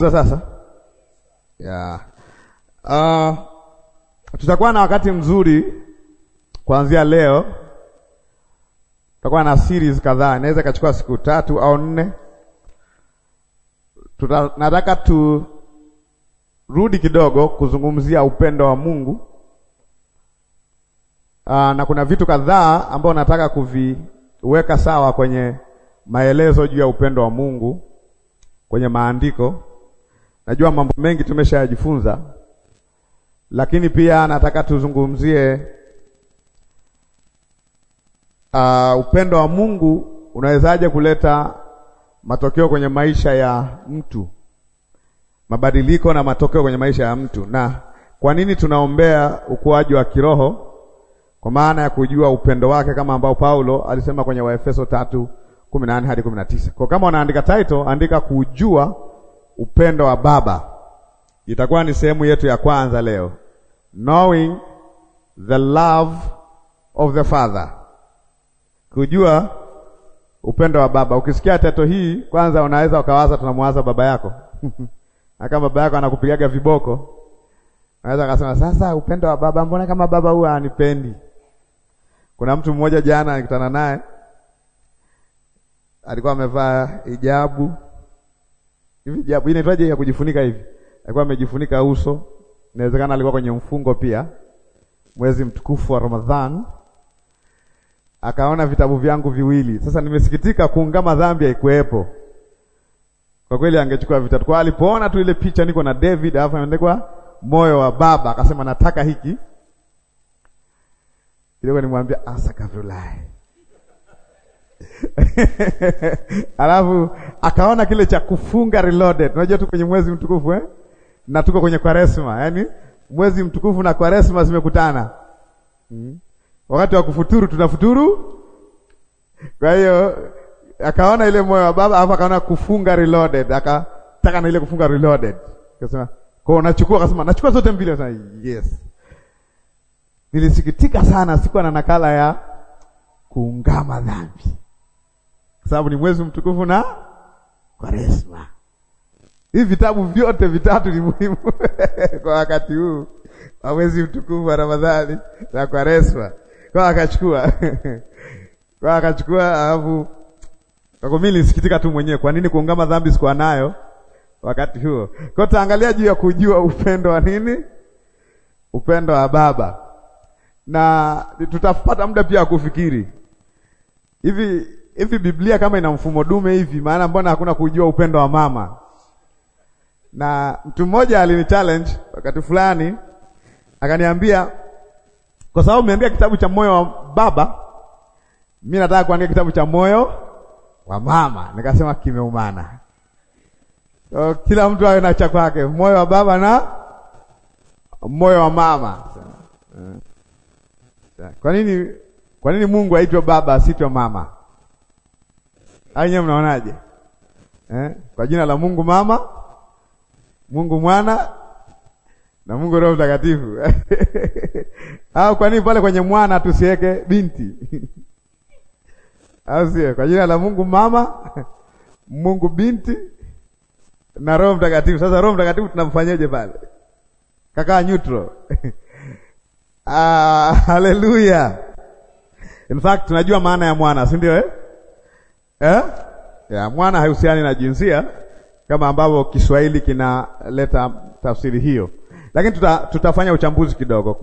Sasa yeah. Uh, tutakuwa na wakati mzuri kuanzia leo. Tutakuwa na series kadhaa, inaweza ikachukua siku tatu au nne. Tunataka turudi kidogo kuzungumzia upendo wa Mungu. Uh, na kuna vitu kadhaa ambao nataka kuviweka sawa kwenye maelezo juu ya upendo wa Mungu kwenye maandiko Najua mambo mengi tumeshayajifunza, lakini pia nataka tuzungumzie uh, upendo wa Mungu unawezaje kuleta matokeo kwenye maisha ya mtu, mabadiliko na matokeo kwenye maisha ya mtu, na kwa nini tunaombea ukuaji wa kiroho, kwa maana ya kujua upendo wake kama ambao Paulo alisema kwenye Waefeso tatu kumi na hadi kumi na tisa. Kwa kama unaandika title, andika kujua upendo wa Baba itakuwa ni sehemu yetu ya kwanza leo, knowing the love of the Father, kujua upendo wa Baba. Ukisikia teto hii, kwanza unaweza ukawaza tunamwaza baba yako kama baba yako anakupigaga viboko, unaweza akasema sasa, upendo wa baba, mbona kama baba huwa anipendi Kuna mtu mmoja jana nikutana naye, alikuwa amevaa hijabu hivi japo inaitwaje ya kujifunika hivi, alikuwa amejifunika uso, inawezekana alikuwa kwenye mfungo pia, mwezi mtukufu wa Ramadhan. Akaona vitabu vyangu viwili, sasa nimesikitika kuungama dhambi haikuwepo. Kwa kweli angechukua vitatu, kwa alipoona tu ile picha niko na David alafu imeandikwa moyo wa baba, akasema nataka hiki, ilikuwa nimwambia asakavulai alafu akaona kile cha kufunga reloaded. Unajua tu kwenye mwezi mtukufu eh? na tuko kwenye Kwaresma, yaani mwezi mtukufu na Kwaresma zimekutana hmm. Wakati wa kufuturu tunafuturu. Kwa hiyo akaona ile moyo wa Baba, alafu akaona kufunga reloaded, akataka na ile kufunga reloaded, akasema kwa unachukua, akasema nachukua zote mbili. Akasema yes. Nilisikitika sana, sikuwa na nakala ya kuungama dhambi kwa sababu ni mwezi mtukufu na Kwaresma. Hivi vitabu vyote vitatu ni muhimu kwa wakati huu wa mwezi mtukufu wa Ramadhani na Kwaresma. Kwa akachukua kwa akachukua, alafu kwa mimi nisikitika tu mwenyewe, kwa nini kuungama dhambi sikuwa nayo wakati huo? Kwa taangalia juu ya kujua upendo wa nini, upendo wa Baba, na tutapata muda pia wa kufikiri hivi Hivi Biblia kama ina mfumo dume hivi, maana mbona hakuna kujua upendo wa mama? Na mtu mmoja alini challenge wakati fulani akaniambia, kwa sababu umeandika kitabu cha moyo wa baba, mimi nataka kuandika kitabu cha moyo wa mama. Nikasema kimeumana. So, kila mtu awe na cha kwake, moyo wa baba na moyo wa mama. Eh, kwa nini, kwa nini Mungu aitwe baba asitwe mama? nyewe mnaonaje eh? Kwa jina la Mungu Mama, Mungu Mwana na Mungu Roho Mtakatifu au kwa nini pale kwenye mwana tusiweke binti au sie Kwa jina la Mungu Mama, Mungu Binti na Roho Mtakatifu. Sasa Roho Mtakatifu tunamfanyaje pale? kaka neutral ah, haleluya! In fact tunajua maana ya mwana, si ndio eh? eh? ya mwana haihusiani na jinsia kama ambavyo Kiswahili kinaleta tafsiri hiyo, lakini tuta, tutafanya uchambuzi kidogo.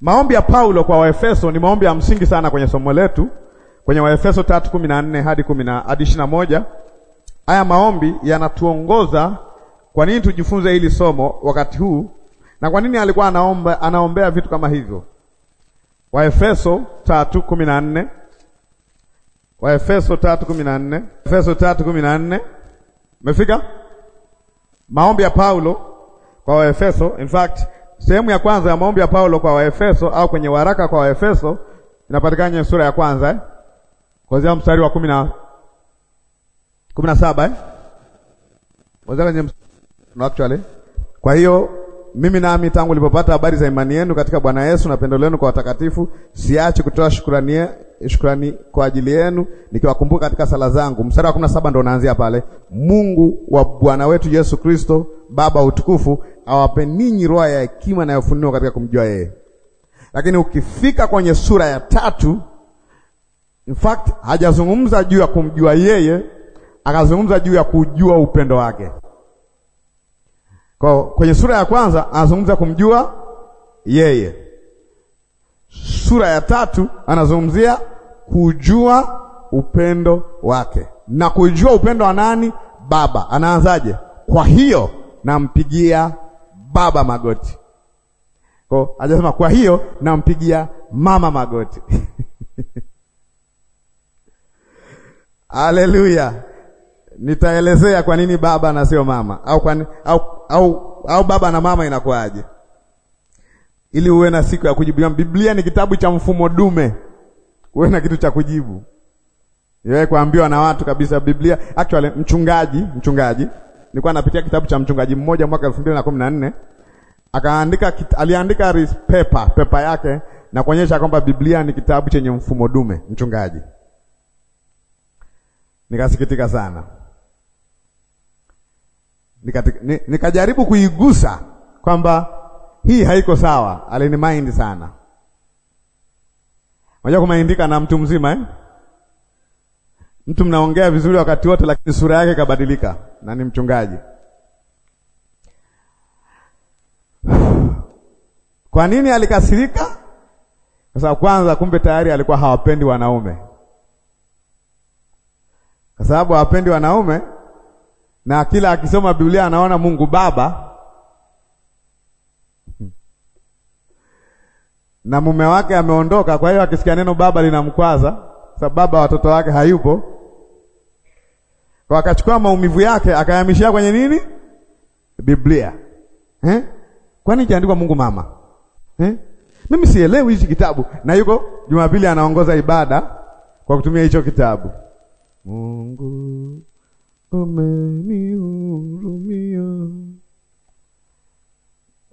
Maombi ya Paulo kwa Waefeso ni maombi ya msingi sana kwenye somo letu kwenye Waefeso 3:14 hadi 10 hadi 21. Haya maombi yanatuongoza kwa nini tujifunze hili somo wakati huu na kwa nini alikuwa anaomba, anaombea vitu kama hivyo. Waefeso 3:14 waefeso Efeso 3:14. Efeso 3:14. Umefika? Maombi ya Paulo kwa Waefeso. In fact, sehemu ya kwanza ya maombi ya Paulo kwa Waefeso au kwenye waraka kwa Waefeso inapatikana kwenye sura ya kwanza eh? Kuanzia mstari wa kumi na kumi na saba eh? actually. Kwa hiyo mimi nami tangu nilipopata habari za imani yenu katika Bwana Yesu na pendo lenu kwa watakatifu, siachi kutoa shukrani shukrani kwa ajili yenu nikiwakumbuka katika sala zangu. Mstari wa kumi na saba ndo naanzia pale. Mungu wa Bwana wetu Yesu Kristo, Baba utukufu, awape ninyi roho ya hekima na ufunuo katika kumjua yeye. Lakini ukifika kwenye sura ya tatu, in fact hajazungumza juu ya kumjua yeye, akazungumza juu ya kujua upendo wake. Kwa kwenye sura ya kwanza anazungumza kumjua yeye sura ya tatu anazungumzia kujua upendo wake na kujua upendo wa nani? Baba. Anaanzaje? Kwa hiyo nampigia baba magoti. Kwa hajasema kwa hiyo nampigia mama magoti. Haleluya! Nitaelezea kwa nini baba na sio mama au, kwa, au, au, au baba na mama inakuwaje? ili uwe na siku ya kujibu. Biblia ni kitabu cha mfumo dume, uwe na kitu cha kujibu. Yeye kuambiwa na watu kabisa Biblia. Actually, mchungaji mchungaji, nilikuwa napitia kitabu cha mchungaji mmoja mwaka 2014 akaandika, aliandika paper paper yake na kuonyesha kwamba Biblia ni kitabu chenye mfumo dume, mchungaji. Nikasikitika sana, nikajaribu kuigusa kwamba hii haiko sawa, alini mind sana. Unajua kumaindika na mtu mzima eh? Mtu mnaongea vizuri wakati wote, lakini sura yake ikabadilika, na ni mchungaji. Kwa nini alikasirika? Kwa sababu kwanza, kumbe tayari alikuwa hawapendi wanaume, kwa sababu hawapendi wanaume, na kila akisoma Biblia anaona Mungu Baba na mume wake ameondoka. Kwa hiyo akisikia neno baba linamkwaza, sababu baba watoto wake hayupo, kwa akachukua maumivu yake akayamishia kwenye nini, Biblia eh? Kwani ikiandikwa Mungu mama eh? Mimi sielewi hichi kitabu, na yuko Jumapili anaongoza ibada kwa kutumia hicho kitabu. Mungu umenihurumia,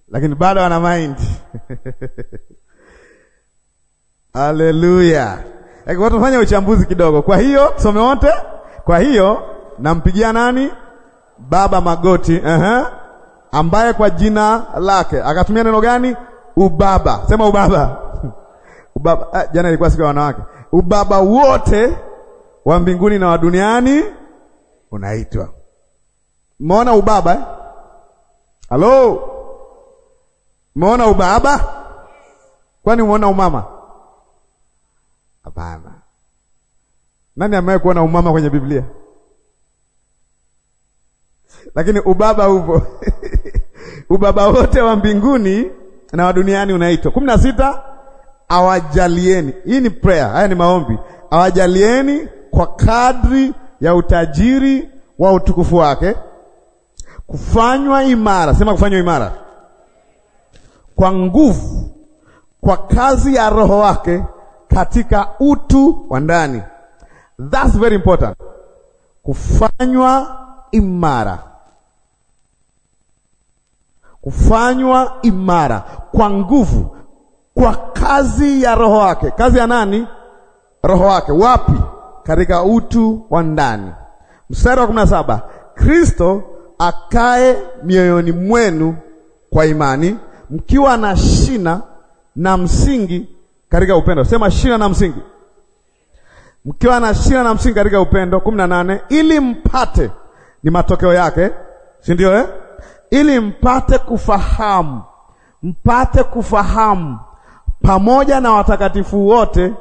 lakini bado ana mind Haleluya. Kwa eh, tufanya uchambuzi kidogo. Kwa hiyo some wote, kwa hiyo nampigia nani? Baba magoti. uh -huh. ambaye kwa jina lake akatumia neno gani? Ubaba. Sema ubaba. Ubaba. Eh, jana ilikuwa siku ya wanawake. Ubaba wote wa mbinguni na wa duniani unaitwa. Umeona ubaba eh? Halo, umeona ubaba? Kwani umeona umama? Hapana. Nani amewahi kuona umama kwenye Biblia? Lakini ubaba upo. Ubaba wote wa mbinguni na wa duniani unaitwa. kumi na sita, awajalieni. Hii ni prayer, haya ni maombi. Awajalieni kwa kadri ya utajiri wa utukufu wake kufanywa imara, sema kufanywa imara kwa nguvu, kwa kazi ya Roho wake katika utu wa ndani. That's very important. Kufanywa imara, kufanywa imara kwa nguvu, kwa kazi ya roho wake. Kazi ya nani? Roho wake. Wapi? Katika utu wa ndani. Mstari wa kumi na saba, Kristo akae mioyoni mwenu kwa imani, mkiwa na shina na msingi katika upendo. Sema shina na msingi, mkiwa na shina na msingi katika upendo. kumi na nane ili mpate, ni matokeo yake, si ndio eh? ili mpate kufahamu, mpate kufahamu pamoja na watakatifu wote,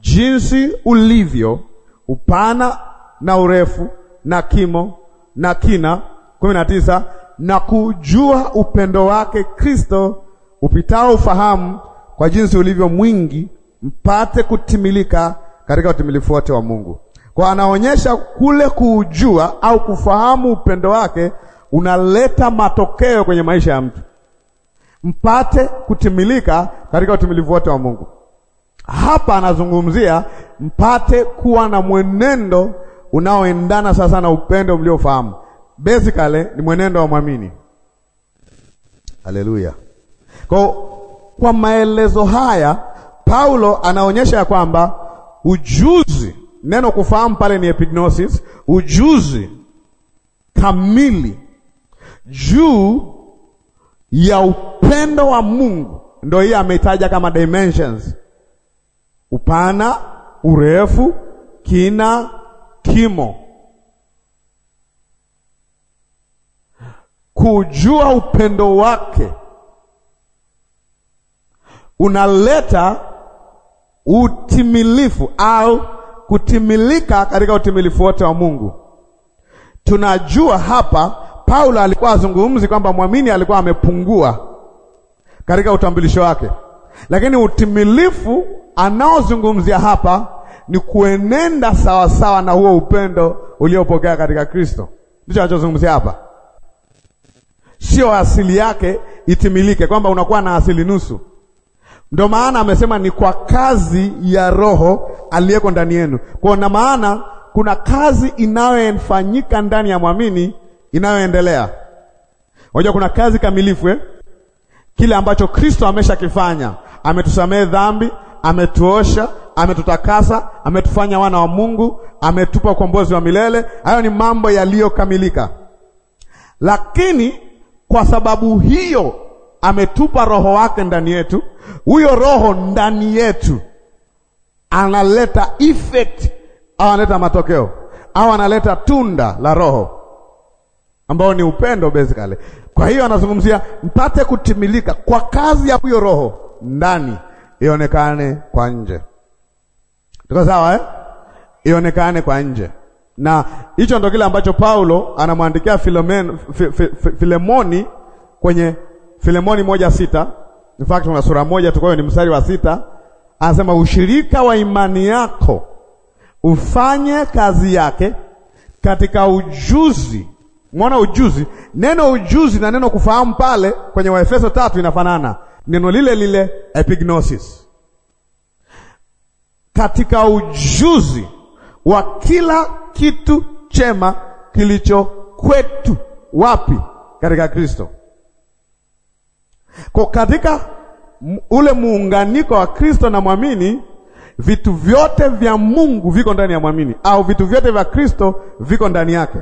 jinsi ulivyo upana na urefu na kimo na kina. kumi na tisa na kujua upendo wake Kristo upitao ufahamu kwa jinsi ulivyo mwingi, mpate kutimilika katika utimilifu wote wa Mungu. Kwa anaonyesha kule kuujua au kufahamu upendo wake unaleta matokeo kwenye maisha ya mtu, mpate kutimilika katika utimilifu wote wa Mungu. Hapa anazungumzia mpate kuwa na mwenendo unaoendana sasa na upendo mliofahamu. Basically ni mwenendo wa mwamini. Haleluya. Kwa kwa maelezo haya Paulo anaonyesha ya kwamba ujuzi, neno kufahamu pale ni epignosis, ujuzi kamili juu ya upendo wa Mungu, ndio hii ameitaja kama dimensions: upana, urefu, kina, kimo. Kujua upendo wake unaleta utimilifu au kutimilika katika utimilifu wote wa Mungu. Tunajua hapa Paulo alikuwa azungumzi kwamba mwamini alikuwa amepungua katika utambulisho wake, lakini utimilifu anaozungumzia hapa ni kuenenda sawasawa sawa na huo upendo uliopokea katika Kristo. Ndicho anachozungumzia hapa, sio asili yake itimilike, kwamba unakuwa na asili nusu. Ndio maana amesema ni kwa kazi ya Roho aliyeko ndani yenu. Kwa na maana kuna kazi inayofanyika ndani ya mwamini inayoendelea. Unajua kuna kazi kamilifu eh? Kile ambacho Kristo ameshakifanya, ametusamehe dhambi, ametuosha, ametutakasa, ametufanya wana wa Mungu, ametupa ukombozi wa milele. Hayo ni mambo yaliyokamilika, lakini kwa sababu hiyo ametupa roho wake ndani yetu. Huyo roho ndani yetu analeta effect au analeta matokeo au analeta tunda la Roho ambao ni upendo basically. Kwa hiyo anazungumzia mpate kutimilika kwa kazi ya huyo roho ndani ionekane kwa nje. Tuko sawa eh? Ionekane kwa nje, na hicho ndo kile ambacho Paulo anamwandikia Filemoni kwenye Filemoni moja sita. In fact una sura moja tu, kwa hiyo ni mstari wa sita, anasema ushirika wa imani yako ufanye kazi yake katika ujuzi. mwana ujuzi, neno ujuzi na neno kufahamu pale kwenye Waefeso tatu inafanana, neno lile lile epignosis, katika ujuzi wa kila kitu chema kilicho kwetu. Wapi? Katika Kristo. Kwa katika ule muunganiko wa Kristo na mwamini, vitu vyote vya Mungu viko ndani ya mwamini, au vitu vyote vya Kristo viko ndani yake,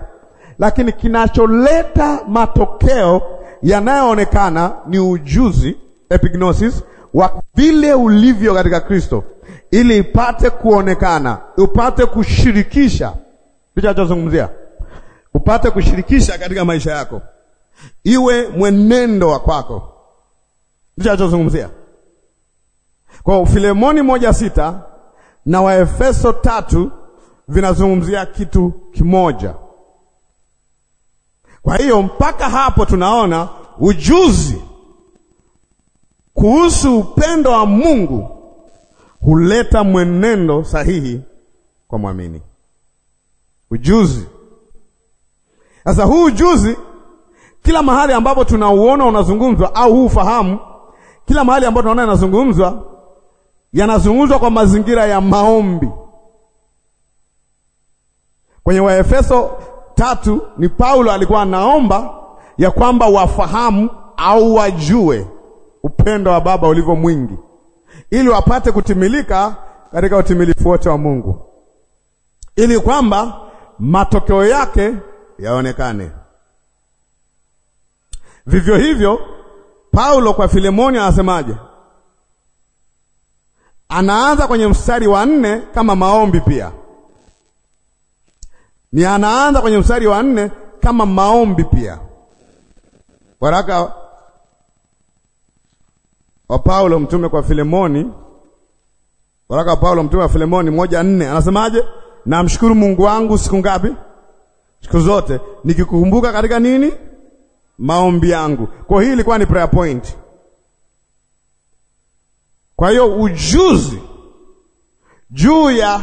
lakini kinacholeta matokeo yanayoonekana ni ujuzi epignosis wa vile ulivyo katika Kristo, ili ipate kuonekana, upate kushirikisha picha nachozungumzia, upate kushirikisha katika maisha yako, iwe mwenendo wa kwako ndicho alichozungumzia kwa Filemoni moja sita na Waefeso tatu vinazungumzia kitu kimoja. Kwa hiyo mpaka hapo tunaona ujuzi kuhusu upendo wa Mungu huleta mwenendo sahihi kwa mwamini. Ujuzi sasa, huu ujuzi kila mahali ambapo tunauona unazungumzwa, au huu ufahamu kila mahali ambapo tunaona yanazungumzwa, yanazungumzwa kwa mazingira ya maombi. Kwenye Waefeso tatu ni Paulo alikuwa anaomba ya kwamba wafahamu au wajue upendo wa Baba ulivyo mwingi, ili wapate kutimilika katika utimilifu wote wa Mungu, ili kwamba matokeo yake yaonekane. Vivyo hivyo Paulo kwa Filemoni anasemaje? Anaanza kwenye mstari wa nne kama maombi pia, ni anaanza kwenye mstari wa nne kama maombi pia, waraka wa Paulo mtume kwa Filemoni, waraka wa Paulo mtume wa Filemoni moja nne anasemaje? Namshukuru Mungu wangu siku ngapi? Siku zote nikikukumbuka katika nini maombi yangu. Kwa hii ilikuwa ni prayer point. Kwa hiyo ujuzi juu ya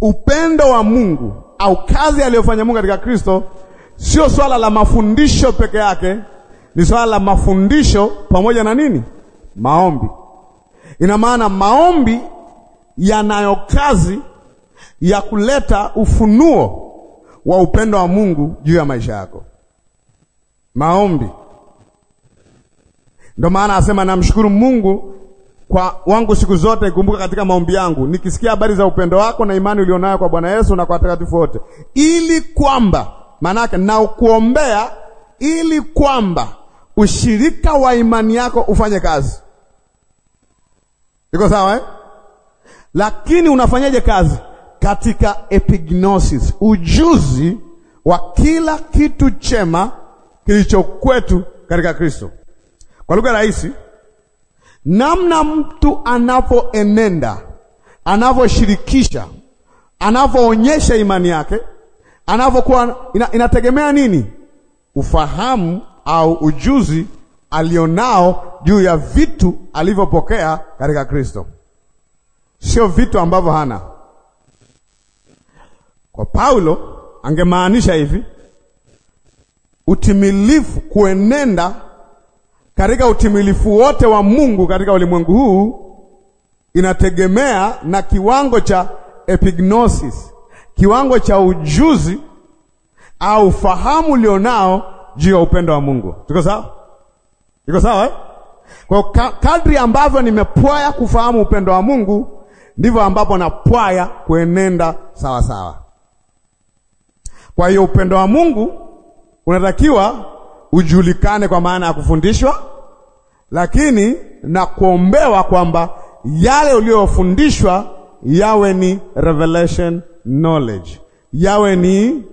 upendo wa Mungu au kazi aliyofanya Mungu katika Kristo sio swala la mafundisho peke yake, ni swala la mafundisho pamoja na nini? Maombi. Ina maana maombi yanayo kazi ya kuleta ufunuo wa upendo wa Mungu juu ya maisha yako. Maombi ndio maana asema namshukuru Mungu kwa wangu siku zote, kumbuka katika maombi yangu nikisikia habari za upendo wako na imani ulionayo kwa Bwana Yesu na kwa watakatifu wote, ili kwamba maana na ukuombea, ili kwamba ushirika wa imani yako ufanye kazi. Iko sawa eh? Lakini unafanyaje kazi? katika epignosis, ujuzi wa kila kitu chema kilicho kwetu katika Kristo. Kwa lugha rahisi, namna mtu anapoenenda, anavyoshirikisha, anavyoonyesha imani yake, anavyokuwa ina, inategemea nini? Ufahamu au ujuzi alionao juu ya vitu alivyopokea katika Kristo, sio vitu ambavyo hana. Kwa Paulo angemaanisha hivi utimilifu, kuenenda katika utimilifu wote wa Mungu katika ulimwengu huu inategemea na kiwango cha epignosis, kiwango cha ujuzi au fahamu ulionao juu ya upendo wa Mungu. Tuko sawa? Iko sawa eh? Kwa kadri ambavyo nimepwaya kufahamu upendo wa Mungu ndivyo ambapo napwaya kuenenda sawa sawa. Kwa hiyo upendo wa Mungu unatakiwa ujulikane kwa maana ya kufundishwa, lakini na kuombewa kwamba yale uliyofundishwa yawe ni revelation knowledge, yawe ni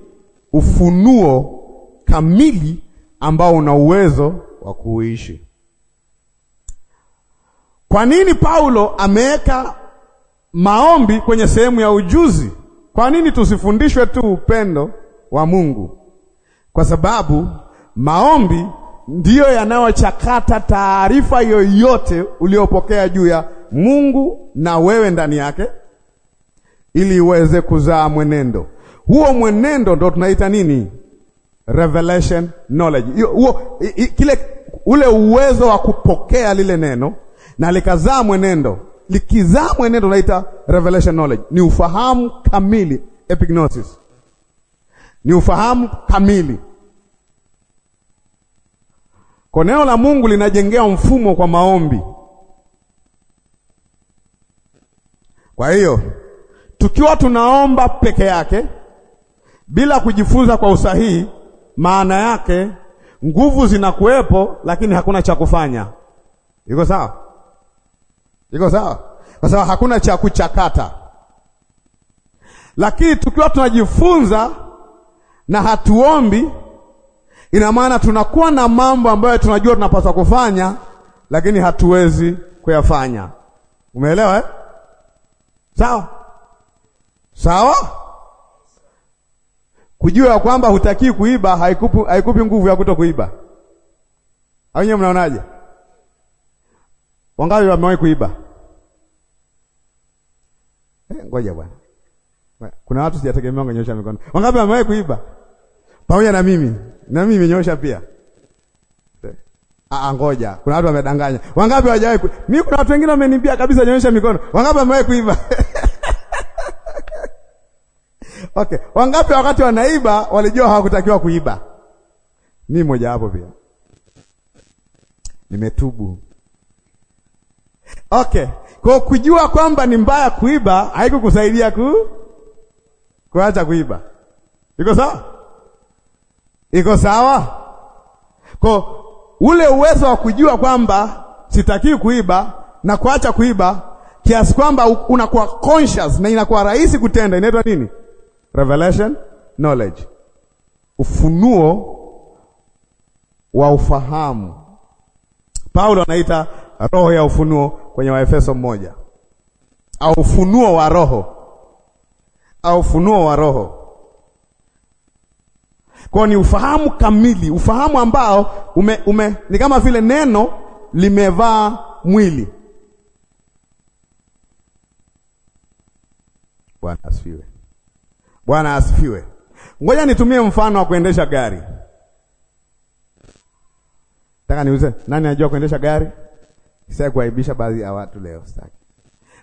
ufunuo kamili ambao una uwezo wa kuishi. Kwa nini Paulo ameweka maombi kwenye sehemu ya ujuzi? Kwa nini tusifundishwe tu upendo wa Mungu, kwa sababu maombi ndiyo yanayochakata taarifa yoyote uliyopokea juu ya Mungu na wewe ndani yake, ili iweze kuzaa mwenendo huo. Mwenendo ndo tunaita nini? Revelation knowledge. Huo kile ule uwezo wa kupokea lile neno na likazaa mwenendo, likizaa mwenendo tunaita revelation knowledge, ni ufahamu kamili, epignosis ni ufahamu kamili. Kwa neno la Mungu linajengea mfumo kwa maombi. Kwa hiyo tukiwa tunaomba peke yake bila kujifunza kwa usahihi, maana yake nguvu zinakuwepo, lakini hakuna cha kufanya. Iko sawa? Iko sawa? Kwa sababu hakuna cha kuchakata. Lakini tukiwa tunajifunza na hatuombi, ina maana tunakuwa na mambo ambayo tunajua tunapaswa kufanya, lakini hatuwezi kuyafanya. Umeelewa eh? Sawa sawa. Kujua kwamba hutakii kuiba haikupi, haikupi nguvu ya kutokuiba. kuiba. mnaonaje? Wangapi wamewahi kuiba? Eh, ngoja bwana, kuna watu sijategemea kunyoosha mikono. Wangapi wamewahi kuiba? pamoja na mimi na mimi nimenyosha pia. Ah, ah ngoja. Kuna watu wamedanganya. Wangapi hawajawahi ku... Mimi kuna watu wengine wamenimbia kabisa nyonyesha mikono. Wangapi wamewahi kuiba? Okay. Wangapi wakati wanaiba walijua hawakutakiwa kuiba? Mimi mmoja wapo pia. Nimetubu. Okay. Kwa kujua kwamba ni mbaya kuiba haikukusaidia ku kuacha kuiba. Iko sawa? Iko sawa? Kwa ule uwezo wa kujua kwamba sitaki kuiba na kuacha kuiba kiasi kwamba unakuwa conscious na inakuwa rahisi kutenda, inaitwa nini? Revelation knowledge, ufunuo wa ufahamu. Paulo anaita roho ya ufunuo kwenye Waefeso mmoja, au ufunuo wa roho, au ufunuo wa roho kwa ni ufahamu kamili, ufahamu ambao ume, ume, ni kama vile neno limevaa mwili. Bwana asifiwe. Bwana asifiwe. Ngoja nitumie mfano wa kuendesha gari. Nataka niuze, nani anajua kuendesha gari? Sasa kuaibisha baadhi ya watu leo sitaki.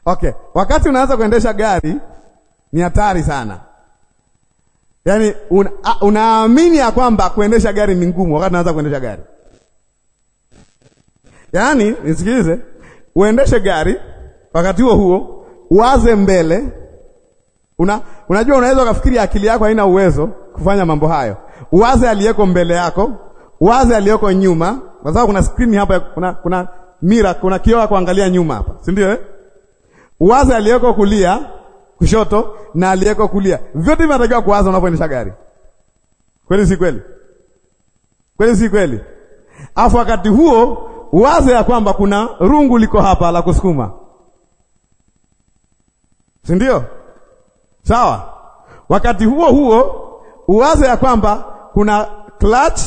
Okay, wakati unaanza kuendesha gari ni hatari sana. Yaani unaamini ya kwamba kuendesha gari ni ngumu wakati unaanza kuendesha gari. Yaani nisikilize, uendeshe gari wakati huo huo waze mbele. Una, unajua unaweza ukafikiri akili yako haina uwezo kufanya mambo hayo. waze aliyeko mbele yako, waze aliyeko nyuma, kwa sababu kuna skrini hapa, kuna kuna mira, kuna kioo kuangalia nyuma hapa, si ndio eh? Waze aliyeko kulia kushoto na aliyeko kulia, vyote vinatakiwa kuwaza unapoendesha gari. Kweli si kweli? Kweli si kweli? Afu wakati huo uwaze ya kwamba kuna rungu liko hapa la kusukuma, si ndio? Sawa. Wakati huo huo uwaze ya kwamba kuna clutch,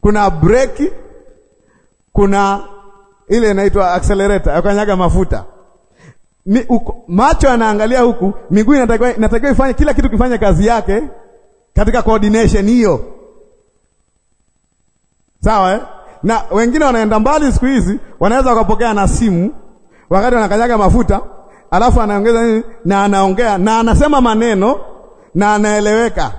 kuna breki, kuna ile inaitwa accelerator yakanyaga mafuta mi, uko, macho yanaangalia huku, miguu inatakiwa inatakiwa ifanye kila kitu kifanye kazi yake katika coordination hiyo, sawa eh? Na wengine wanaenda mbali siku hizi, wanaweza wakapokea na simu wakati wanakanyaga mafuta, alafu anaongeza nini na anaongea na anasema maneno na anaeleweka.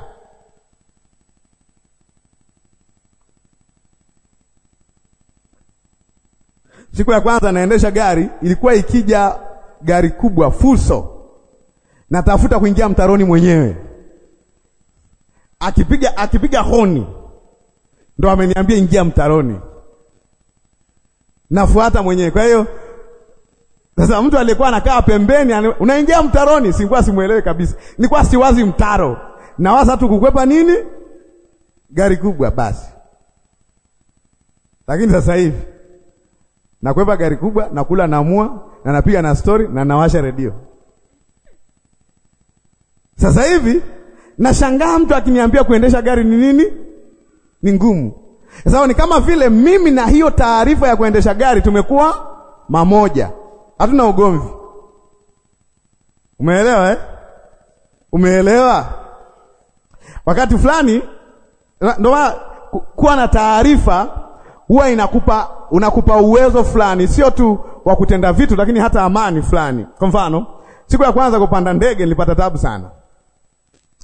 Siku ya kwanza naendesha gari, ilikuwa ikija gari kubwa fuso, natafuta kuingia mtaroni mwenyewe, akipiga akipiga honi ndo ameniambia ingia mtaroni, nafuata mwenyewe. Kwa hiyo sasa, mtu aliyekuwa anakaa pembeni, unaingia mtaroni, sikuwa simuelewe kabisa, nilikuwa siwazi mtaro, nawaza tu kukwepa nini, gari kubwa basi. Lakini sasa hivi nakwepa gari kubwa, nakula na mua na napiga na stori na nawasha redio. Sasa hivi nashangaa mtu akiniambia kuendesha gari ni nini, ni ngumu. Sasa ni kama vile mimi na hiyo taarifa ya kuendesha gari tumekuwa mamoja, hatuna ugomvi. Umeelewa eh? Umeelewa? Wakati fulani ndio kuwa na taarifa huwa inakupa unakupa uwezo fulani, sio tu wa kutenda vitu, lakini hata amani fulani. Kwa mfano, siku ya kwanza kupanda ndege nilipata tabu sana.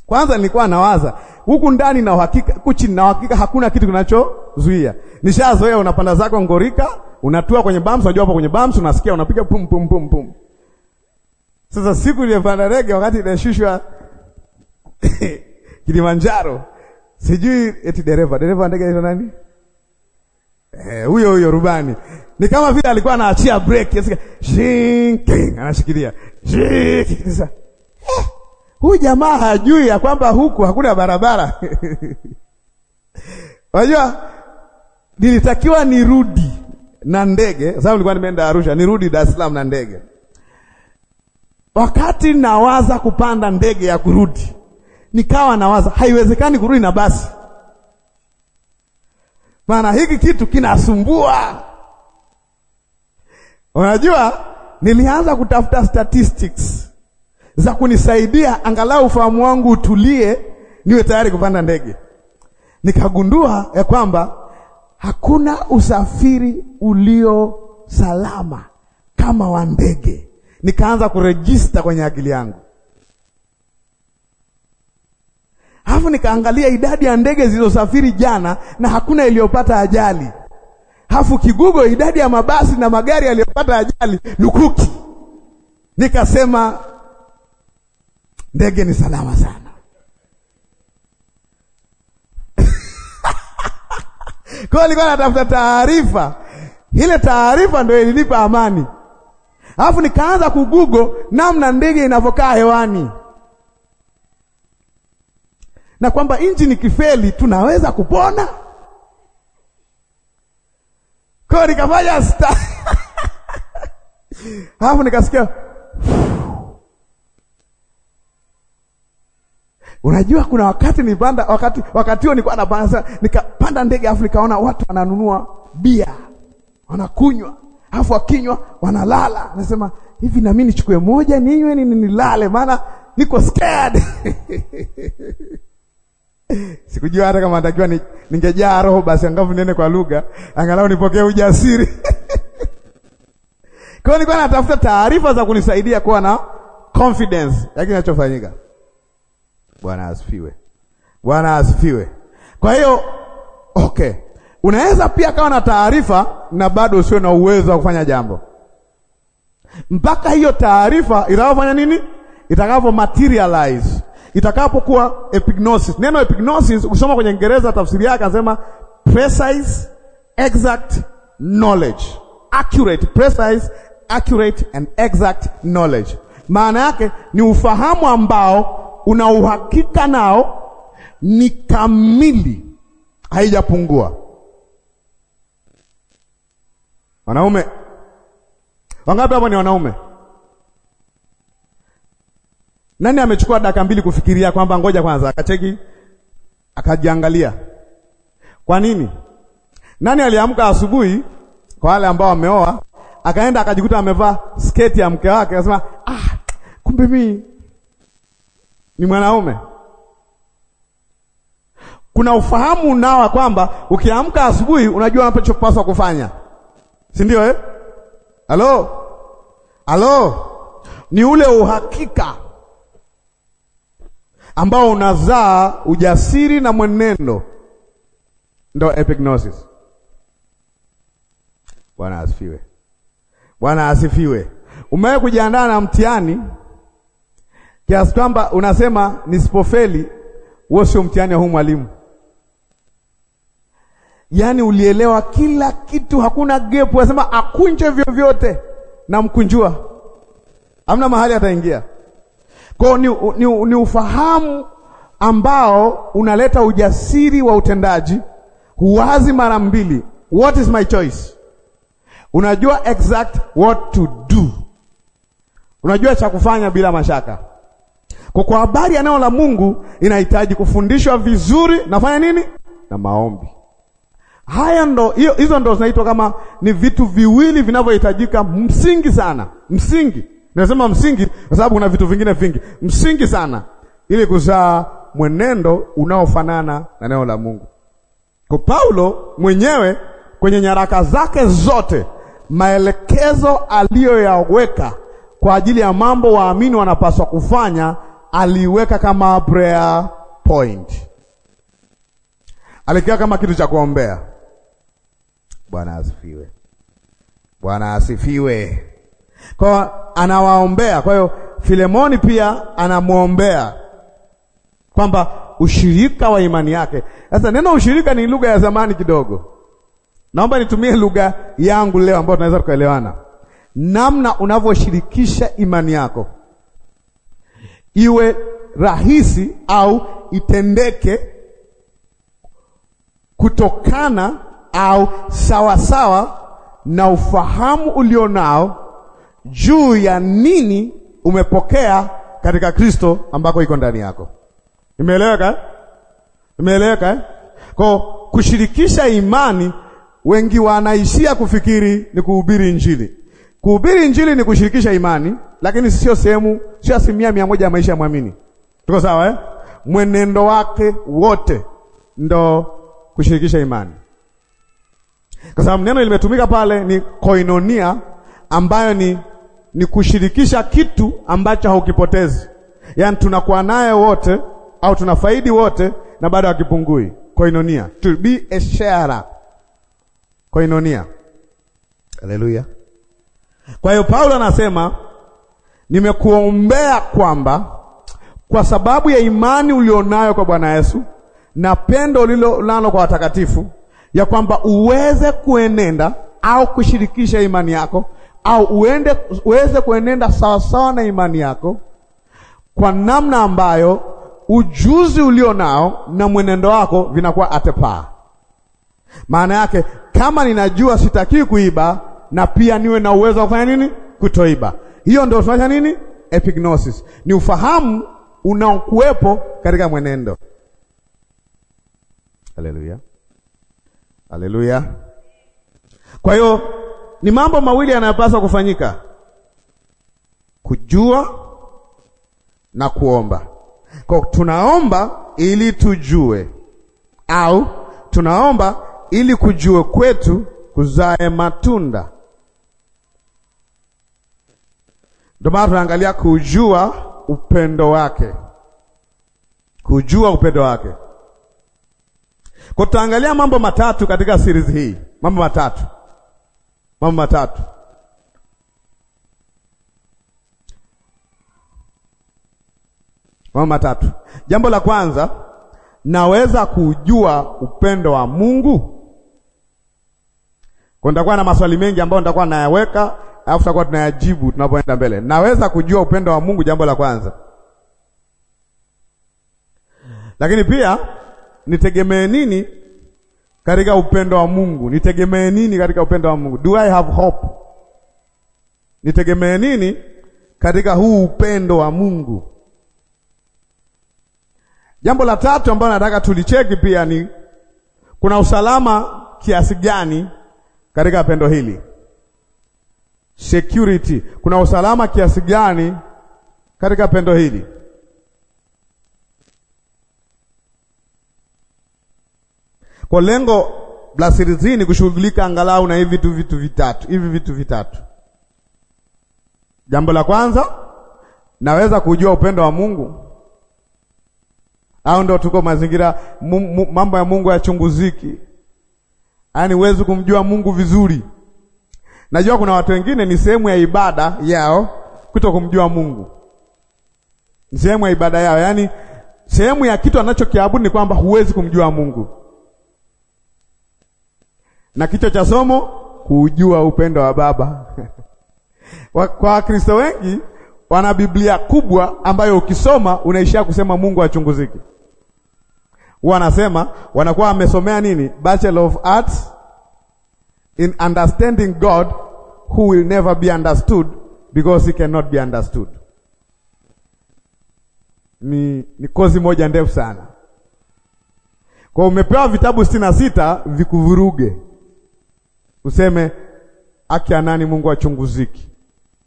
Kwanza nilikuwa nawaza huku ndani na uhakika, kuchi na uhakika, hakuna kitu kinachozuia. Nishazoea, unapanda zako ngorika, unatua kwenye bumps, unajua hapo kwenye bumps unasikia, unapiga pum pum pum pum. Sasa siku ile panda ndege, wakati inashushwa Kilimanjaro, sijui eti dereva dereva ndege ni nani? Eh, huyo huyo rubani ni kama vile alikuwa anaachia break anashikilia eh, huyu jamaa hajui ya kwamba huku hakuna barabara. Unajua, nilitakiwa nirudi na ndege, sababu nilikuwa nimeenda Arusha, nirudi Dar es Salaam na ndege. Wakati nawaza kupanda ndege ya kurudi, nikawa nawaza haiwezekani kurudi na basi maana hiki kitu kinasumbua. Unajua, nilianza kutafuta statistics za kunisaidia angalau ufahamu wangu utulie, niwe tayari kupanda ndege. Nikagundua ya kwamba hakuna usafiri ulio salama kama wa ndege. Nikaanza kurejista kwenye akili yangu Alafu nikaangalia idadi ya ndege zilizosafiri jana na hakuna iliyopata ajali. Alafu kigugo idadi ya mabasi na magari yaliyopata ajali lukuki. Nikasema ndege ni salama sana. Kwa hiyo nilikuwa natafuta taarifa. Ile taarifa ndio ilinipa amani. Alafu nikaanza kugugo namna ndege inavyokaa hewani na kwamba nchi ni kifeli, tunaweza kupona kwa nikafanya sta alafu nikasikia Unajua, kuna wakati nipanda, wakati wakati huo nilikuwa napanda, nikapanda ndege afu nikaona watu wananunua bia wanakunywa, afu wakinywa wanalala. Nasema hivi, na mimi nichukue moja ninywe ni nilale, maana niko scared Sikujua hata kama natakiwa ni, ningejaa roho basi angavu nene kwa lugha, angalau nipokee ujasiri. Kwa hiyo nilikuwa natafuta taarifa za kunisaidia kuwa na confidence ya kinachofanyika. Bwana asifiwe. Bwana asifiwe. Kwa hiyo okay. Unaweza pia kawa na taarifa na bado usiwe na uwezo wa kufanya jambo mpaka hiyo taarifa itakapofanya nini, itakavyo materialize itakapokuwa epignosis. Neno epignosis ukisoma kwenye Kiingereza tafsiri yake anasema precise, exact knowledge. Accurate, precise, accurate and exact knowledge. Maana yake ni ufahamu ambao una uhakika nao, ni kamili, haijapungua. Wanaume wangapi hapo ni wanaume? Nani amechukua dakika mbili kufikiria kwamba ngoja kwanza akacheki akajiangalia? Kwa nini? Nani aliamka asubuhi kwa wale ambao wameoa, akaenda akajikuta amevaa sketi ya mke wake, akasema ah, kumbe mimi ni mwanaume. Kuna ufahamu nao kwamba ukiamka asubuhi unajua unachopaswa kufanya, si ndio eh? Halo, halo, ni ule uhakika ambao unazaa ujasiri na mwenendo, ndo epignosis. Bwana asifiwe, Bwana asifiwe. Umewahi kujiandaa na mtihani kiasi kwamba unasema nisipofeli, wewe sio mtihani wa huyu mwalimu. Yaani ulielewa kila kitu, hakuna gepu. Unasema akunje vyovyote, namkunjua, hamna mahali ataingia. Kwa hiyo ni, ni, ni ufahamu ambao unaleta ujasiri wa utendaji, huwazi mara mbili, what is my choice? Unajua exact what to do, unajua cha kufanya bila mashaka. Kwa kwa habari ya neno la Mungu inahitaji kufundishwa vizuri, nafanya nini na maombi haya ndo, hizo ndo zinaitwa kama ni vitu viwili vinavyohitajika msingi sana, msingi Ninasema msingi kwa sababu kuna vitu vingine vingi msingi sana, ili kuzaa mwenendo unaofanana na neno la Mungu. Kwa Paulo mwenyewe kwenye nyaraka zake zote, maelekezo aliyoyaweka kwa ajili ya mambo waamini wanapaswa kufanya, aliweka kama prayer point, alikiwa kama kitu cha kuombea. Bwana asifiwe! Bwana asifiwe! kwa anawaombea. Kwa hiyo Filemoni pia anamwombea kwamba ushirika wa imani yake. Sasa neno ushirika ni lugha ya zamani kidogo, naomba nitumie lugha yangu leo ambayo tunaweza tukaelewana, namna unavyoshirikisha imani yako iwe rahisi au itendeke kutokana au sawasawa na ufahamu ulionao juu ya nini umepokea katika Kristo ambako iko ndani yako. Imeeleweka? Imeeleweka? Eh? Kwa kushirikisha imani, wengi wanaishia kufikiri ni kuhubiri Injili. Kuhubiri Injili ni kushirikisha imani, lakini sio sehemu, sio asilimia mia moja ya maisha ya mwamini. Tuko sawa eh? Mwenendo wake wote ndo kushirikisha imani, kwa sababu neno limetumika pale ni koinonia, ambayo ni ni kushirikisha kitu ambacho haukipotezi, yaani tunakuwa naye wote au tunafaidi wote na bado hakipungui. Koinonia, to be a sharer. Koinonia. Haleluya. Kwa hiyo Paulo anasema nimekuombea kwamba kwa sababu ya imani ulionayo kwa Bwana Yesu na pendo ulilo nalo kwa watakatifu, ya kwamba uweze kuenenda au kushirikisha imani yako au uende uweze kuenenda sawasawa na imani yako kwa namna ambayo ujuzi ulio nao na mwenendo wako vinakuwa atepaa. Maana yake kama ninajua sitaki kuiba na pia niwe na uwezo wa kufanya nini? Kutoiba. Hiyo ndio tunafanya nini? Epignosis. Ni ufahamu unaokuwepo katika mwenendo. Haleluya. Haleluya. Kwa hiyo ni mambo mawili yanayopaswa kufanyika: kujua na kuomba. Kwa tunaomba ili tujue, au tunaomba ili kujue kwetu kuzae matunda. Ndio maana tunaangalia kujua upendo wake, kujua upendo wake. Kwa tutaangalia mambo matatu katika series hii, mambo matatu mambo matatu. Mambo matatu. Jambo la kwanza, naweza kujua upendo wa Mungu. Kwa nitakuwa na maswali mengi ambayo nitakuwa nayaweka, alafu tutakuwa tunayajibu tunapoenda mbele. Naweza kujua upendo wa Mungu, jambo la kwanza. Lakini pia nitegemee nini katika upendo wa Mungu? Nitegemee nini katika upendo wa Mungu? Do I have hope? Nitegemee nini katika huu upendo wa Mungu? Jambo la tatu ambalo nataka tulicheki pia ni kuna usalama kiasi gani katika pendo hili? Security. Kuna usalama kiasi gani katika pendo hili? Kwa lengo la hii ni kushughulika angalau na hivi tu vitu vitatu, hivi vitu vitatu. Jambo la kwanza, naweza kujua upendo wa Mungu au ndo tuko mazingira mambo ya Mungu yachunguziki, yaani huwezi kumjua Mungu vizuri. Najua kuna watu wengine ni sehemu ya ibada yao kuto kumjua Mungu, ni sehemu ya ibada yao, yaani sehemu ya kitu anachokiabudu ni kwamba huwezi kumjua Mungu na kichwa cha somo kuujua upendo wa Baba. Kwa Wakristo wengi wana Biblia kubwa ambayo ukisoma unaishia kusema Mungu achunguziki. Wanasema wanakuwa wamesomea nini? Bachelor of Arts in understanding God who will never be understood because he cannot be understood. Ni, ni kozi moja ndefu sana. Kwa umepewa vitabu sitini na sita vikuvuruge. Useme haki ya nani Mungu achunguziki?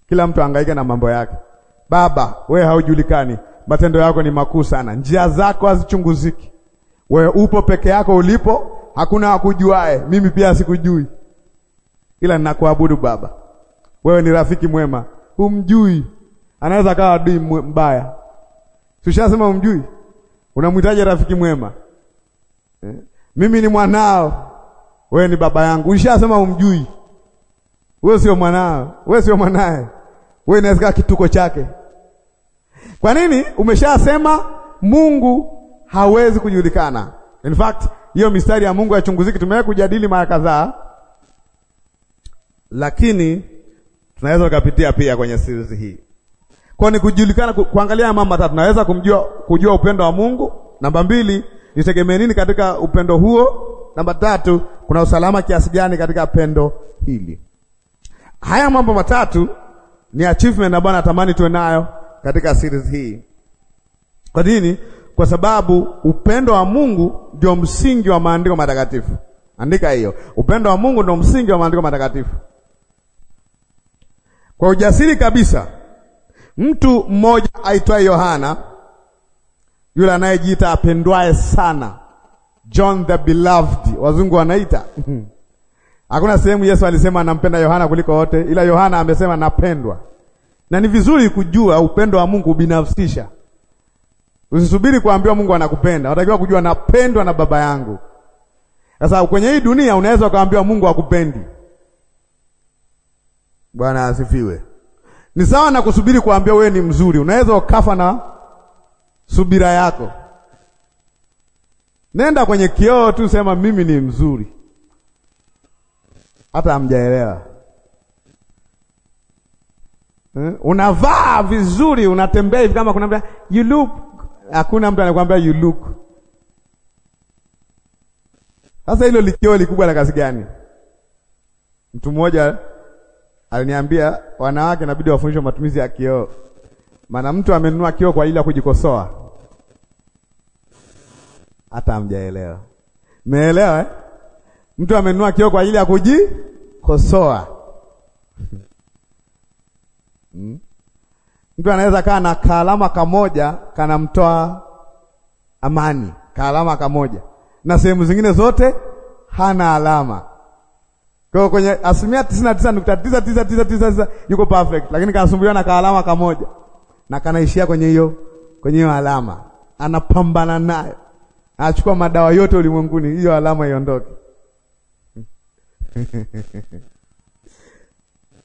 Kila mtu angaika na mambo yake. Baba, we haujulikani, matendo yako ni makuu sana, njia zako hazichunguziki. We upo peke yako, ulipo hakuna akujuae, mimi pia sikujui, ila ninakuabudu Baba. Wewe ni rafiki mwema, humjui, anaweza kawa adui mbaya. Tushasema humjui, unamhitaji rafiki mwema eh? Mimi ni mwanao wewe ni baba yangu. Ulishasema umjui wewe, sio mwanao, wewe sio mwanae, wewe inawezekana kituko chake. Kwa nini? Umeshasema Mungu hawezi kujulikana. In fact hiyo mistari ya Mungu haichunguziki, tumewahi kujadili mara kadhaa, lakini tunaweza tukapitia pia kwenye series hii. Kwa ni kujulikana, kuangalia mambo matatu, Naweza kumjua, kujua upendo wa Mungu. Namba mbili, nitegemee nini katika upendo huo? Namba tatu, kuna usalama kiasi gani katika pendo hili? Haya mambo matatu ni achievement na Bwana atamani tuwe nayo katika series hii. Kwa nini? Kwa sababu upendo wa Mungu ndio msingi wa maandiko matakatifu. Andika hiyo, upendo wa Mungu ndio msingi wa maandiko matakatifu. Kwa ujasiri kabisa, mtu mmoja aitwaye Yohana, yule anayejiita apendwaye sana John the beloved wazungu wanaita hakuna sehemu Yesu alisema anampenda Yohana kuliko wote, ila Yohana amesema napendwa. Na ni vizuri kujua upendo wa Mungu ubinafsisha. Usisubiri kuambiwa Mungu anakupenda, unatakiwa kujua napendwa na baba yangu. Sasa kwenye hii dunia unaweza ukaambiwa Mungu akupendi. Bwana asifiwe. Ni sawa na kusubiri kuambiwa wewe ni mzuri, unaweza ukafa na subira yako. Nenda kwenye kioo tu, sema mimi ni mzuri, hata hamjaelewa eh? Unavaa vizuri, unatembea hivi, kama kuna mtu you look, hakuna mtu anakuambia you look. Sasa hilo likioo likubwa la kazi gani? Mtu mmoja aliniambia wanawake inabidi wafundishwe matumizi ya kioo, maana mtu amenunua kioo kwa ajili ya kujikosoa hata hamjaelewa. Mmeelewa eh? Mtu amenua kioo kwa ajili ya kujikosoa. hmm? Mtu anaweza kaa na kaalama kamoja kanamtoa amani, kaalama kamoja, na sehemu zingine zote hana alama. Kwa hiyo kwenye asilimia tisini na tisa nukta tisa tisa tisa tisa tisa yuko perfect, lakini kanasumbuliwa na kaalama kamoja na kanaishia kwenye hiyo kwenye hiyo alama, anapambana nayo achukua madawa yote ulimwenguni, hiyo alama iondoke.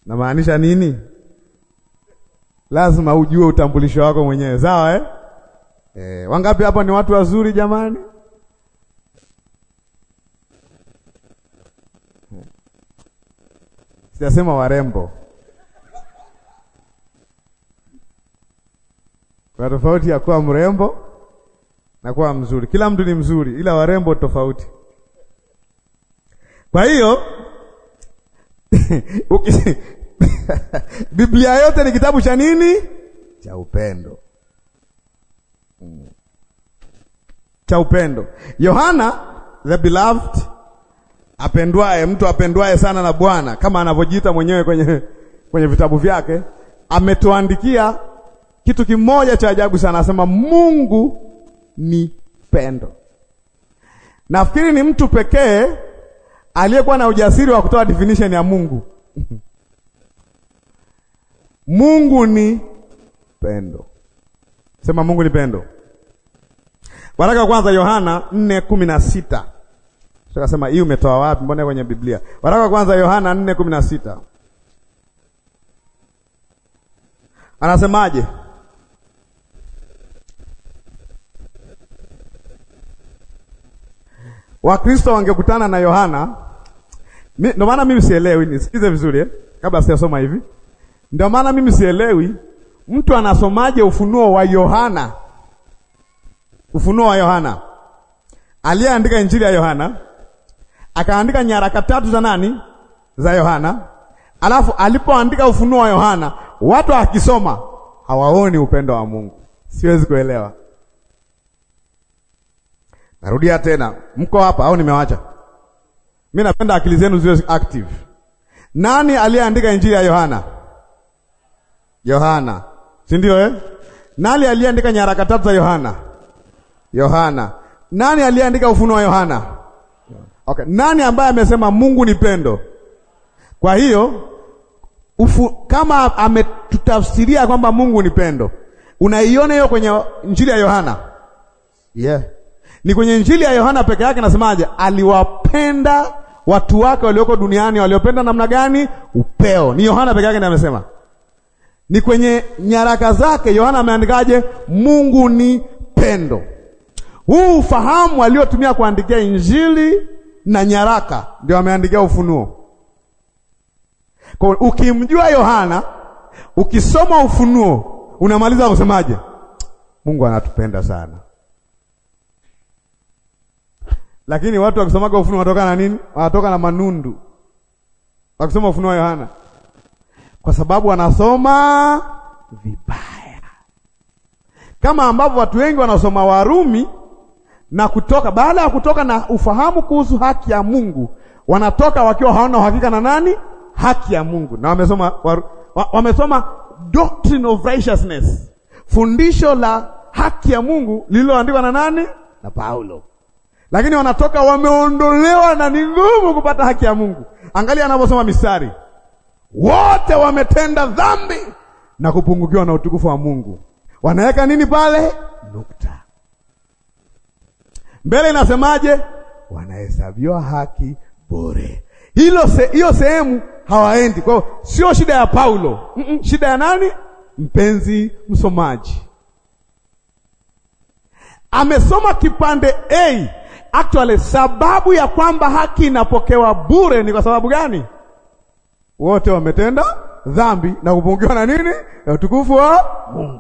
namaanisha nini? Lazima ujue utambulisho wako mwenyewe, sawa eh? Eh, wangapi hapa ni watu wazuri jamani? Sijasema warembo, kwa tofauti ya kuwa mrembo nakuwa mzuri. Kila mtu ni mzuri, ila warembo tofauti. Kwa hiyo Biblia yote ni kitabu cha nini? Cha upendo, mm. cha upendo. Yohana the beloved, apendwaye, mtu apendwaye sana na Bwana kama anavyojiita mwenyewe kwenye, kwenye vitabu vyake, ametuandikia kitu kimoja cha ajabu sana, anasema Mungu ni pendo. Nafikiri ni mtu pekee aliyekuwa na ujasiri wa kutoa definition ya Mungu. Mungu ni pendo. Sema Mungu ni pendo. Waraka wa kwanza Yohana 4:16. Tukasema hii umetoa wapi? Mbona kwenye Biblia? Waraka wa kwanza Yohana 4:16. Anasemaje? Wakristo wangekutana na Yohana. Ndio maana mimi sielewi, nisikize vizuri eh, kabla sijasoma hivi. Ndio maana mimi sielewi mtu anasomaje ufunuo wa Yohana, ufunuo wa Yohana aliyeandika injili ya Yohana akaandika nyaraka tatu za nani? Za Yohana. Alafu alipoandika ufunuo wa Yohana, watu akisoma hawaoni upendo wa Mungu. Siwezi kuelewa. Narudia tena, mko hapa au nimewacha? Mimi napenda akili zenu ziwe active. Nani aliyeandika injili ya Yohana? Yohana, si ndio eh? Nani aliyeandika nyaraka tatu za Yohana? Yohana. Nani aliyeandika ufunuo wa Yohana? Okay. Nani ambaye amesema Mungu ni pendo? Kwa hiyo ufu, kama ametutafsiria kwamba Mungu ni pendo, unaiona hiyo kwenye injili ya Yohana? Yeah. Ni kwenye Injili ya Yohana peke yake nasemaje? Aliwapenda watu wake walioko duniani, waliopenda namna gani? Upeo. Ni Yohana peke yake ndiye amesema. Ni kwenye nyaraka zake Yohana ameandikaje? Mungu ni pendo. Huu ufahamu aliotumia kuandikia Injili na nyaraka ndio ameandikia Ufunuo. Kwa ukimjua Yohana, ukisoma Ufunuo, unamaliza kusemaje? Mungu anatupenda sana. Lakini watu wakisomaga Ufunuo wanatoka na nini? Wanatoka na manundu wakisoma Ufunuo wa Yohana, kwa sababu wanasoma vibaya, kama ambavyo watu wengi wanasoma Warumi na kutoka, baada ya kutoka na ufahamu kuhusu haki ya Mungu, wanatoka wakiwa hawana uhakika na nani, haki ya Mungu, na wamesoma wa, wamesoma doctrine of righteousness, fundisho la haki ya Mungu lililoandikwa na nani, na Paulo lakini wanatoka wameondolewa, na ni ngumu kupata haki ya Mungu. Angalia anavyosoma mistari, wote wametenda dhambi na kupungukiwa na utukufu wa Mungu. Wanaweka nini pale? Nukta. Mbele inasemaje? Wanahesabiwa haki bure. Hilo se, hiyo sehemu hawaendi. Kwa sio shida ya Paulo. Mm -mm, shida ya nani? Mpenzi msomaji amesoma kipande A Actually, sababu ya kwamba haki inapokewa bure ni kwa sababu gani? Wote wametenda dhambi na kupungiwa na nini? Ya utukufu wa Mungu.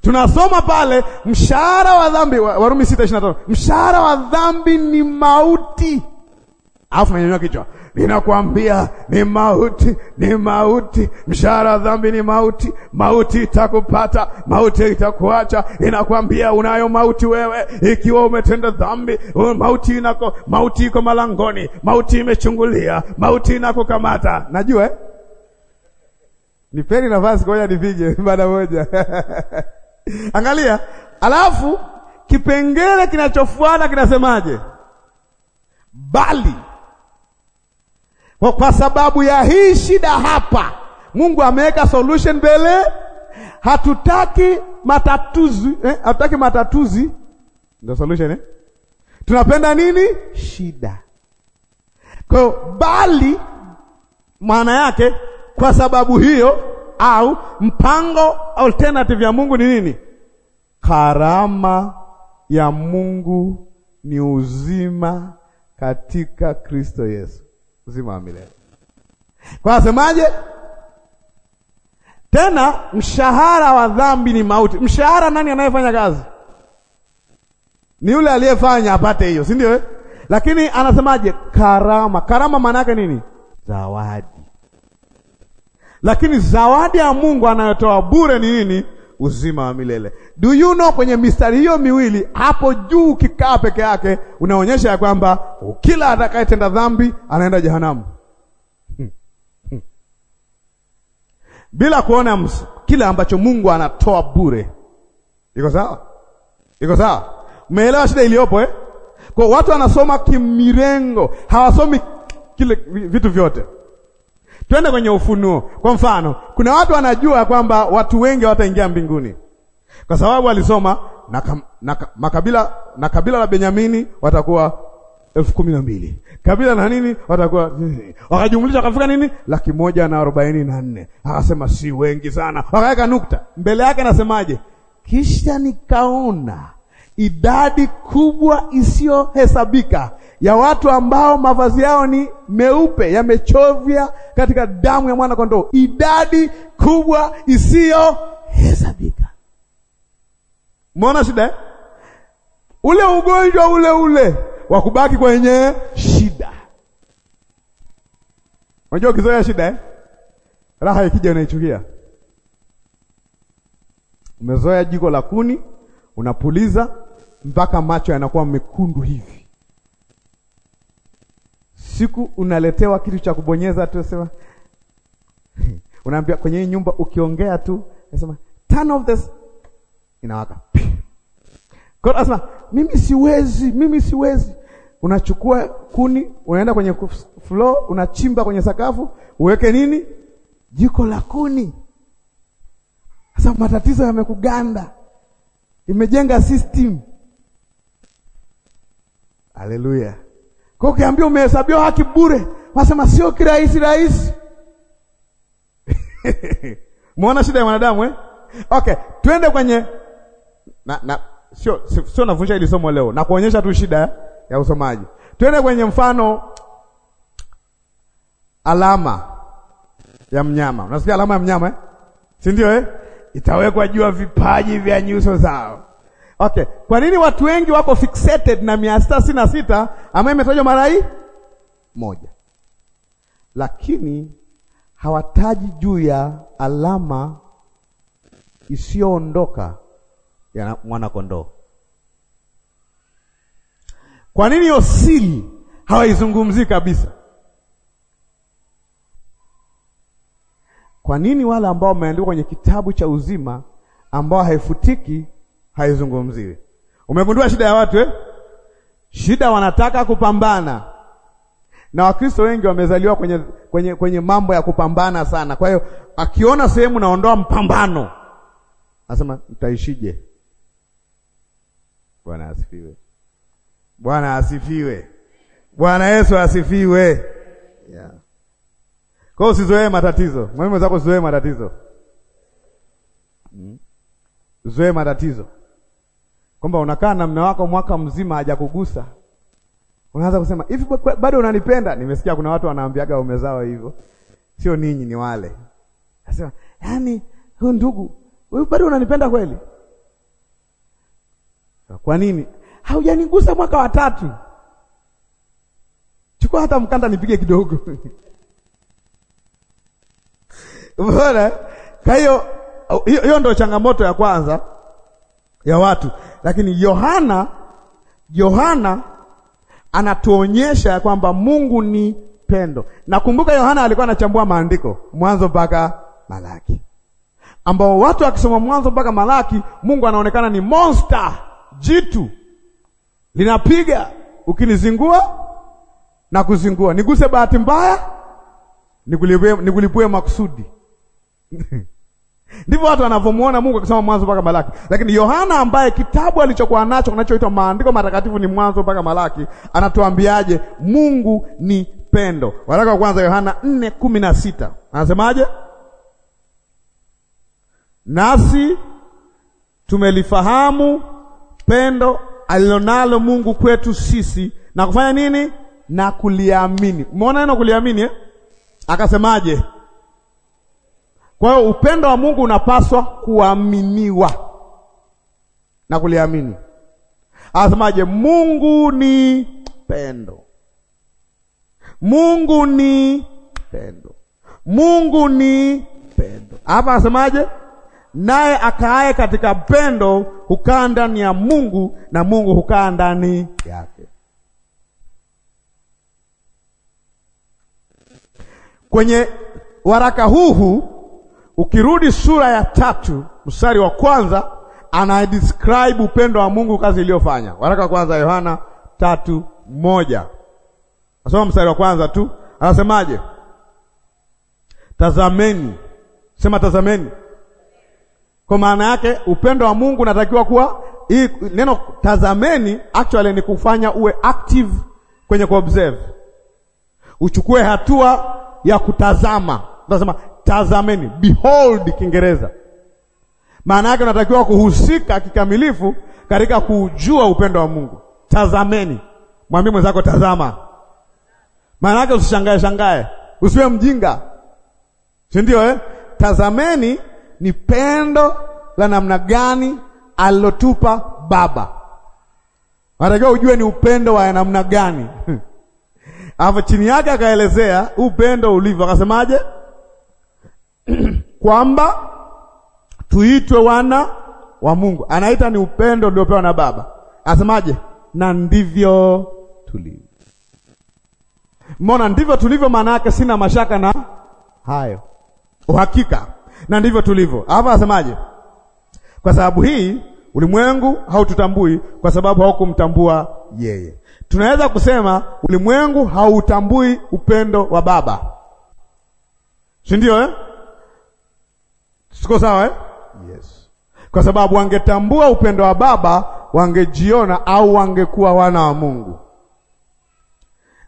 Tunasoma pale mshahara wa dhambi, Warumi 6:25. Mshahara wa dhambi ni mauti. Alafu mwenyewe kichwa ninakwambia ni mauti, ni mauti. Mshahara wa dhambi ni mauti, mauti itakupata, mauti itakuacha. Inakwambia unayo mauti wewe, ikiwa umetenda dhambi. Mauti inako, mauti iko malangoni, mauti imechungulia, mauti inakukamata. Najua eh? Nipeni nafasi koja nipige baada moja angalia, alafu kipengele kinachofuata kinasemaje? bali kwa sababu ya hii shida hapa, Mungu ameweka solution mbele. Hatutaki matatuzi eh, hatutaki matatuzi, ndio solution eh? Tunapenda nini? Shida. Kwa hiyo bali, maana yake kwa sababu hiyo, au mpango alternative ya Mungu ni nini? Karama ya Mungu ni uzima katika Kristo Yesu uzima wa milele. Kwa asemaje? Tena mshahara wa dhambi ni mauti. Mshahara nani anayefanya kazi? Ni yule aliyefanya apate hiyo, si ndio eh? Lakini anasemaje? Karama. Karama maana yake nini? Zawadi. Lakini zawadi ya Mungu anayotoa bure ni nini? uzima wa milele. Do you know, kwenye mistari hiyo miwili hapo juu ukikaa peke yake unaonyesha ya kwamba kila atakayetenda dhambi anaenda jehanamu hmm. Hmm. bila kuona kile ambacho Mungu anatoa bure. Iko sawa? Iko sawa? Umeelewa shida iliyopo eh? Kwa watu wanasoma kimirengo, hawasomi kile vitu vyote. Twende kwenye ufunuo. Kwa mfano, kuna watu wanajua kwamba watu wengi wataingia mbinguni kwa sababu walisoma na, na makabila na kabila la Benyamini watakuwa elfu kumi na mbili kabila na nini watakuwa wakajumlisha wakafika nini, laki moja na arobaini na nne Akasema si wengi sana, wakaweka nukta mbele yake. Anasemaje? Kisha nikaona idadi kubwa isiyohesabika ya watu ambao mavazi yao ni meupe yamechovya katika damu ya mwana kondoo, idadi kubwa isiyohesabika. Umeona shida eh? Ule ugonjwa ule ule wa kubaki kwenye shida. Unajua ukizoea shida eh? Raha ikija unaichukia. Umezoea jiko la kuni unapuliza mpaka macho yanakuwa mekundu hivi Siku unaletewa kitu cha kubonyeza tu, sema unaambia kwenye hii nyumba, ukiongea tu nasema turn off this, inawaka kwa asema, mimi siwezi, mimi siwezi. Unachukua kuni, unaenda kwenye floor, unachimba kwenye sakafu, uweke nini, jiko la kuni. Sasa matatizo yamekuganda, imejenga system. Hallelujah. Kwa ukiambia umehesabiwa haki bure, wasema sio kirahisi rahisi. Muona shida ya mwanadamu eh? Okay, twende kwenye na, na sio sio navunja hili somo leo na kuonyesha tu shida ya usomaji. Twende kwenye mfano alama ya mnyama. Unasikia alama ya mnyama eh? Si ndio eh? Itawekwa juu ya vipaji vya nyuso zao. Okay, kwa nini watu wengi wako fixated na mia sita sitini na sita ambayo imetajwa mara hii moja, lakini hawataji juu ya alama isiyoondoka ya mwanakondoo. Kwa nini hiyo siri hawaizungumzii kabisa? Kwa nini wale ambao wameandikwa kwenye kitabu cha uzima ambao haifutiki haizungumziwi. Umegundua shida ya watu eh? Shida wanataka kupambana, na Wakristo wengi wamezaliwa kwenye, kwenye, kwenye mambo ya kupambana sana. Kwa hiyo akiona sehemu naondoa mpambano, anasema nitaishije? Bwana asifiwe! Bwana asifiwe! Bwana Yesu asifiwe! yeah. Kwa hiyo usizoee matatizo, mwenzako usizoee matatizo, hmm? zoee matatizo kwamba unakaa na mume wako mwaka mzima hajakugusa, unaanza kusema hivi, bado unanipenda? Nimesikia kuna watu wanaambiaga umezao hivyo, sio ninyi, ni wale nasema, yani, huyu ndugu huyu bado unanipenda kweli? Kwa nini haujanigusa mwaka wa tatu? Chukua hata mkanda nipige kidogo. Bora. Kwa hiyo hiyo ndio changamoto ya kwanza ya watu, lakini Yohana Yohana anatuonyesha ya kwamba Mungu ni pendo. Nakumbuka Yohana alikuwa anachambua maandiko Mwanzo mpaka Malaki, ambao watu akisoma Mwanzo mpaka Malaki, Mungu anaonekana ni monster, jitu linapiga ukinizingua na kuzingua, niguse bahati mbaya, nikulipue makusudi Ndivyo watu wanavyomuona Mungu akisema Mwanzo mpaka Malaki. Lakini Yohana ambaye kitabu alichokuwa nacho kinachoitwa Maandiko Matakatifu ni Mwanzo mpaka Malaki, anatuambiaje? Mungu ni pendo. Waraka wa kwanza Yohana 4:16. Anasemaje? Nasi tumelifahamu pendo alilonalo Mungu kwetu sisi na kufanya nini? Na kuliamini. Umeona neno kuliamini eh? Akasemaje? Kwa hiyo upendo wa Mungu unapaswa kuaminiwa na kuliamini. Anasemaje? Mungu ni pendo. Mungu ni pendo. Mungu ni pendo. Hapa anasemaje? Naye akaaye katika pendo hukaa ndani ya Mungu na Mungu hukaa ndani yake. Kwenye waraka huu Ukirudi sura ya tatu mstari wa kwanza anadescribe upendo wa Mungu, kazi iliyofanya. Waraka wa kwanza Yohana tatu moja nasoma mstari wa kwanza tu, anasemaje? Tazameni, sema tazameni. Kwa maana yake upendo wa Mungu natakiwa kuwa hii, neno tazameni actually ni kufanya uwe active kwenye kuobserve, uchukue hatua ya kutazama. Unasema tazameni, behold Kiingereza. Maana yake unatakiwa kuhusika kikamilifu katika kuujua upendo wa Mungu. Tazameni, mwambie mwenzako tazama. Maana yake usishangae shangae, usiwe mjinga, si ndio eh? Tazameni ni pendo la namna gani alilotupa Baba. Unatakiwa ujue ni upendo wa namna gani alafu chini yake akaelezea upendo ulivyo, akasemaje? kwamba tuitwe wana wa Mungu. Anaita ni upendo uliopewa na Baba. Asemaje? Na ndivyo tulivyo. Mbona ndivyo tulivyo? Maana yake sina mashaka na hayo, uhakika na ndivyo tulivyo. Hapa asemaje? Kwa sababu hii ulimwengu haututambui kwa sababu haukumtambua yeye. Tunaweza kusema ulimwengu hautambui upendo wa Baba, si ndio eh? Siko sawa eh? Yes. Kwa sababu wangetambua upendo wa Baba wangejiona au wangekuwa wana wa Mungu.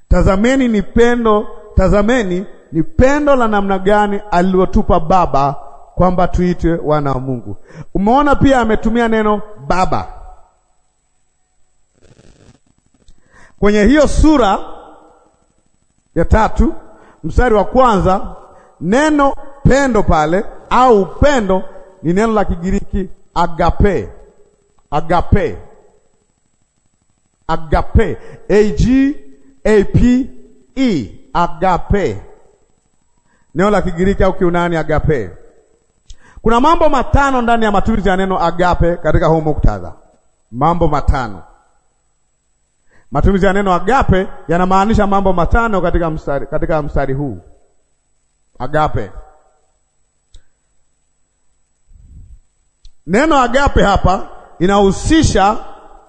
Tazameni ni pendo, tazameni ni pendo la namna gani alilotupa Baba kwamba tuitwe wana wa Mungu. Umeona pia ametumia neno Baba kwenye hiyo sura ya tatu mstari wa kwanza, neno pendo pale au upendo ni neno la Kigiriki agape, agape, agape, A G A P E, agape, neno la Kigiriki au Kiunani agape. Kuna mambo matano ndani ya matumizi ya neno agape katika huu muktadha, mambo matano. Matumizi ya neno agape yanamaanisha mambo matano katika mstari, katika mstari huu agape Neno agape hapa inahusisha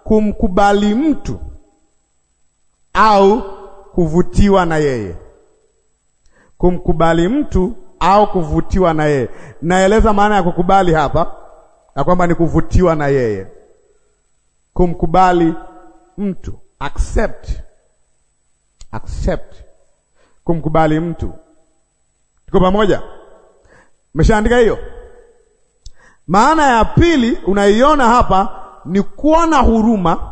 kumkubali mtu au kuvutiwa na yeye, kumkubali mtu au kuvutiwa na yeye. Naeleza maana ya kukubali hapa ya kwamba ni kuvutiwa na yeye, kumkubali mtu accept, accept, kumkubali mtu. Tuko pamoja? meshaandika hiyo? Maana ya pili unaiona hapa ni kuwa na huruma,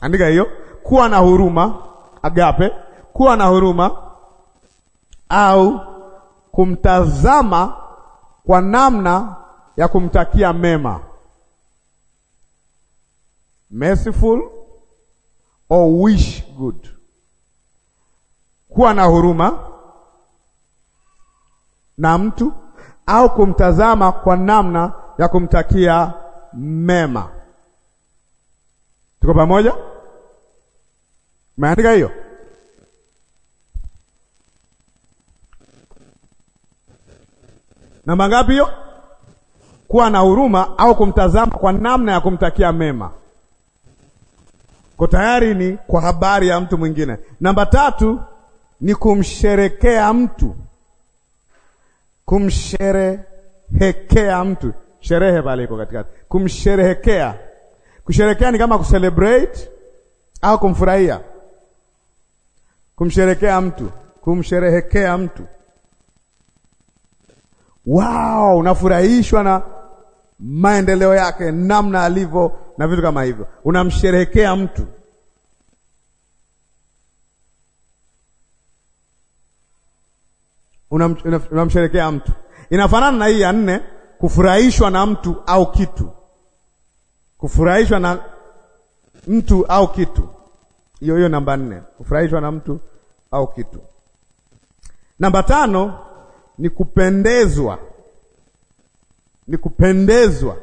andika hiyo, kuwa na huruma, agape, kuwa na huruma au kumtazama kwa namna ya kumtakia mema, merciful or wish good. Kuwa na huruma na mtu au kumtazama kwa namna ya kumtakia mema. Tuko pamoja? Umeandika hiyo? Namba ngapi hiyo? Kuwa na huruma au kumtazama kwa namna ya kumtakia mema. ko tayari ni kwa habari ya mtu mwingine. Namba tatu ni kumsherekea mtu, kumsherehekea mtu sherehe pale iko katikati, kumsherehekea. Kusherehekea ni kama kucelebrate au kumfurahia. Kumsherehekea mtu, kumsherehekea mtu, wow, unafurahishwa na maendeleo yake, namna alivyo na vitu kama hivyo, unamsherehekea mtu. unamsherehekea mtu, inafanana na hii ya nne kufurahishwa na mtu au kitu, kufurahishwa na mtu au kitu. Hiyo hiyo namba nne, kufurahishwa na mtu au kitu. Namba tano ni kupendezwa, ni kupendezwa.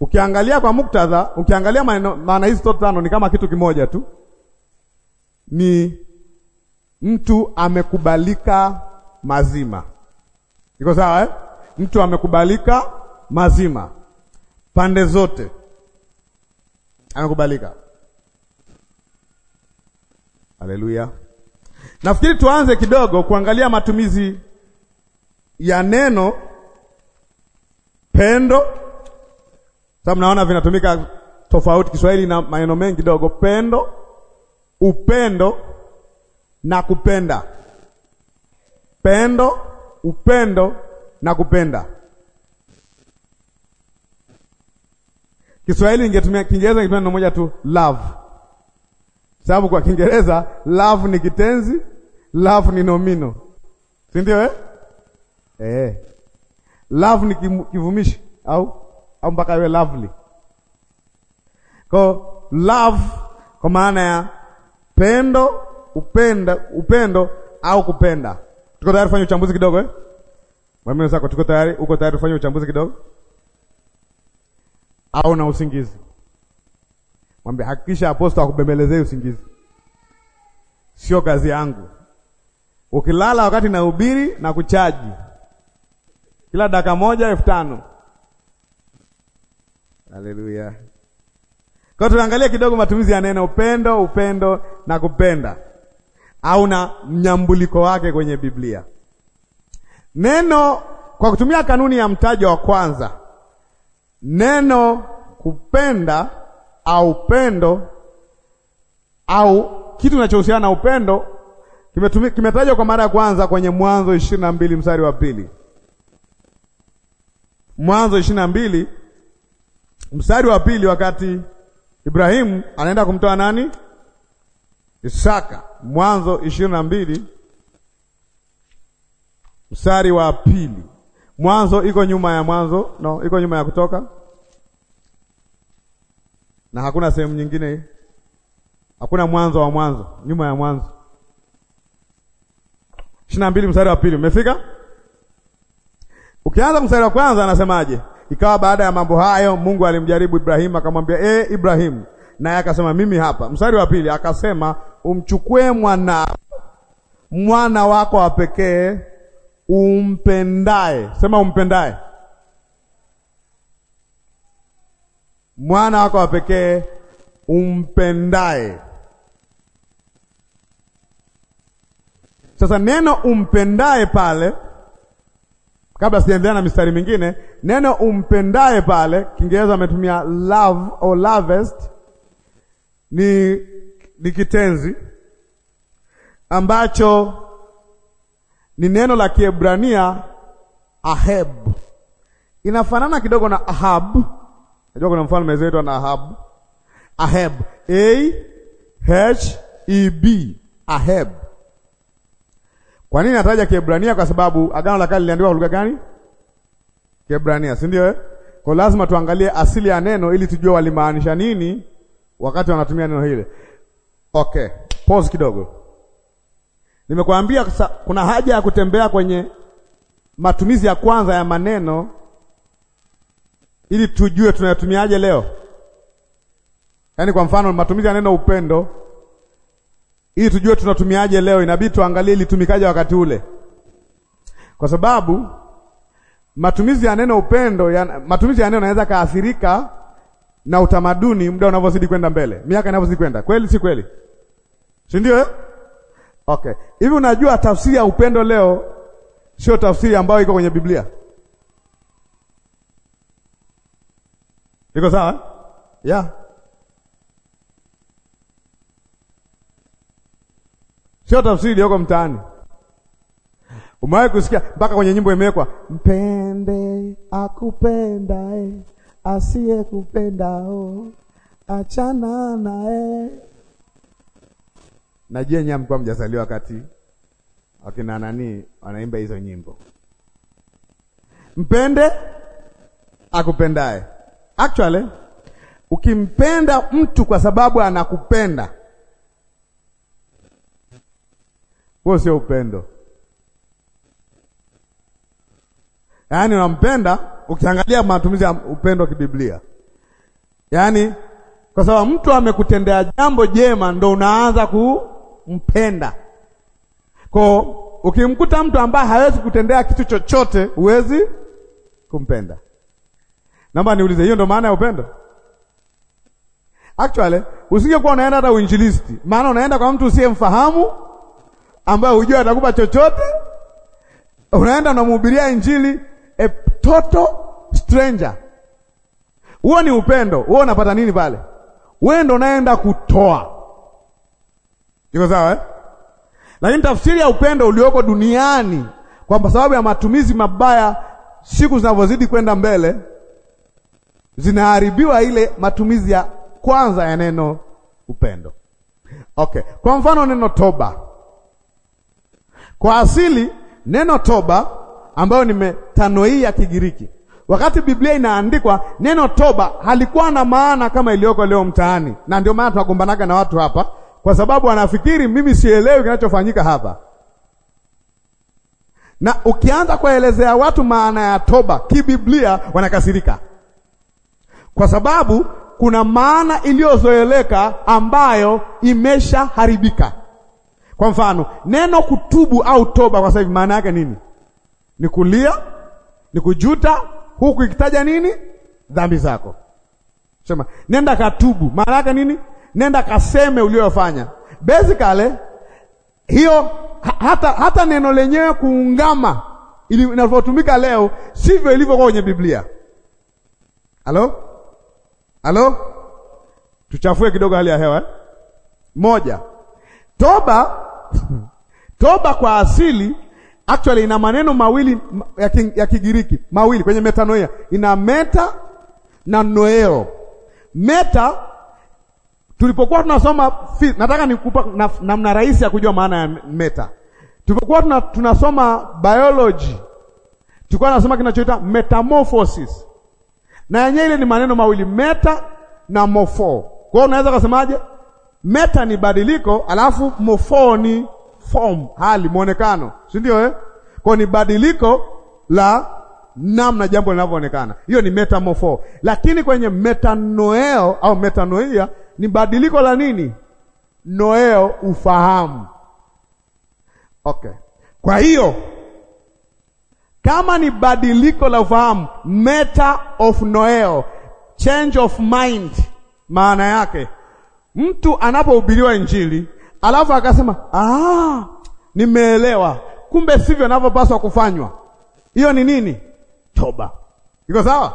Ukiangalia kwa muktadha, ukiangalia maana hizi zote tano ni kama kitu kimoja tu, ni mtu amekubalika mazima Iko sawa eh? Mtu amekubalika mazima pande zote, amekubalika. Haleluya. Nafikiri tuanze kidogo kuangalia matumizi ya neno pendo, sababu naona vinatumika tofauti Kiswahili na maneno mengi kidogo: pendo, upendo na kupenda. Pendo, upendo na kupenda. Kiswahili ingetumia Kiingereza ingetumia neno moja tu love, sababu kwa Kiingereza love ni kitenzi, love ni nomino, si ndio eh? Eh, love ni kivumishi au au mpaka iwe lovely. Kwa love kwa maana ya pendo, upenda, upendo au kupenda Tuko tayari kufanya uchambuzi kidogo eh? Mwamini wako tuko tayari, uko tayari kufanya uchambuzi kidogo? Au na usingizi? Mwambie hakikisha apostol akubembelezee usingizi. Sio kazi yangu. Ukilala wakati na ubiri na kuchaji kila dakika moja elfu tano. Haleluya. Kwa tunaangalia kidogo matumizi ya neno upendo, upendo na kupenda au na mnyambuliko wake kwenye Biblia. Neno kwa kutumia kanuni ya mtajo wa kwanza, neno kupenda au pendo au kitu kinachohusiana na upendo kimetajwa kwa mara ya kwanza kwenye Mwanzo ishirini na mbili mstari wa pili. Mwanzo ishirini na mbili mstari wa pili, wakati Ibrahimu anaenda kumtoa nani? Isaka, Mwanzo ishirini na mbili mstari wa pili. Mwanzo iko nyuma ya Mwanzo, no, iko nyuma ya Kutoka na hakuna sehemu nyingine, hakuna mwanzo wa mwanzo, nyuma ya Mwanzo ishirini na mbili mstari wa pili. Umefika? Ukianza mstari wa kwanza anasemaje? Ikawa baada ya mambo hayo Mungu alimjaribu Ibrahimu akamwambia, e Ibrahimu naye akasema mimi hapa. Mstari wa pili akasema umchukue mwana mwana wako wa pekee umpendaye, sema umpendaye, mwana wako wa pekee umpendaye. Sasa neno umpendaye pale, kabla sijaendelea na mistari mingine, neno umpendaye pale Kiingereza ametumia love or lovest ni, ni kitenzi ambacho ni neno la Kiebrania aheb, inafanana kidogo na ahab. Najua kuna mfalme wetu na ahab, aheb, A H E B, aheb. Kwa nini nataja Kiebrania? Kwa sababu agano la kale liliandikwa lugha gani? Kiebrania, si ndio? Eh, kwa lazima tuangalie asili ya neno ili tujue walimaanisha nini wakati wanatumia neno hile Okay, pause kidogo. Nimekuambia kuna haja ya kutembea kwenye matumizi ya kwanza ya maneno ili tujue tunayotumiaje leo. Yaani, kwa mfano matumizi ya neno upendo, ili tujue tunatumiaje leo, inabidi tuangalie ilitumikaje wakati ule, kwa sababu matumizi ya neno upendo ya, matumizi ya neno yanaweza kaathirika na utamaduni muda unavyozidi kwenda mbele, miaka inavyozidi kwenda. Kweli si kweli? Si ndio eh? Okay. Hivi unajua tafsiri ya upendo leo sio tafsiri ambayo iko kwenye Biblia. Iko sawa? Eh? Yeah. Sio tafsiri iliyoko mtaani. Umewahi kusikia mpaka kwenye nyimbo imewekwa mpende akupendae eh asiyekupendao achana naye. Najua nyinyi mlikuwa mjazaliwa wakati wakina nani wanaimba hizo nyimbo, mpende akupendaye. Actually, ukimpenda mtu kwa sababu anakupenda, huo sio upendo, yaani unampenda ukiangalia matumizi ya upendo wa kibiblia, yaani kwa sababu mtu amekutendea jambo jema ndo unaanza kumpenda. Kwa ukimkuta mtu ambaye hawezi kutendea kitu chochote, huwezi kumpenda. Naomba niulize, hiyo ndo maana ya upendo? Actually, usingekuwa unaenda hata uinjilisti, maana unaenda kwa mtu usiyemfahamu ambaye hujua atakupa chochote, unaenda unamhubiria Injili a total stranger. Huo ni upendo. Huo unapata nini pale? Wewe ndo unaenda kutoa. Iko sawa eh? Lakini tafsiri ya upendo ulioko duniani kwa sababu ya matumizi mabaya, siku zinavyozidi kwenda mbele zinaharibiwa ile matumizi ya kwanza ya neno upendo. Okay, kwa mfano neno toba, kwa asili neno toba ambayo ya Kigiriki. Wakati Biblia inaandikwa, neno toba halikuwa na maana kama iliyoko leo mtaani, na ndio maana tunagombanaga na watu hapa, kwa sababu wanafikiri mimi sielewi kinachofanyika hapa. Na ukianza kuelezea watu maana ya toba kibiblia, wanakasirika kwa sababu kuna maana iliyozoeleka ambayo imeshaharibika. Kwa mfano, neno kutubu au toba kwa sasa hivi maana yake nini? ni kulia, ni kujuta, huku ikitaja nini? Dhambi zako. Sema nenda katubu, maana yake nini? Nenda kaseme uliyofanya. Basically hiyo hata, hata neno lenyewe kuungama inavyotumika leo sivyo ilivyokuwa kwenye Biblia. Halo, halo, tuchafue kidogo hali ya hewa eh? Moja, toba toba kwa asili actually ina maneno mawili ya, king, ya Kigiriki mawili kwenye metanoia, ina meta na noeo. Meta tulipokuwa tunasoma, nataka nikupa namna na rahisi ya kujua maana ya meta. Tulipokuwa tuna, tunasoma biology tulikuwa tunasoma kinachoita metamorphosis, na yenyewe ile ni maneno mawili meta na morpho. Kwa hiyo unaweza kusemaje? Meta ni badiliko, alafu morpho ni form, hali, mwonekano, si ndio eh? Kwa ni badiliko la namna jambo linavyoonekana, hiyo ni metamorpho. Lakini kwenye metanoeo au metanoia ni badiliko la nini? Noeo, ufahamu. Okay, kwa hiyo kama ni badiliko la ufahamu, meta of noeo, change of mind, maana yake mtu anapohubiriwa Injili alafu akasema ah, nimeelewa, kumbe sivyo navyopaswa kufanywa. Hiyo ni nini? Toba. Iko sawa?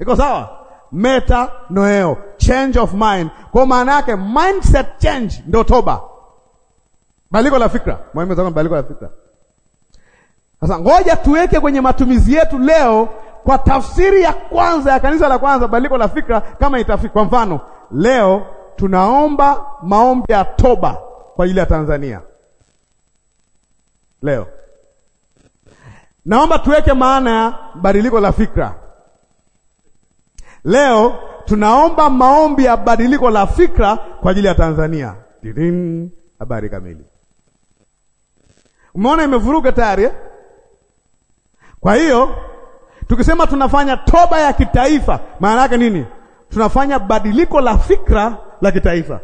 Iko sawa? Meta noeo, change of mind. Kwa maana yake mindset change ndio toba, baliko la fikra. Mwalimu, baliko la fikra. Sasa ngoja tuweke kwenye matumizi yetu leo kwa tafsiri ya kwanza ya kanisa la kwanza, baliko la fikra, kama itafika. Kwa mfano leo tunaomba maombi ya toba kwa ajili ya Tanzania leo. Naomba tuweke maana ya badiliko la fikra leo. Tunaomba maombi ya badiliko la fikra kwa ajili ya Tanzania. Dirin, habari kamili. Umeona imevuruga tayari. Eh? Kwa hiyo tukisema tunafanya toba ya kitaifa, maana yake nini? Tunafanya badiliko la fikra la kitaifa.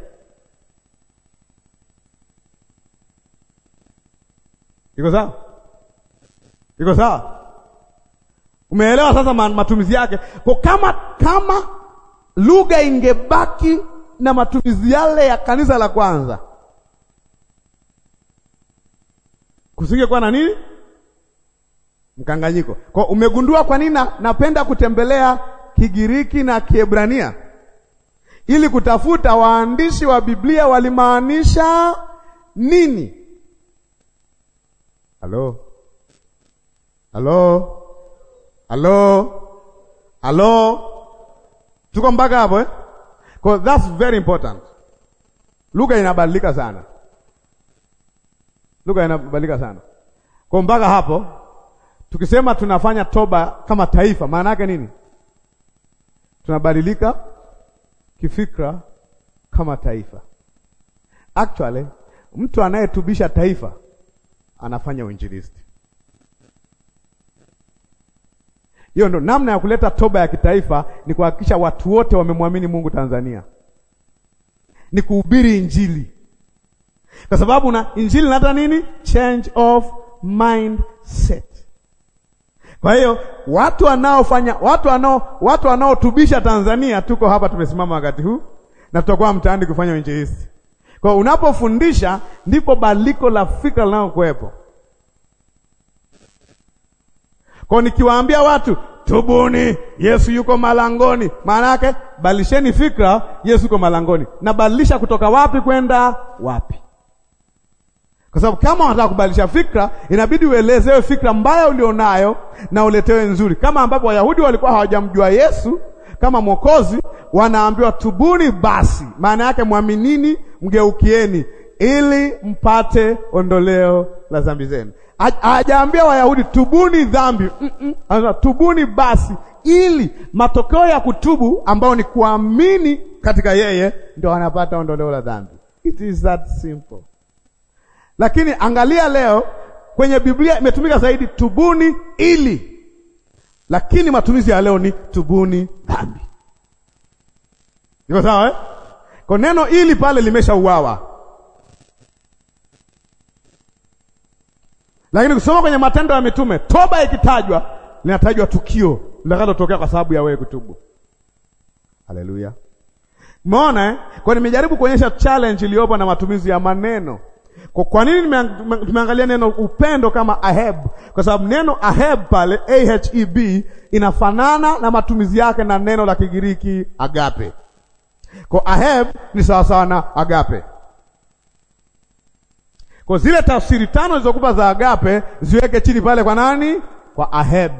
Iko sawa? Iko sawa? Umeelewa sasa matumizi yake? Kwa kama kama lugha ingebaki na matumizi yale ya kanisa la kwanza, kusingekuwa na nini mkanganyiko. Kwa umegundua kwa nini napenda kutembelea Kigiriki na Kiebrania? ili kutafuta waandishi wa Biblia walimaanisha nini. Halo, halo, halo, halo, tuko mpaka hapo eh? Because that's very important. Lugha inabadilika sana, lugha inabadilika sana kwa mpaka hapo. Tukisema tunafanya toba kama taifa, maana yake nini? Tunabadilika kifikra kama taifa. Actually, mtu anayetubisha taifa anafanya uinjilisti. Hiyo ndo namna ya kuleta toba ya kitaifa, ni kuhakikisha watu wote wamemwamini Mungu Tanzania, ni kuhubiri Injili kwa sababu na Injili nata nini, change of mindset. Kwa hiyo watu wanaofanya watu wanao watu wanaotubisha Tanzania, tuko hapa tumesimama wakati huu na tutakuwa mtaani kufanya injilisti. Kwa unapofundisha ndipo baliko la fikra linalokuwepo. Kwa nikiwaambia watu tubuni, Yesu yuko malangoni, maana yake balisheni fikra, Yesu yuko malangoni. Na kutoka wapi kwenda wapi? Kwa sababu kama unataka kubadilisha fikra, inabidi uelezewe fikra mbaya ulionayo na uletewe nzuri, kama ambapo Wayahudi walikuwa hawajamjua Yesu kama Mwokozi, wanaambiwa tubuni basi, maana yake mwaminini, mgeukieni ili mpate ondoleo la dhambi zenu. Hajaambia Wayahudi tubuni dhambi, mm -mm. tubuni basi, ili matokeo ya kutubu ambao ni kuamini katika yeye ndio wanapata ondoleo la dhambi. It is that simple. Lakini angalia leo kwenye Biblia imetumika zaidi tubuni ili, lakini matumizi ya leo ni tubuni dhambi. Niko sawa eh? Kwa neno ili pale limesha uwawa Lakini kusoma kwenye Matendo ya Mitume, toba ikitajwa, linatajwa tukio litakalotokea kwa sababu ya wewe kutubu. Haleluya! Umeona eh? Kwa nimejaribu kuonyesha challenge iliyopo na matumizi ya maneno. Kwa nini tumeangalia neno upendo kama aheb? Kwa sababu neno aheb pale aheb inafanana na matumizi yake na neno la Kigiriki agape. Kwa aheb ni sawasawa na agape. Kwa zile tafsiri tano zilizokupa za agape ziweke chini pale kwa nani? Kwa aheb.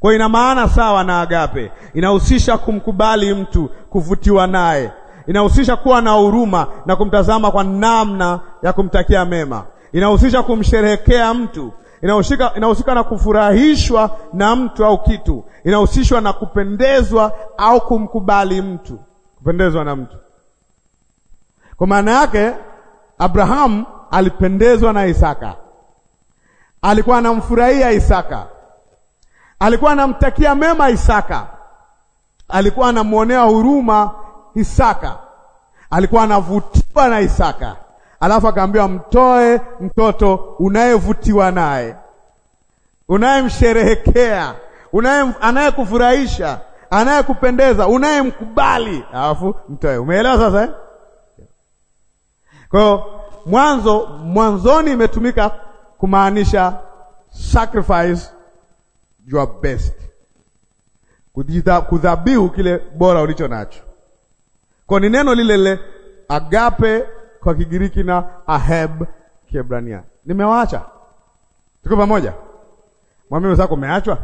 Kwa ina maana sawa na agape, inahusisha kumkubali mtu, kuvutiwa naye, inahusisha kuwa na huruma na kumtazama kwa namna ya kumtakia mema, inahusisha kumsherehekea mtu, inahusika, inahusika na kufurahishwa na mtu au kitu, inahusishwa na kupendezwa au kumkubali mtu, kupendezwa na mtu. Kwa maana yake Abrahamu alipendezwa na Isaka, alikuwa anamfurahia Isaka Alikuwa anamtakia mema Isaka, alikuwa anamwonea huruma Isaka, alikuwa anavutiwa na Isaka, alafu akaambiwa mtoe mtoto unayevutiwa naye, unayemsherehekea, unaye anayekufurahisha, anayekupendeza, unayemkubali, alafu mtoe. Umeelewa sasa eh? Kwa hiyo mwanzo, mwanzoni imetumika kumaanisha sacrifice your best, kudhabihu kile bora ulicho nacho. Kwa ni neno lile lile agape kwa Kigiriki na aheb Kiebrania. Nimewaacha, tuko pamoja? Mwambie mwenzako umeachwa.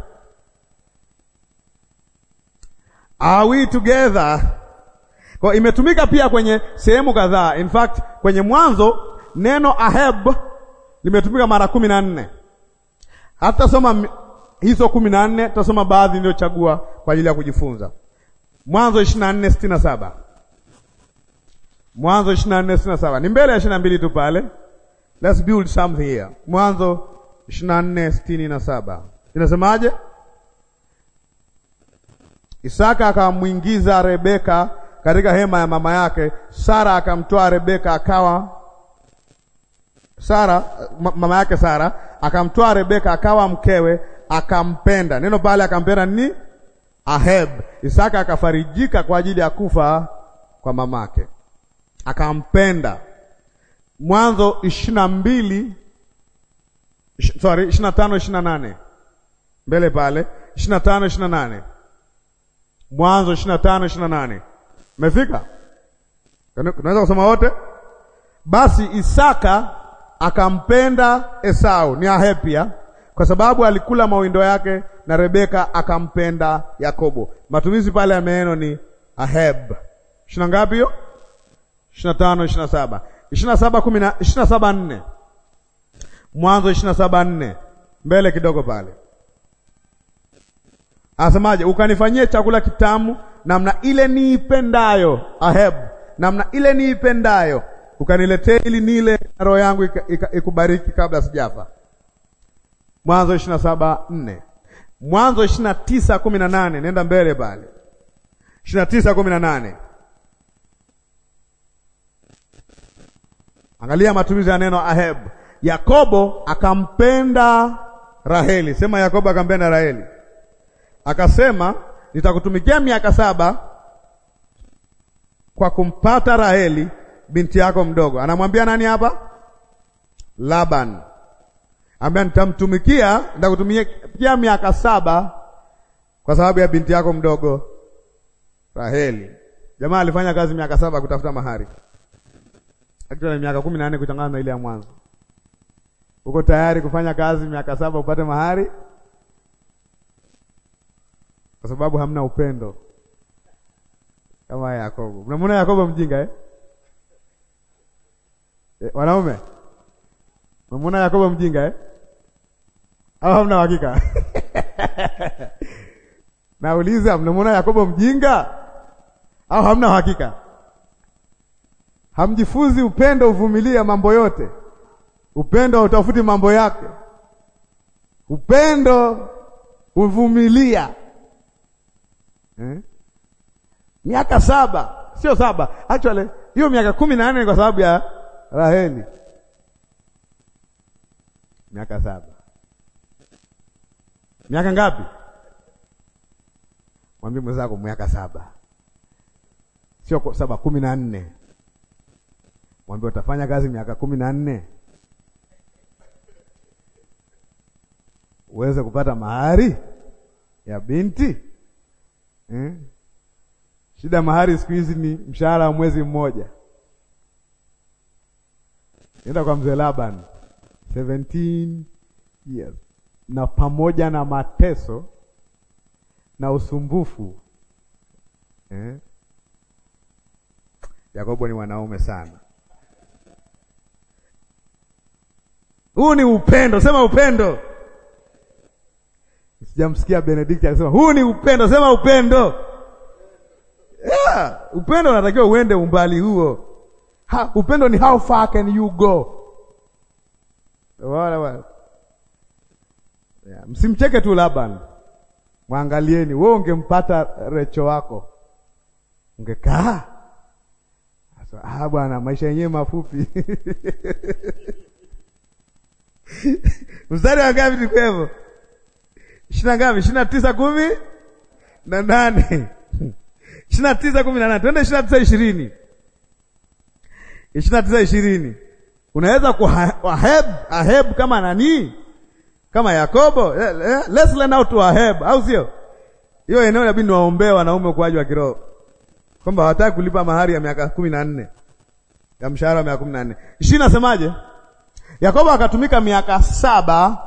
Are we together? Kwa imetumika pia kwenye sehemu kadhaa. In fact, kwenye Mwanzo neno aheb limetumika mara kumi na nne. Hata soma hizo kumi na nne tutasoma baadhi niliyochagua kwa ajili ya kujifunza. Mwanzo ishirini na nne sitini na saba Mwanzo ishirini na nne sitini na saba ni mbele ya ishirini na mbili tu pale. Let's build something here. Mwanzo ishirini na nne sitini na saba inasemaje? Isaka akamwingiza Rebeka katika hema ya mama yake. Sara akamtoa Rebeka akawa Sara mama yake Sara akamtoa Rebeka akawa mkewe, akampenda. Neno pale akampenda ni aheb. Isaka akafarijika kwa ajili ya kufa kwa mamake, akampenda. Mwanzo ishirini na mbili sorry, ishirini na tano ishirini na nane mbele pale, ishirini na tano ishirini na nane Mwanzo ishirini na tano ishirini na nane mefika tunaweza kusoma wote. Basi Isaka akampenda Esau, ni ahepia kwa sababu alikula mawindo yake na Rebeka akampenda Yakobo. Matumizi pale ya maneno ni aheb. Ishirini ngapi hiyo? Ishirini na tano, ishirini na saba, ishirini na saba kumi na ishirini na saba nne Mwanzo ishirini na saba nne mbele kidogo pale asemaje? Ukanifanyie chakula kitamu namna ile niipendayo, aheb, namna ile niipendayo, ukaniletea ili nile, na roho yangu ikubariki kabla sijafa. Mwanzo ishirini na saba nne Mwanzo ishirini na tisa kumi na nane Nenda mbele pale, ishirini na tisa kumi na nane Angalia matumizi ya neno aheb. Yakobo akampenda Raheli, sema Yakobo akampenda Raheli, akasema nitakutumikia miaka saba kwa kumpata Raheli binti yako mdogo. Anamwambia nani hapa? Laban ambaye nitamtumikia, nitakutumikia miaka saba kwa sababu ya binti yako mdogo Raheli. Jamaa alifanya kazi miaka saba kutafuta mahari, na miaka kumi na nne kuchangana na ile ya mwanzo. Uko tayari kufanya kazi miaka saba upate mahari? Kwa sababu hamna upendo kama Yakobo. Mnamwona Yakobo mjinga eh? Eh, wanaume Umemwona Yakobo mjinga eh? Au hamna hakika? Nauliza, mnamwona Yakobo mjinga au hamna hakika? Hamjifunzi upendo uvumilia mambo yote, upendo hautafuti mambo yake, upendo uvumilia eh? miaka saba, sio saba actually, hiyo miaka kumi na nne kwa sababu ya Raheli miaka saba. Miaka ngapi? Mwambie mwenzako miaka saba, sio saba, kumi na nne. Mwambie utafanya kazi miaka kumi na nne uweze kupata mahari ya binti eh? Shida mahari siku hizi ni mshahara wa mwezi mmoja. Nenda kwa mzee Laban. 17 years, na pamoja na mateso na usumbufu eh? Yakobo ni mwanaume sana. Huu ni upendo, sema upendo. Sijamsikia Benedict akisema huu ni upendo, sema upendo. Yeah, upendo unatakiwa uende umbali huo. Ha, upendo ni how far can you go? wala wala yeah. Msimcheke tu Laban, mwangalieni. Wewe ungempata Recho wako ungekaa sasa. Ah bwana, maisha yenyewe mafupi mstari wa ngapi? Ndivyo ishirini na ngapi? ishirini na tisa kumi na nane ishirini na tisa kumi na nane twende ishirini na tisa ishirini ishirini na tisa ishirini Unaweza kuaheb aheb kama nani? Kama Yakobo. Let's learn how to aheb, au sio? Hiyo eneo inabidi niwaombee wanaume ukuaji wa kiroho kwamba hawataki kulipa mahari ya miaka kumi na nne ya mshahara wa miaka kumi na nne Nasemaje? Yakobo akatumika miaka saba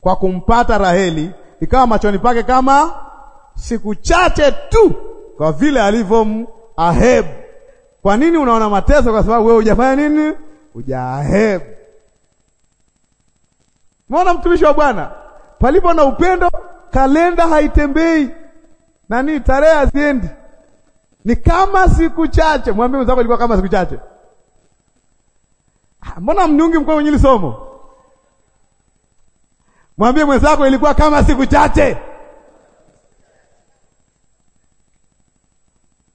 kwa kumpata Raheli, ikawa machoni pake kama siku chache tu, kwa vile alivyom aheb. Kwa nini unaona mateso? Kwa sababu wewe hujafanya nini? hujaahebu. Mwana mtumishi wa Bwana, palipo na upendo kalenda haitembei nani, tarehe haziendi, ni kama siku chache. Mwambie mwenzako ilikuwa kama siku chache. Ah, mbona mnyungi mko kwenye somo? Mwambie mwenzako ilikuwa kama siku chache,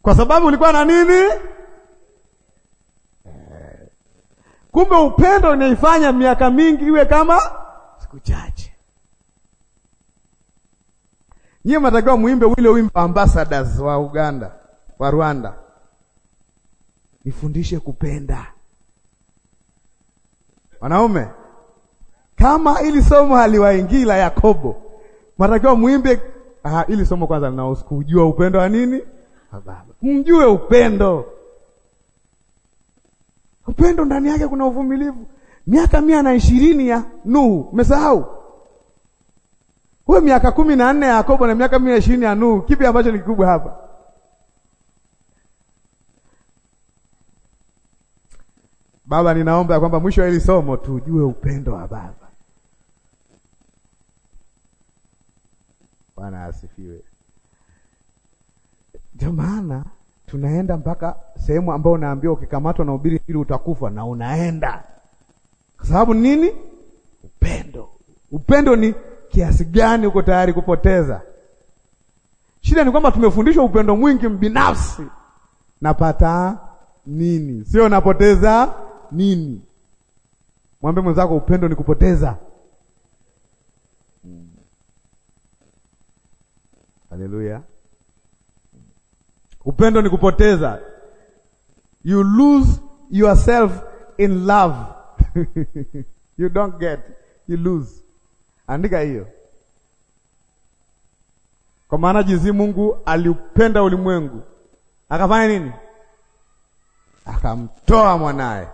kwa sababu ulikuwa na nini? Kumbe upendo unaifanya miaka mingi iwe kama siku chache. Nyie mnatakiwa muimbe ule wimbo ambassadors wa Uganda, wa Rwanda, nifundishe kupenda wanaume. Kama ili somo haliwaingii la Yakobo, mnatakiwa muimbe ili somo kwanza linahusu kujua upendo wa nini, mjue upendo Upendo ndani yake kuna uvumilivu. Miaka mia na ishirini ya Nuhu umesahau? Huyo miaka kumi na nne ya Yakobo na miaka mia ishirini ya Nuhu, kipi ambacho ni kikubwa hapa? Baba, ninaomba kwamba mwisho wa hili somo tujue upendo wa Baba. Bwana asifiwe. Ndio maana tunaenda mpaka sehemu ambayo unaambiwa ukikamatwa na ubiri ili utakufa na unaenda, kwa sababu nini? Upendo. Upendo ni kiasi gani uko tayari kupoteza? Shida ni kwamba tumefundishwa upendo mwingi mbinafsi, napata nini, sio napoteza nini. Mwambie mwenzako upendo ni kupoteza. Haleluya! Upendo ni kupoteza. You lose yourself in love. You don't get, you lose. Andika hiyo. Kwa maana jinsi Mungu aliupenda ulimwengu akafanya nini? Akamtoa mwanaye.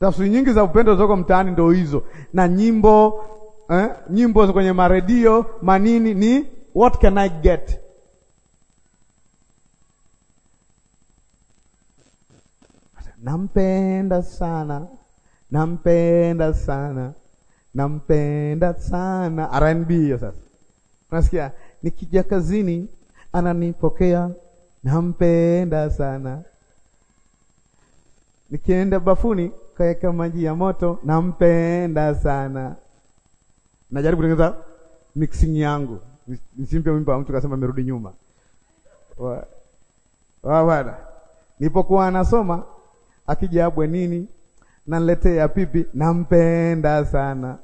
Tafsiri nyingi za upendo zoko mtaani ndio hizo, na nyimbo eh, nyimbo kwenye maredio manini ni what can I get nampenda sana, nampenda sana, nampenda sana. R&B hiyo sasa, unasikia nikija kazini ananipokea, nampenda sana. Nikienda bafuni kaweka maji ya moto, nampenda sana. Najaribu kutengeneza mixing yangu nisimpe mimba mtu kasema amerudi nyuma. Wa, wa bwana, nilipokuwa anasoma akija abwe nini na ya pipi, nampenda sana.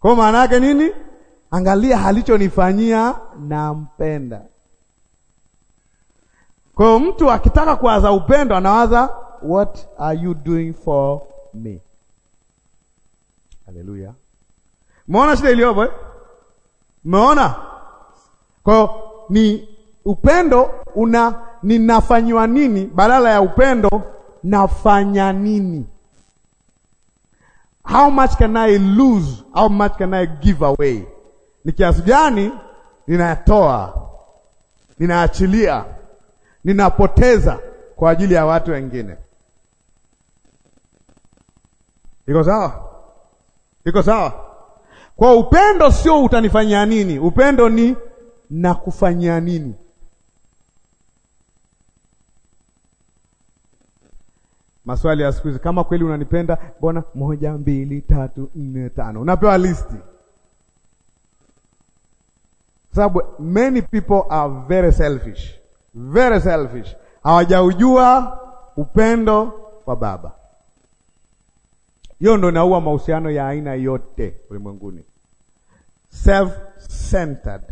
Kwa maana yake nini? Angalia alichonifanyia, nampenda. Kwa mtu akitaka kuwaza upendo anawaza what are you doing for me? Haleluya, umeona shida iliyopo eh? Umeona? Kwa ni upendo una ninafanyiwa nini badala ya upendo nafanya nini? How much can I lose? How much can I give away? Ni kiasi gani ninatoa, ninaachilia, ninapoteza kwa ajili ya watu wengine? Iko sawa? Iko sawa? Kwa upendo sio utanifanyia nini, upendo ni nakufanyia nini. Maswali ya siku hizi, kama kweli unanipenda, mbona moja, mbili, tatu, nne, tano, unapewa listi, sababu many people are very selfish, very selfish, hawajaujua upendo wa Baba. Hiyo ndo inaua mahusiano ya aina yote ulimwenguni, self-centered.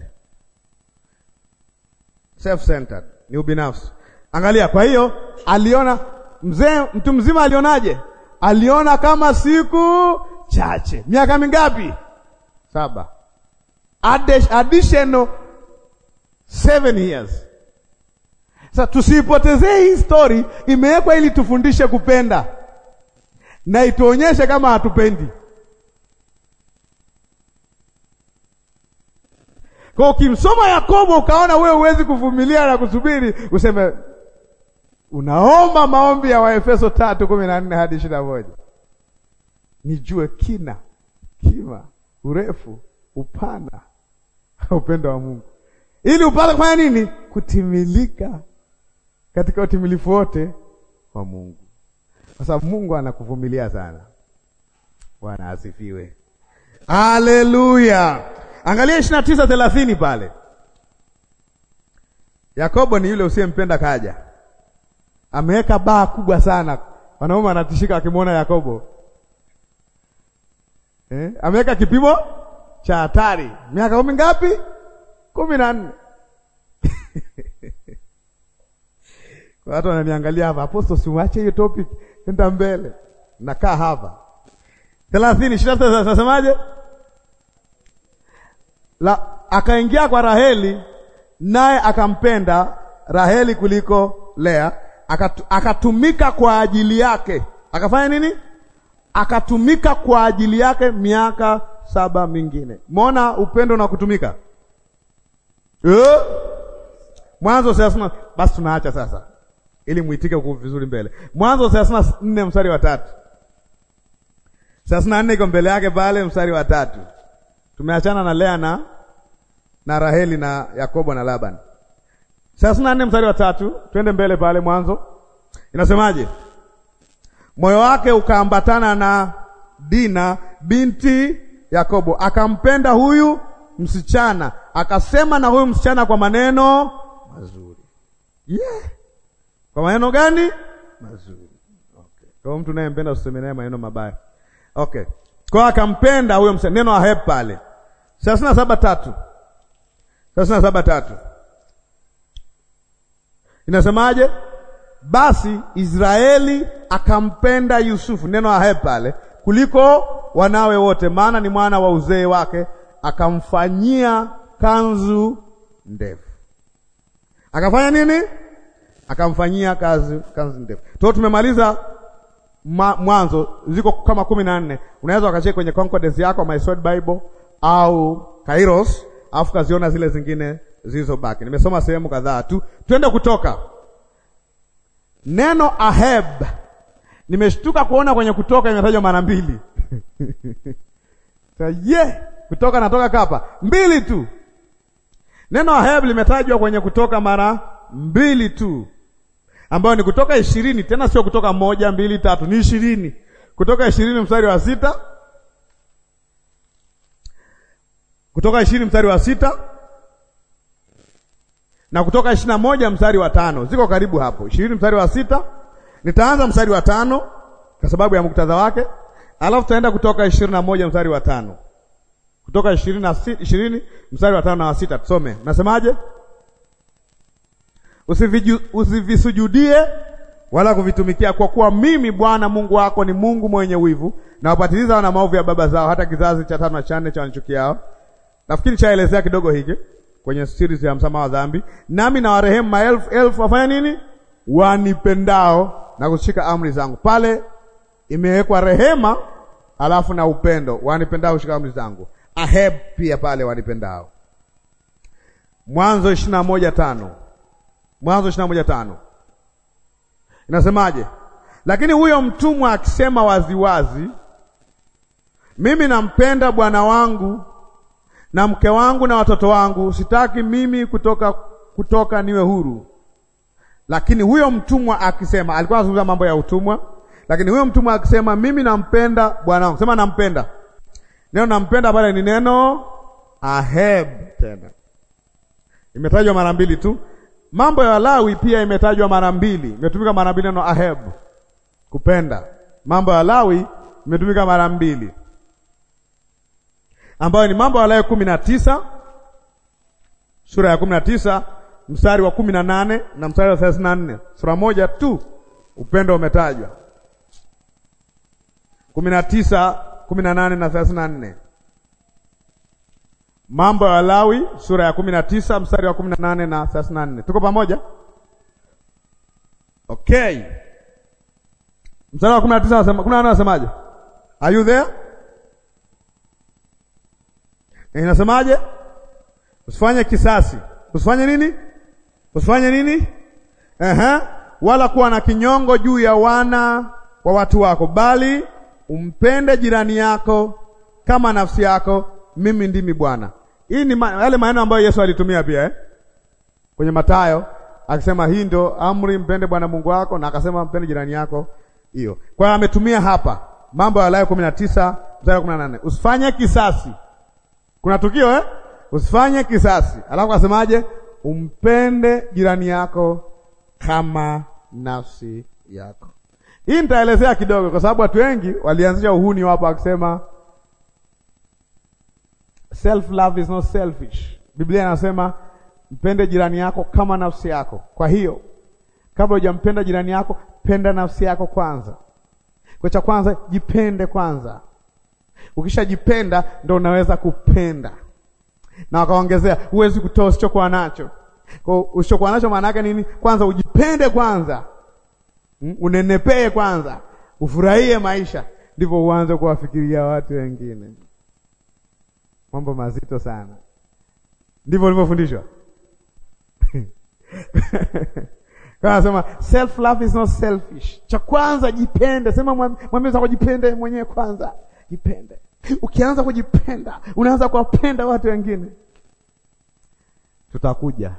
Self-centered ni ubinafsi. Angalia, kwa hiyo aliona mzee mtu mzima alionaje? Aliona kama siku chache. Miaka mingapi? Saba. Additional seven years. Sasa tusiipotezee hii story, imewekwa ili tufundishe kupenda na ituonyeshe kama hatupendi. Kwa ukimsoma Yakobo ukaona wewe huwezi kuvumilia na kusubiri, useme unaomba maombi ya Waefeso tatu kumi na nne hadi ishirini na moja nijue kina kima urefu upana upendo wa Mungu ili upate kufanya nini? Kutimilika katika utimilifu wote wa Mungu, kwa sababu Mungu anakuvumilia sana. Bwana asifiwe, haleluya. Angalia ishirini na tisa thelathini pale. Yakobo ni yule usiyempenda kaja ameweka baa kubwa sana, wanaume wanatishika akimwona Yakobo eh? ameweka kipimo cha hatari, miaka kumi ngapi? kumi na nne. Watu wananiangalia hapa, aposto, simwache hiyo topic, nenda mbele, nakaa hapa thelathini ishirini na sita. Nasemaje? La, akaingia kwa Raheli naye akampenda Raheli kuliko Lea akatumika akatumika kwa ajili yake akafanya nini? Akatumika kwa ajili yake miaka saba mingine. Umeona upendo na kutumika eh? Mwanzo thelathini basi tunaacha sasa ili muitike huko vizuri mbele. Mwanzo thelathini na nne mstari wa tatu thelathini na nne iko mbele yake pale, mstari wa tatu Tumeachana na Lea na na Raheli na Yakobo na Labani thelathini na nne mstari wa tatu, twende mbele pale mwanzo. Inasemaje? Moyo wake ukaambatana na Dina binti Yakobo, akampenda huyu msichana, akasema na huyu msichana kwa maneno mazuri. Yeah. Kwa maneno gani? Mazuri. Okay. Kwa mtu naye mpenda usiseme naye maneno mabaya. Okay. Kwa akampenda huyo msichana, neno ahep pale. thelathini na saba tatu, thelathini na saba tatu Inasemaje? Basi Israeli akampenda Yusufu, neno ahe pale, kuliko wanawe wote, maana ni mwana wa uzee wake, akamfanyia kanzu ndefu. Akafanya nini? Akamfanyia kazi kanzu ndefu. Tuo tumemaliza Mwanzo, ziko kama kumi na nne. Unaweza wakacheki kwenye concordance yako My Sword Bible au Kairos, afu kaziona zile zingine zilizobaki. Nimesoma sehemu kadhaa tu, twende Kutoka. Neno aheb nimeshtuka kuona kwenye Kutoka imetajwa mara mbili yeah. Kutoka natoka kapa mbili tu, neno aheb limetajwa kwenye Kutoka mara mbili tu, ambayo ni Kutoka ishirini, tena sio Kutoka moja mbili tatu, ni ishirini. Kutoka ishirini mstari wa sita Kutoka ishirini mstari wa sita na Kutoka ishirini na moja mstari wa tano ziko karibu hapo, ishirini mstari wa sita Nitaanza mstari wa tano kwa sababu ya muktadha wake, alafu tutaenda Kutoka ishirini na moja mstari wa tano Kutoka ishirini mstari wa tano na wa sita Tusome, nasemaje? Usivisujudie wala kuvitumikia, kwa kuwa mimi Bwana Mungu wako ni Mungu mwenye wivu, na wapatiliza wana maovu ya baba zao hata kizazi cha tano na cha nne cha wanichukiao. Nafikiri chaelezea kidogo hiki kwenye siri ya msamaha wa dhambi, nami na warehemu maelfu elfu wafanya nini? Wanipendao na kushika amri zangu. Pale imewekwa rehema, alafu na upendo, wanipendao kushika amri zangu. Aheb pia pale wanipendao. Mwanzo ishirini na moja tano Mwanzo ishirini na moja tano inasemaje? Lakini huyo mtumwa akisema waziwazi, mimi nampenda bwana wangu na mke wangu na watoto wangu, sitaki mimi kutoka kutoka niwe huru. Lakini huyo mtumwa akisema, alikuwa anazungumza mambo ya utumwa, lakini huyo mtumwa akisema, mimi nampenda bwana wangu. Sema nampenda, neno nampenda pale ni neno aheb, tena imetajwa mara mbili tu. Mambo ya Lawi pia imetajwa mara mbili, imetumika mara mbili neno aheb, kupenda. Mambo ya Lawi imetumika mara mbili ambayo ni Mambo ya Walawi kumi na tisa sura ya kumi na tisa mstari wa kumi na nane na mstari wa thelathini na nne sura moja tu upendo umetajwa kumi na tisa kumi na nane na thelathini na nne Mambo ya Walawi sura ya kumi na tisa mstari wa kumi na nane na thelathini na nne Tuko pamoja? Okay. Mstari wa kumi na tisa, kumi na nane anasemaje? Are you there? Inasemaje? Usifanye kisasi. Usifanye nini? Usifanye nini? Aha. Wala kuwa na kinyongo juu ya wana wa watu wako, bali umpende jirani yako kama nafsi yako. Mimi ndimi Bwana. Hii ni ma yale maneno ambayo Yesu alitumia pia eh? Kwenye Mathayo akisema hii ndio amri, mpende Bwana Mungu wako, na akasema mpende jirani yako. Hiyo kwa hiyo ametumia hapa Mambo ya Walawi 19 mstari wa 18, usifanye kisasi. Kuna tukio eh? Usifanye kisasi. Alafu asemaje? Umpende jirani yako kama nafsi yako. Hii nitaelezea kidogo, kwa sababu watu wengi walianzisha uhuni wapo wakisema self love is not selfish. Biblia inasema mpende jirani yako kama nafsi yako. Kwa hiyo kabla hujampenda jirani yako, penda nafsi yako kwanza. Kwa cha kwanza, jipende kwanza. Ukishajipenda ndo unaweza kupenda. Na wakaongezea huwezi kutoa usichokuwa nacho. Kwa usichokuwa nacho maana yake nini? Kwanza ujipende kwanza. Hmm? Unenepee kwanza. Ufurahie maisha ndipo uanze kuwafikiria watu wengine. Mambo mazito sana. Ndivyo ulivyofundishwa. Anasema self love is not selfish. Cha kwanza jipende, sema mwambie zako jipende mwenyewe kwanza, jipende. Ukianza kujipenda, unaanza kuwapenda watu wengine. Tutakuja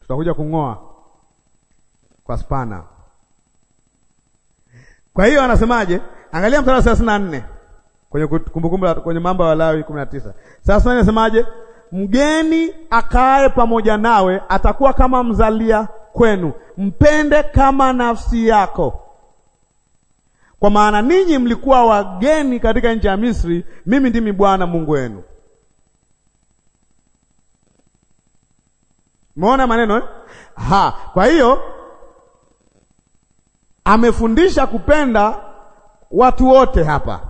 tutakuja kung'oa kwa spana. Kwa hiyo anasemaje? Angalia mstari wa thelathini na nne kwenye Kumbukumbu, kwenye Mambo ya Walawi kumi na tisa thelathini na nne Mgeni akae pamoja nawe atakuwa kama mzalia kwenu, mpende kama nafsi yako. Kwa maana ninyi mlikuwa wageni katika nchi ya Misri, mimi ndimi Bwana Mungu wenu. Umeona maneno eh? Ha, kwa hiyo amefundisha kupenda watu wote hapa,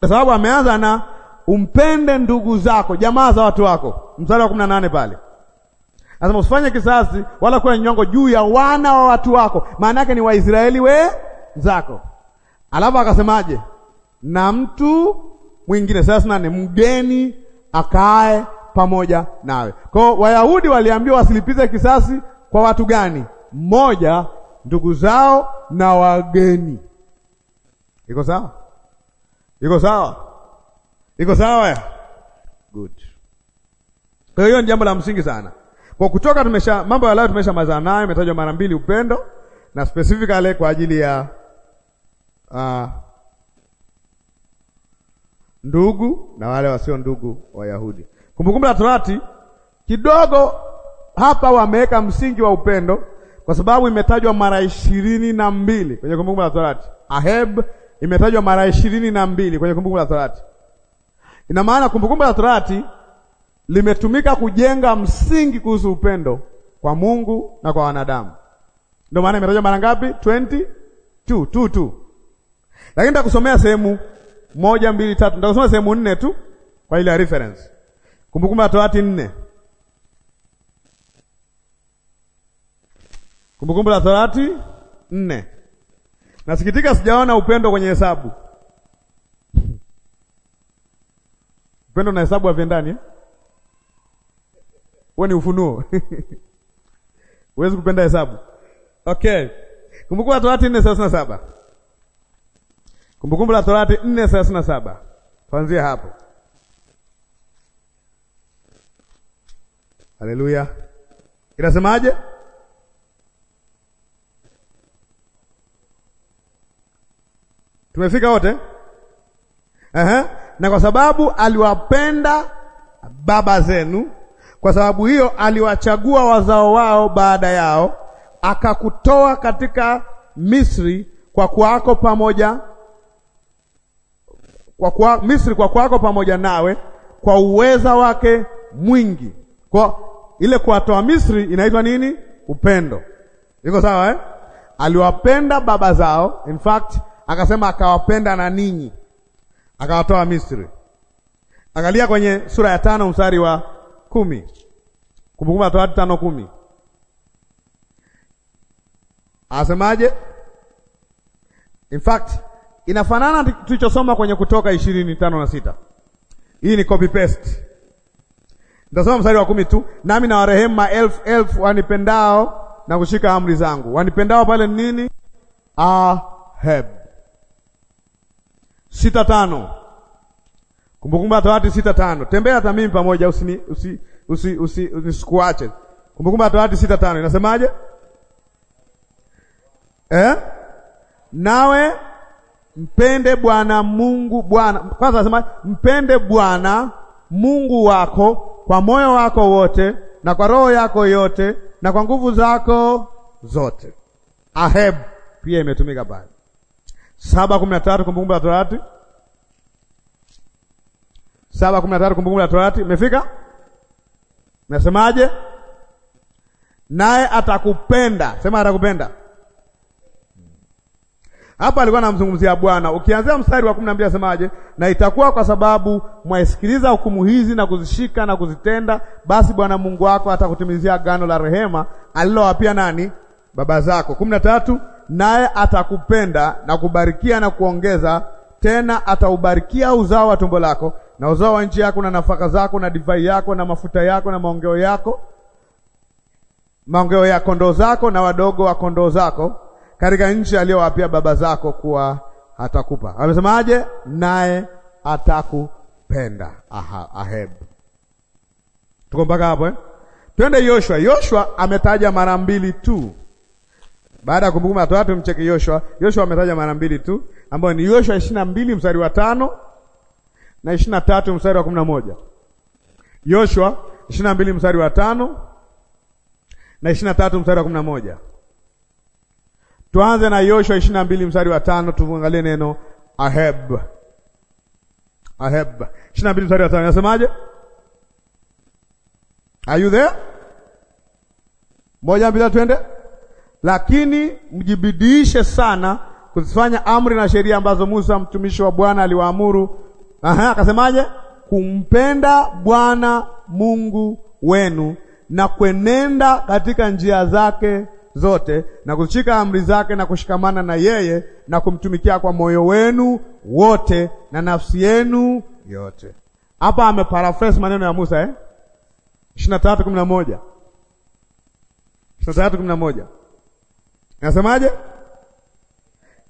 kwa sababu ameanza na umpende ndugu zako, jamaa za watu wako, mstari wa kumi na nane pale anasema usifanye kisasi wala kuwa nyongo juu ya wana wa watu wako, maana yake ni Waisraeli we zako. Alafu akasemaje? Na mtu mwingine sasa nane mgeni akae pamoja nawe. Kwa Wayahudi waliambiwa wasilipize kisasi kwa watu gani? Mmoja, ndugu zao na wageni. Iko sawa? Iko sawa? Iko sawa? Good. Kwa hiyo ni jambo la msingi sana. Kwa kutoka tumesha mambo ya leo tumesha mazana nayo, umetajwa mara mbili upendo na specifically kwa ajili ya uh, ndugu na wale wasio ndugu Wayahudi. Kumbukumbu la Torati kidogo hapa wameweka msingi wa upendo, kwa sababu imetajwa mara ishirini na mbili kwenye Kumbukumbu la Torati. Aheb imetajwa mara ishirini na mbili kwenye Kumbukumbu la Torati. Ina maana Kumbukumbu la Torati limetumika kujenga msingi kuhusu upendo kwa Mungu na kwa wanadamu. Ndio maana imetajwa mara ngapi? 22 tu tu lakini nitakusomea sehemu moja mbili tatu, nitakusomea sehemu nne tu kwa ile reference. Kumbukumbu la Torati nne, Kumbukumbu la Torati nne. Nasikitika sijaona upendo kwenye hesabu. Upendo na hesabu havendani eh? Wewe ni ufunuo huwezi kupenda hesabu. Okay, Kumbukumbu la Torati nne thelathini na saba. Kumbukumbu la Torati 4:37. Kuanzia hapo. Haleluya. Inasemaje? Tumefika wote? Eh, Na kwa sababu aliwapenda baba zenu, kwa sababu hiyo aliwachagua wazao wao baada yao, akakutoa katika Misri kwa kuwako pamoja kwa kwa Misri kwa kwako pamoja nawe kwa uweza wake mwingi. Kwa ile kuwatoa Misri inaitwa nini? Upendo. Iko sawa eh? Aliwapenda baba zao, in fact akasema akawapenda na ninyi, akawatoa Misri. Angalia kwenye sura ya tano mstari wa kumi Kumbukumbu la Torati tano kumi asemaje? In fact Inafanana tulichosoma kwenye Kutoka ishirini tano na sita. Hii ni copy paste. Nitasoma mstari wa kumi tu, nami na warehemu maelfu elfu wanipendao na kushika amri zangu. Wanipendao pale nini? Aheb sita tano Kumbukumbu la Torati sita tano tembea hata mimi pamoja, usini usi, usi, usi, usikuache. Kumbukumbu la Torati sita tano inasemaje? Eh? nawe Mpende Bwana Mungu Bwana kwanza, anasema mpende Bwana Mungu wako kwa moyo wako wote na kwa roho yako yote na kwa nguvu zako zote. Aheb pia imetumika pale saba kumi na tatu Kumbukumbu la Torati saba kumi na tatu Kumbukumbu la Torati imefika, nasemaje? Naye atakupenda, sema atakupenda hapa alikuwa anamzungumzia Bwana. Ukianzia mstari wa 12 asemaje? Na itakuwa kwa sababu mwaisikiliza hukumu hizi na kuzishika na kuzitenda, basi Bwana Mungu wako atakutimizia gano la rehema alilowapia nani? Baba zako. 13 naye atakupenda na kubarikia na kuongeza tena, ataubarikia uzao wa tumbo lako na uzao wa nchi yako na nafaka zako na divai yako na mafuta yako na maongeo yako maongeo ya kondoo zako na wadogo wa kondoo zako katika nchi aliyowapia baba zako kuwa atakupa. Amesemaje? Naye atakupenda. Aha, Ahab. Tuko mpaka hapo eh? Twende Yoshua. Yoshua ametaja mara mbili tu baada ya Kumbukumbu la Torati, tumcheki Yoshua. Yoshua ametaja mara mbili tu ambayo ni Yoshua ishirini na mbili mstari wa tano na ishirini na tatu mstari wa kumi na moja Yoshua ishirini na mbili mstari wa tano na ishirini na tatu mstari wa kumi na moja Tuanze na Yoshua ishirini na mbili mstari wa tano tuangalie neno Ahab. Ahab ishirini na mbili mstari wa tano nasemaje? Are you there? Moja mbili twende. Lakini mjibidiishe sana kuzifanya amri na sheria ambazo Musa mtumishi wa Bwana aliwaamuru. Aha, akasemaje? Kumpenda Bwana Mungu wenu na kwenenda katika njia zake zote na kuzishika amri zake na kushikamana na yeye na kumtumikia kwa moyo wenu wote na nafsi yenu yote. Hapa ameparaphrase maneno ya Musa eh? 23:11. 23:11. nasemaje?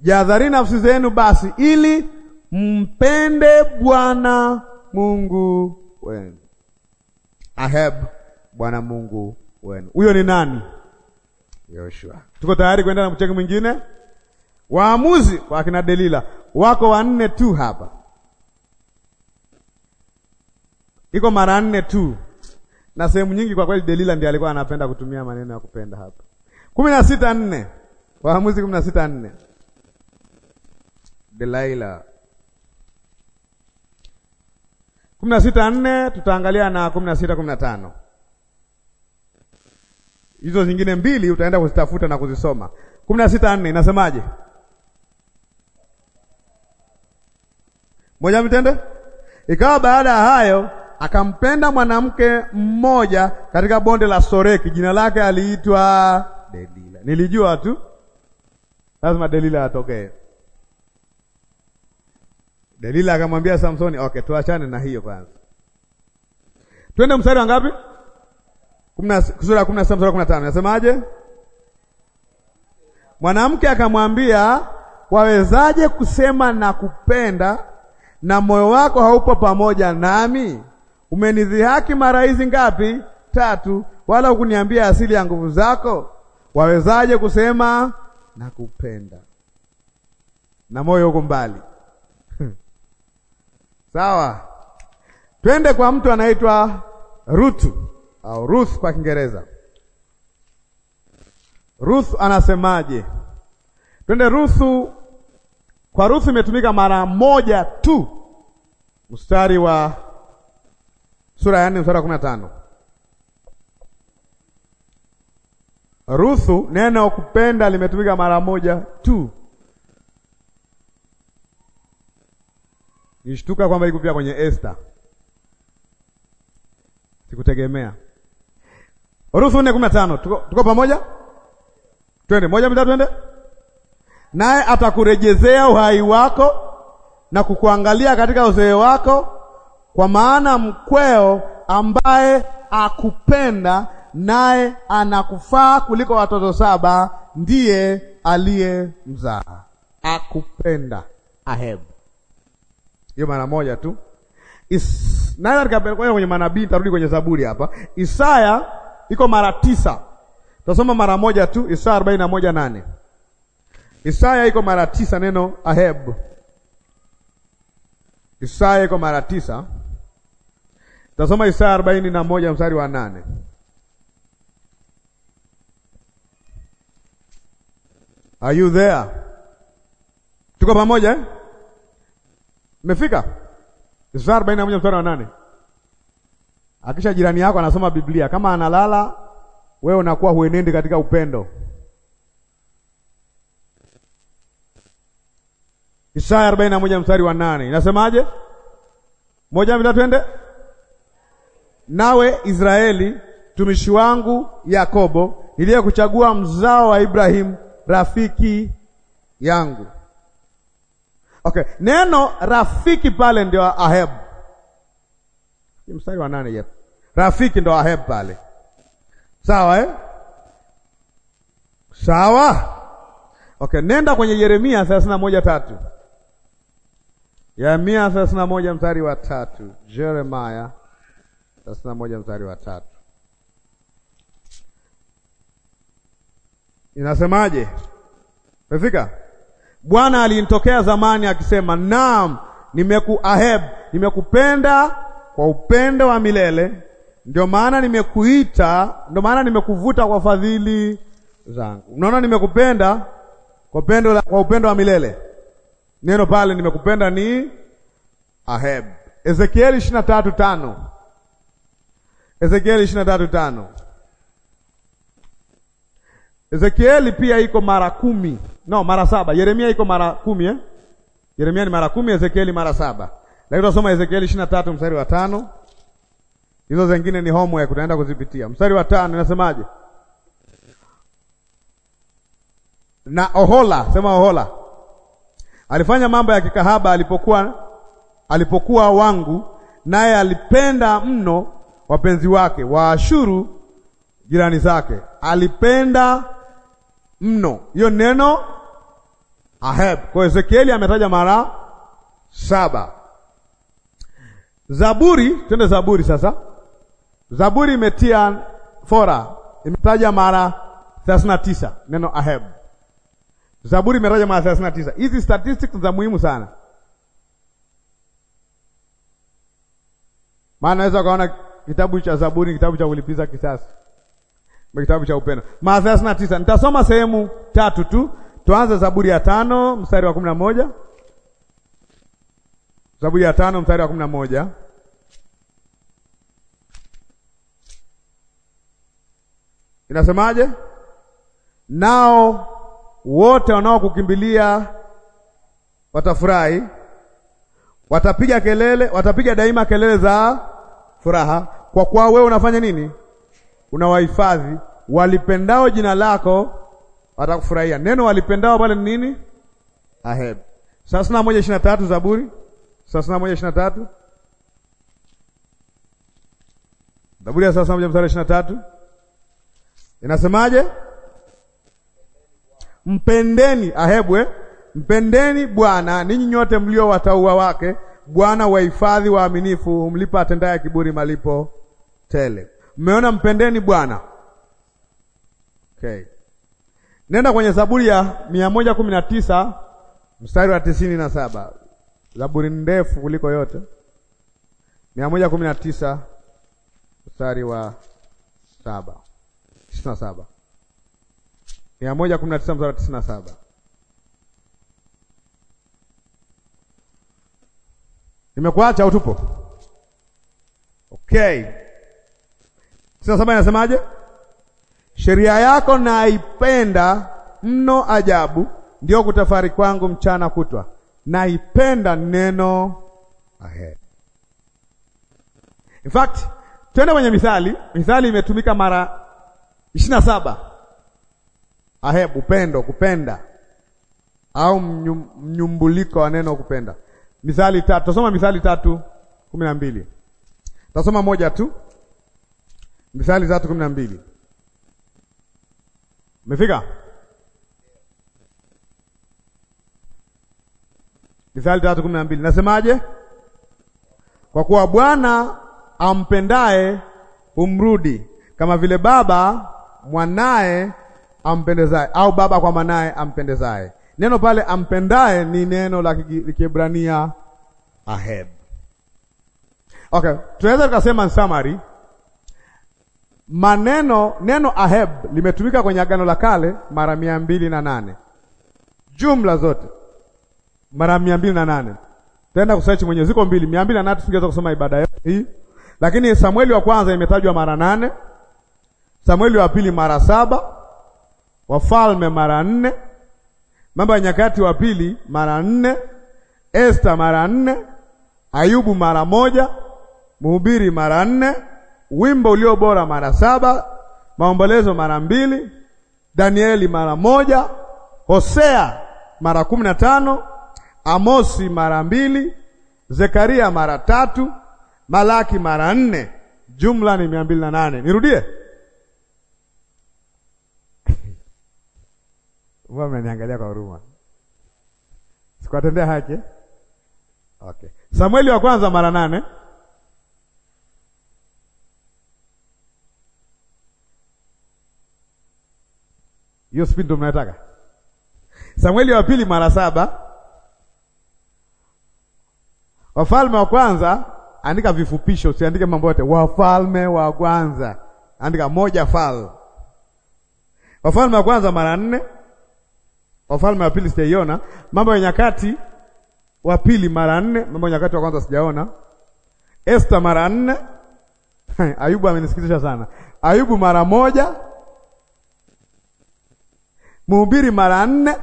jadhari nafsi zenu basi, ili mpende Bwana Mungu wenu, aheb Bwana Mungu wenu. Huyo ni nani? Yoshua. Tuko tayari kwenda na mtego mwingine? Waamuzi kwa akina Delila wako wanne tu hapa, iko mara nne tu, na sehemu nyingi kwa kweli Delila ndiye alikuwa anapenda kutumia maneno ya kupenda hapa. kumi na sita nne Waamuzi kumi na sita nne Delaila kumi na sita nne tutaangalia na kumi na sita kumi na tano hizo zingine mbili utaenda kuzitafuta na kuzisoma. kumi na sita nne inasemaje? moja mtende, ikawa baada ya hayo akampenda mwanamke mmoja katika bonde la Soreki, jina lake aliitwa Delila. Nilijua tu lazima Delila atokee. Delila akamwambia Samsoni, okay, tuachane na hiyo kwanza, twende mstari wa ngapi? sura ya kumi na sita mstari wa kumi na tano nasemaje? Mwanamke akamwambia, wawezaje kusema na kupenda na moyo wako haupo pamoja nami? Umenidhihaki mara hizi ngapi? Tatu. Wala hukuniambia asili ya nguvu zako. Wawezaje kusema na kupenda na moyo huko mbali? Sawa, twende kwa mtu anaitwa Rutu au Ruth kwa Kiingereza. Ruth anasemaje? Twende Ruthu. Kwa Ruthu imetumika mara moja tu, mstari wa sura ya 4 mstari wa 15. Ruthu, neno kupenda limetumika mara moja tu. Nishtuka kwamba iko pia kwenye Esther. Sikutegemea. Urufu nne kumi na tano tuko, tuko pamoja, twende moja mita, twende naye atakurejezea uhai wako na kukuangalia katika uzee wako, kwa maana mkweo ambaye akupenda naye anakufaa kuliko watoto saba ndiye aliye mzaa. Akupenda ahem, hiyo mara moja tu. Is... naenda kwenye manabii, tarudi kwenye Zaburi hapa Isaya iko mara tisa. Tutasoma mara moja tu Isaya arobaini na moja nane. Isaya iko mara tisa neno aheb. Isaya iko mara tisa. Tutasoma Isaya arobaini na moja mstari wa nane. Are you there? Tuko pamoja? Eh? mefika Isaya arobaini na moja mstari wa nane. Akisha jirani yako anasoma Biblia, kama analala, wewe unakuwa huenendi katika upendo. Isaya arobaini na moja mstari wa nane inasemaje? Moja bila twende nawe, Israeli mtumishi wangu Yakobo, niliyekuchagua mzao wa Ibrahimu, rafiki yangu. Okay, neno rafiki pale ndio Ahebu mstari wa nane Yesu rafiki ndo aheb pale, sawa eh? Sawa, okay, nenda kwenye Yeremia thelathini na moja tatu Yeremia thelathini na moja mstari wa tatu Jeremia thelathini na moja mstari wa tatu inasemaje? Umefika? Bwana alinitokea zamani akisema, naam, nimekuaheb, nimekupenda kwa upendo wa milele, ndio maana nimekuita, ndio maana nimekuvuta kwa fadhili zangu. Unaona, nimekupenda kwa upendo, kwa upendo wa milele. Neno pale nimekupenda ni aheb. Ezekieli 23:5. Ezekieli 23:5. Ezekieli pia iko mara kumi, no mara saba. Yeremia iko mara kumi eh? Yeremia ni mara kumi, Ezekieli mara saba. Lakini tunasoma Ezekieli 23 mstari wa tano. Hizo zingine ni homework utaenda kuzipitia. Mstari wa tano inasemaje? Na Ohola, sema Ohola. Alifanya mambo ya kikahaba alipokuwa alipokuwa wangu, naye alipenda mno wapenzi wake Waashuru jirani zake. Alipenda mno. Hiyo neno aheb. Kwa Ezekieli ametaja mara saba. Zaburi, twende Zaburi sasa. Zaburi imetia fora, imetaja mara 39 neno aheb. Zaburi imetaja mara 39. Hizi statistics za muhimu sana, maana naweza ukaona kitabu cha Zaburi kitabu cha kulipiza kisasi, kitabu cha upendo. Mara 39, nitasoma sehemu tatu tu. Tuanze Zaburi ya tano mstari wa kumi na moja. Zaburi ya tano mstari wa kumi na moja. inasemaje? Nao wote wanaokukimbilia watafurahi, watapiga kelele, watapiga daima kelele za furaha, kwa kuwa wewe unafanya nini? Unawahifadhi walipendao jina lako, watakufurahia. Neno walipendao pale ni nini? Aheb. Thelathini na moja ishirini na tatu Zaburi thelathini na moja ishirini na tatu Zaburi ya thelathini na moja mstari ishirini na tatu Inasemaje? Mpendeni ahebwe, eh. mpendeni Bwana ninyi nyote mlio watauwa wake. Bwana wahifadhi waaminifu, humlipa atendaye kiburi malipo tele. Mmeona, mpendeni Bwana. Okay. Nenda kwenye Zaburi ya mia moja kumi na tisa mstari wa tisini na saba Zaburi ndefu kuliko yote. mia moja kumi na tisa mstari wa saba tisini na saba mia moja kumi na tisa mstari tisini na saba Nimekuacha utupo? Okay. Sasa saba inasemaje? Sheria yako naipenda mno ajabu, ndio kutafari kwangu mchana kutwa. Naipenda neno ahead. In fact, twende kwenye Mithali. Mithali imetumika mara ishirini na saba aheb upendo, kupenda au mnyumbuliko wa neno kupenda. Mithali tatu, tasoma Mithali tatu kumi na mbili tasoma moja tu, Mithali tatu kumi na mbili umefika? Mithali tatu kumi na mbili nasemaje? Kwa kuwa Bwana ampendaye humrudi, kama vile baba mwanaye ampendezaye au baba kwa mwanaye ampendezaye. Neno pale ampendaye ni neno la Kiebrania aheb. Okay, tunaweza tukasema summary, maneno neno aheb limetumika kwenye Agano la Kale mara mia mbili na nane jumla zote mara mia mbili na nane Tenda kusearch mwenyewe, ziko mbili, mia mbili na nane tusingeweza kusoma ibada hii, lakini Samueli wa kwanza imetajwa mara nane Samueli wa pili mara saba, Wafalme mara nne, Mambo ya Nyakati wa pili mara nne, Esta mara nne, Ayubu mara moja, Mhubiri mara nne, Wimbo ulio bora mara saba, Maombolezo mara mbili, Danieli mara moja, Hosea mara kumi na tano, Amosi mara mbili, Zekaria mara tatu, Malaki mara nne, jumla ni mia mbili na nane. Nirudie. Mbona mnaniangalia kwa huruma? Sikuwatendea haki. Okay. Samueli wa kwanza mara nane. Hiyo spidi ndo mnataka. Samueli wa pili mara saba. Wafalme wa kwanza, andika vifupisho, usiandike mambo yote. Wafalme wa kwanza, andika moja fal. Wafalme wa kwanza mara nne. Wafalme wa pili sijaiona, Mambo ya Nyakati wa pili mara nne, Mambo ya Nyakati wa kwanza sijaona, Esta mara nne Ayubu amenisikitisha sana, Ayubu mara moja, Mhubiri mara nne,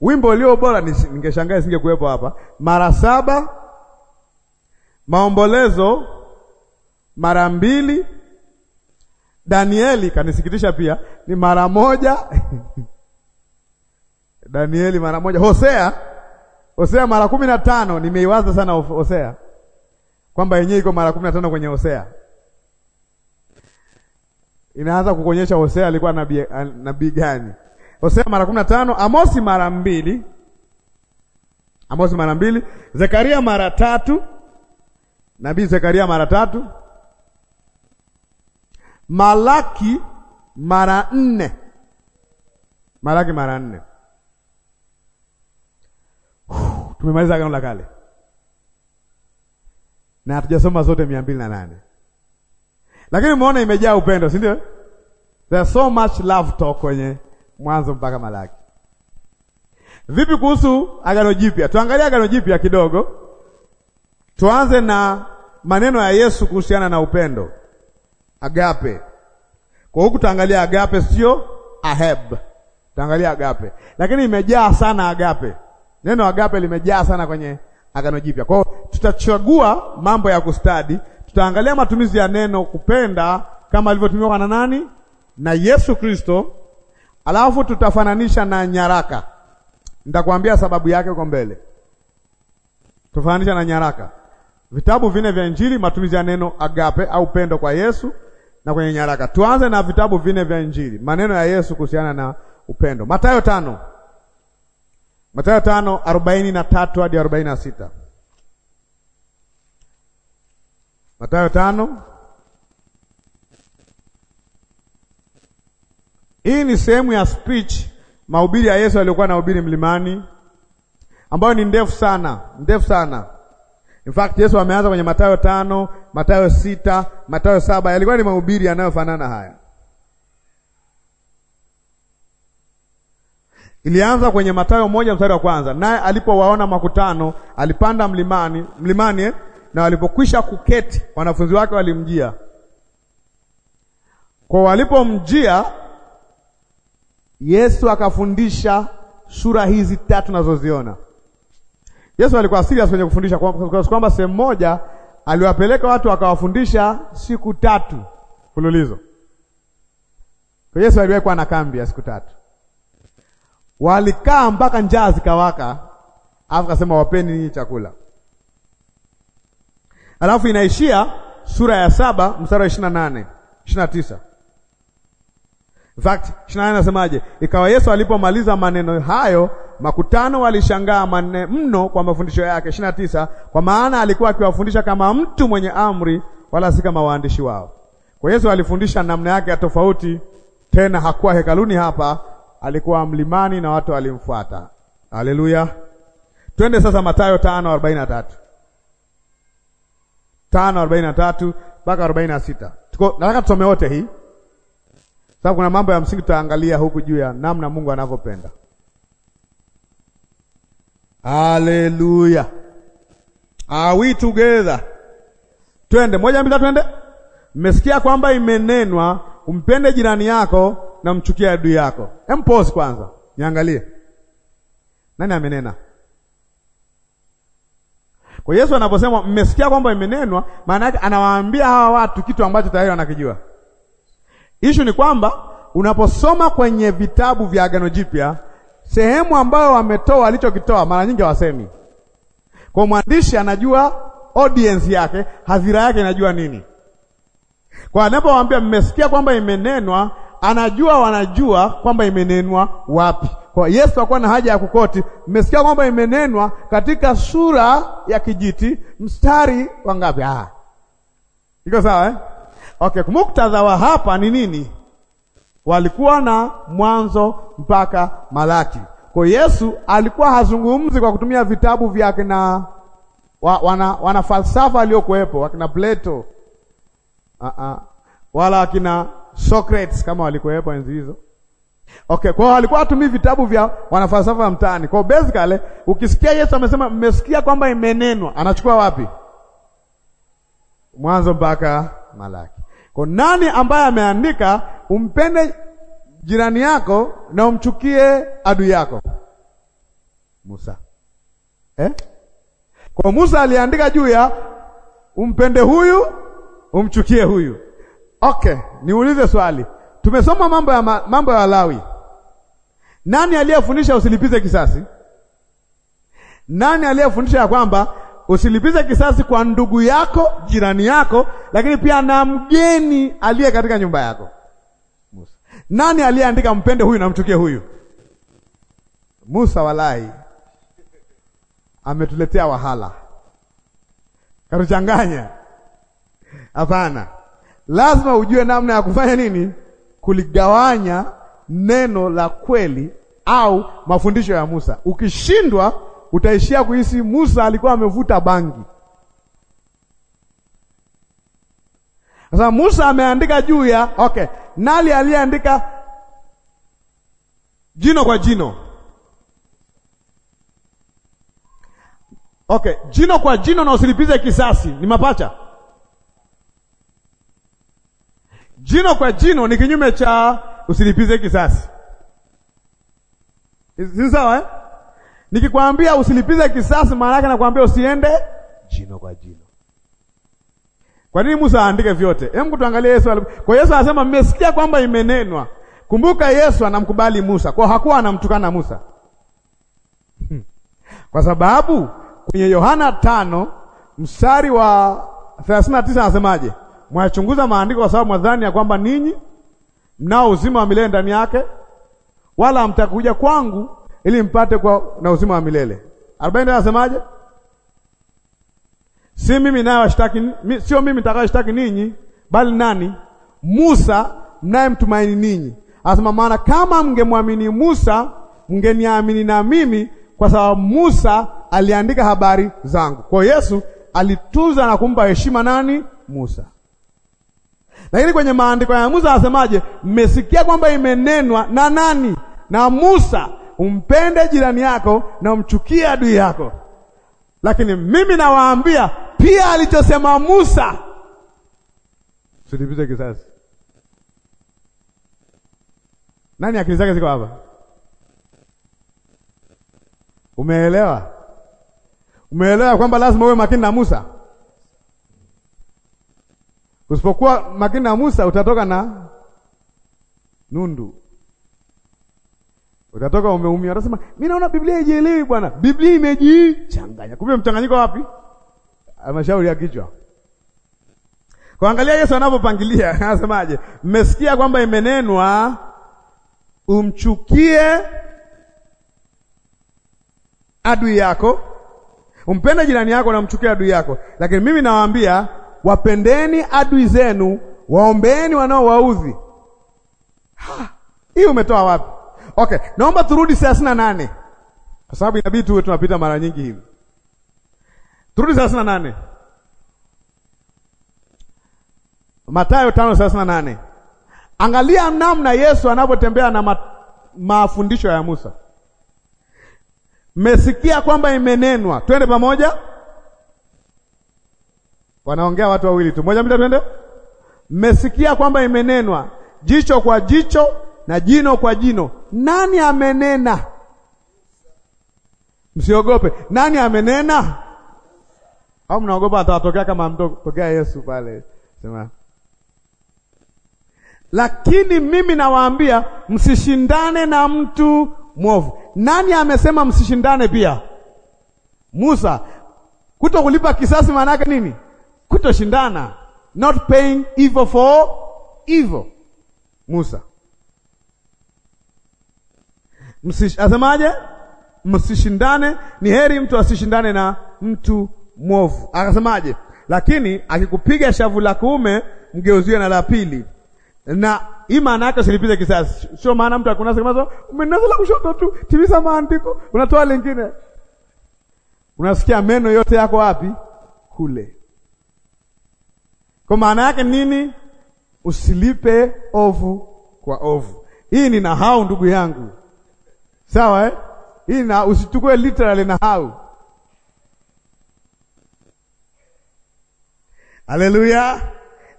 wimbo ulio bora ningeshangaa kuwepo hapa mara saba, maombolezo mara mbili, Danieli kanisikitisha pia ni mara moja Danieli mara moja. Hosea, Hosea mara kumi na tano. Nimeiwaza sana Hosea kwamba yenyewe iko mara kumi na tano kwenye Hosea. Inaanza kukuonyesha Hosea alikuwa nabii nabii gani. Hosea mara kumi na tano, Amosi mara mbili, Amosi mara mbili, Zekaria mara tatu, nabii Zekaria mara tatu, Malaki mara nne, Malaki mara nne. tumemaliza Agano la Kale na hatujasoma zote mia mbili na nane lakini umeona imejaa upendo, si ndio? There's so much love talk kwenye Mwanzo mpaka Malaki. Vipi kuhusu Agano Jipya? Tuangalie Agano Jipya kidogo. Tuanze na maneno ya Yesu kuhusiana na upendo, agape. Kwa huku tuangalia agape, sio aheb, tuangalia agape, lakini imejaa sana agape. Neno agape limejaa sana kwenye Agano Jipya. Kwa hiyo tutachagua mambo ya kustadi, tutaangalia matumizi ya neno kupenda kama alivyotumiwa na nani? Na Yesu Kristo. Alafu tutafananisha na nyaraka. Nitakwambia sababu yake huko mbele. Tufananisha na nyaraka. Vitabu vine vya Injili, matumizi ya neno agape au pendo kwa Yesu na kwenye nyaraka. Tuanze na vitabu vine vya Injili, maneno ya Yesu kuhusiana na upendo. Mathayo tano Mathayo tano arobaini na tatu hadi arobaini na sita Mathayo tano. Hii ni sehemu ya speech mahubiri ya Yesu aliyokuwa anahubiri mlimani, ambayo ni ndefu sana, ndefu sana. In fact Yesu ameanza kwenye Mathayo tano, Mathayo sita, Mathayo saba, yalikuwa ni mahubiri yanayofanana haya. Ilianza kwenye Mathayo moja mstari wa kwanza, naye alipowaona makutano alipanda mlimani, mlimani eh? na walipokwisha kuketi wanafunzi wake walimjia. Kwa walipomjia Yesu akafundisha sura hizi tatu nazoziona. Yesu alikuwa serious kwenye kufundisha kwa kwamba sehemu moja aliwapeleka watu akawafundisha siku tatu fululizo. Kwa Yesu aliwekwa na kambi ya siku tatu walikaa mpaka njaa zikawaka, alafu kasema wapeni ninyi chakula. Alafu inaishia sura ya saba mstari wa ishirini na nane ishirini na tisa In fact, ishirini na nane nasemaje? Ikawa Yesu alipomaliza maneno hayo makutano walishangaa mane mno kwa mafundisho yake. ishirini na tisa kwa maana alikuwa akiwafundisha kama mtu mwenye amri, wala si kama waandishi wao. Kwa Yesu alifundisha namna yake ya tofauti, tena hakuwa hekaluni hapa, alikuwa mlimani na watu walimfuata. Haleluya, twende sasa Mathayo tano arobaini na tatu tano arobaini na tatu mpaka arobaini na sita Tuko, nataka tusome wote hii sababu kuna mambo ya msingi tutaangalia huku juu ya namna Mungu anavyopenda. Haleluya, are we together? Twende moja mbili, twende. Mmesikia kwamba imenenwa umpende jirani yako namchukia adui yako. pause kwanza, niangalie nani amenena. Kwa Yesu anaposema mmesikia kwamba imenenwa, maana yake anawaambia hawa watu kitu ambacho tayari wanakijua. Ishu ni kwamba unaposoma kwenye vitabu vya Agano Jipya, sehemu ambayo wametoa alichokitoa mara nyingi hawasemi. Kwa mwandishi anajua audience yake, hadhira yake inajua nini. Kwa anapowaambia mmesikia kwamba imenenwa, anajua wanajua kwamba imenenwa wapi. Kwa Yesu hakuwa na haja ya kukoti. Mmesikia kwamba imenenwa katika sura ya kijiti, mstari wa ngapi? Ah, iko sawa eh? Okay, muktadha wa hapa ni nini? Walikuwa na Mwanzo mpaka Malaki. Kwa Yesu alikuwa hazungumzi kwa kutumia vitabu vyake na wa, wana, wana falsafa aliyokuwepo wakina Plato uh -uh. wala wakina Socrates kama walikuwepo enzi hizo. Okay, kwa walikuwa alikuwa vitabu vya wanafalsafa wa mtaani. Kwa basically ukisikia Yesu amesema mmesikia kwamba imenenwa, anachukua wapi? Mwanzo mpaka Malaki. Kwa nani ambaye ameandika umpende jirani yako na umchukie adui yako? Musa. Eh? Kwa Musa aliandika juu ya umpende huyu, umchukie huyu. Okay, niulize swali. Tumesoma mambo ya ma, mambo ya Walawi. Nani aliyefundisha usilipize kisasi? Nani aliyefundisha ya kwamba usilipize kisasi kwa ndugu yako, jirani yako, lakini pia na mgeni aliye katika nyumba yako? Musa. Nani aliyeandika mpende huyu na mchukie huyu? Musa walai. Ametuletea wahala. Karuchanganya. Hapana lazima ujue namna ya kufanya nini, kuligawanya neno la kweli au mafundisho ya Musa. Ukishindwa utaishia kuhisi Musa alikuwa amevuta bangi. Sasa Musa ameandika juu ya okay, nali aliyeandika jino kwa jino okay, jino kwa jino na usilipize kisasi, ni mapacha Jino kwa jino ni kinyume cha usilipize kisasi. Si sawa eh? Nikikwambia usilipize kisasi, maana yake nakwambia usiende jino kwa jino. Kwa nini Musa aandike vyote? Hebu tuangalie Yesu. Kwa Yesu anasema mmesikia kwamba imenenwa. Kumbuka Yesu anamkubali Musa, kwa hakuwa anamtukana Musa. Hmm. Kwa sababu kwenye Yohana tano mstari wa 39 anasemaje? mwachunguza maandiko kwa sababu mwadhani ya kwamba ninyi mnao uzima wa milele ndani yake, wala mtakuja kwangu ili mpate kwa na uzima wa milele. Arobaini anasemaje? Si mimi naye washtaki, mi, sio mimi nitakayeshtaki ninyi, bali nani? Musa mtumaini ninyi. Anasema maana kama mngemwamini Musa, mngeniamini na mimi, kwa sababu Musa aliandika habari zangu. Kwa Yesu alituza na kumpa heshima nani? Musa. Lakini kwenye maandiko ya Musa asemaje? Mmesikia kwamba imenenwa na nani? Na Musa, umpende jirani yako na umchukie adui yako. Lakini mimi nawaambia pia alichosema Musa, tulipize kisasi. Nani akili zake ziko hapa? Umeelewa? Umeelewa kwamba lazima uwe makini na Musa. Usipokuwa makini na Musa utatoka na nundu, utatoka umeumia. Utasema mimi naona Biblia haijielewi bwana, Biblia imejichanganya. Kumbe mchanganyiko wapi? Halmashauri ya kichwa. Kuangalia Yesu anapopangilia anasemaje? Mmesikia kwamba imenenwa umchukie adui yako, umpende jirani yako na umchukie adui yako, lakini mimi nawaambia wapendeni adui zenu, waombeeni wanaowaudhi. Hii umetoa wapi? Okay, naomba turudi thelathini na nane kwa sababu inabidi tuwe tunapita mara nyingi hivi Turudi thelathini na nane Mathayo tano thelathini na nane Angalia namna Yesu anavyotembea na ma, mafundisho ya Musa. Mmesikia kwamba imenenwa, twende pamoja Wanaongea watu wawili tu, moja mbili, twende. Mmesikia kwamba imenenwa jicho kwa jicho na jino kwa jino. Nani amenena? Msiogope. Nani amenena? Au mnaogopa atawatokea kama mtokea Yesu pale, sema lakini mimi nawaambia msishindane na mtu mwovu. Nani amesema msishindane? Pia Musa. Kuto kulipa kisasi maana yake nini? kutoshindana, not paying evil for evil. Musa asemaje? Msishindane, ni heri mtu asishindane na mtu mwovu. Akasemaje? Lakini akikupiga shavu la kuume, mgeuzie na la pili, na hii maana yake usilipize kisasi. Sio maana mtu kama umeninaza la kushoto tu, timiza maandiko, unatoa lingine. Unasikia meno yote yako wapi? Kule. Kwa maana yake nini? Usilipe ovu kwa ovu. Hii ni nahau ndugu yangu, sawa eh? Hii na usichukue literally nahau. Haleluya!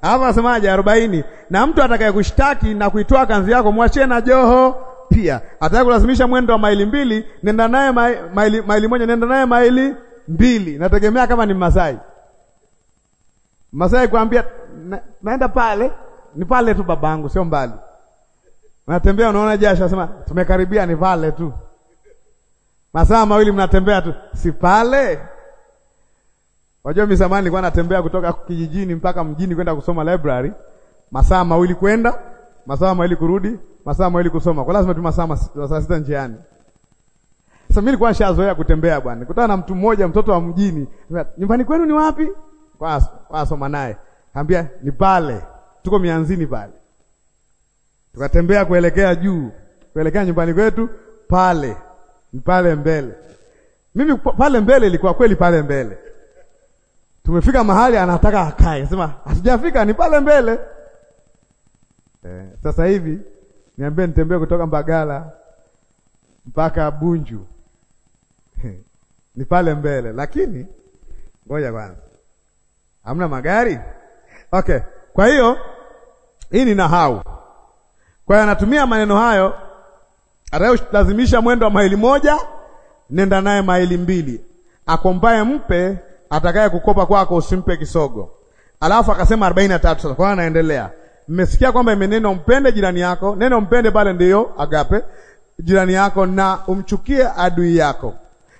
Hapa nasemaje? arobaini. Na mtu atakayekushtaki na kuitoa kanzi yako mwachie na joho pia. kulazimisha mwendo wa maili mbili, nenda naye maili, maili moja, nenda naye maili mbili. Nategemea kama ni Masai. Masai kwambia na, naenda pale ni pale tu babangu, sio mbali. Natembea unaona jasho, nasema tumekaribia, ni pale tu. Masaa mawili mnatembea tu, si pale. Wajua mimi zamani nilikuwa natembea kutoka kijijini mpaka mjini kwenda kusoma library, masaa mawili kwenda, masaa mawili kurudi, masaa mawili kusoma. Kwa lazima tu masaa sita njiani. Sasa mimi nilikuwa nishazoea kutembea bwana. Nikutana na mtu mmoja mtoto wa mjini, nyumbani kwenu ni wapi? wasoma naye, kaambia ni pale, tuko mianzini pale, tukatembea kuelekea juu, kuelekea nyumbani kwetu pale, ni pale mbele. Mimi pale mbele ilikuwa kweli pale mbele, tumefika mahali anataka akae, sema asijafika, ni pale mbele. Eh, sasa hivi niambie, nitembee kutoka Mbagala mpaka Bunju ni pale mbele, lakini ngoja kwanza hamna magari okay. Kwa hiyo hii ni nahau, kwa hiyo anatumia maneno hayo atakayolazimisha mwendo wa maili moja, nenda naye maili mbili, akombaye mpe, atakaye kukopa kwako usimpe kisogo. Alafu akasema arobaini na tatu. Sasa kwa anaendelea, mmesikia kwamba imeneno mpende jirani yako. Neno mpende pale ndiyo agape jirani yako, na umchukie adui yako.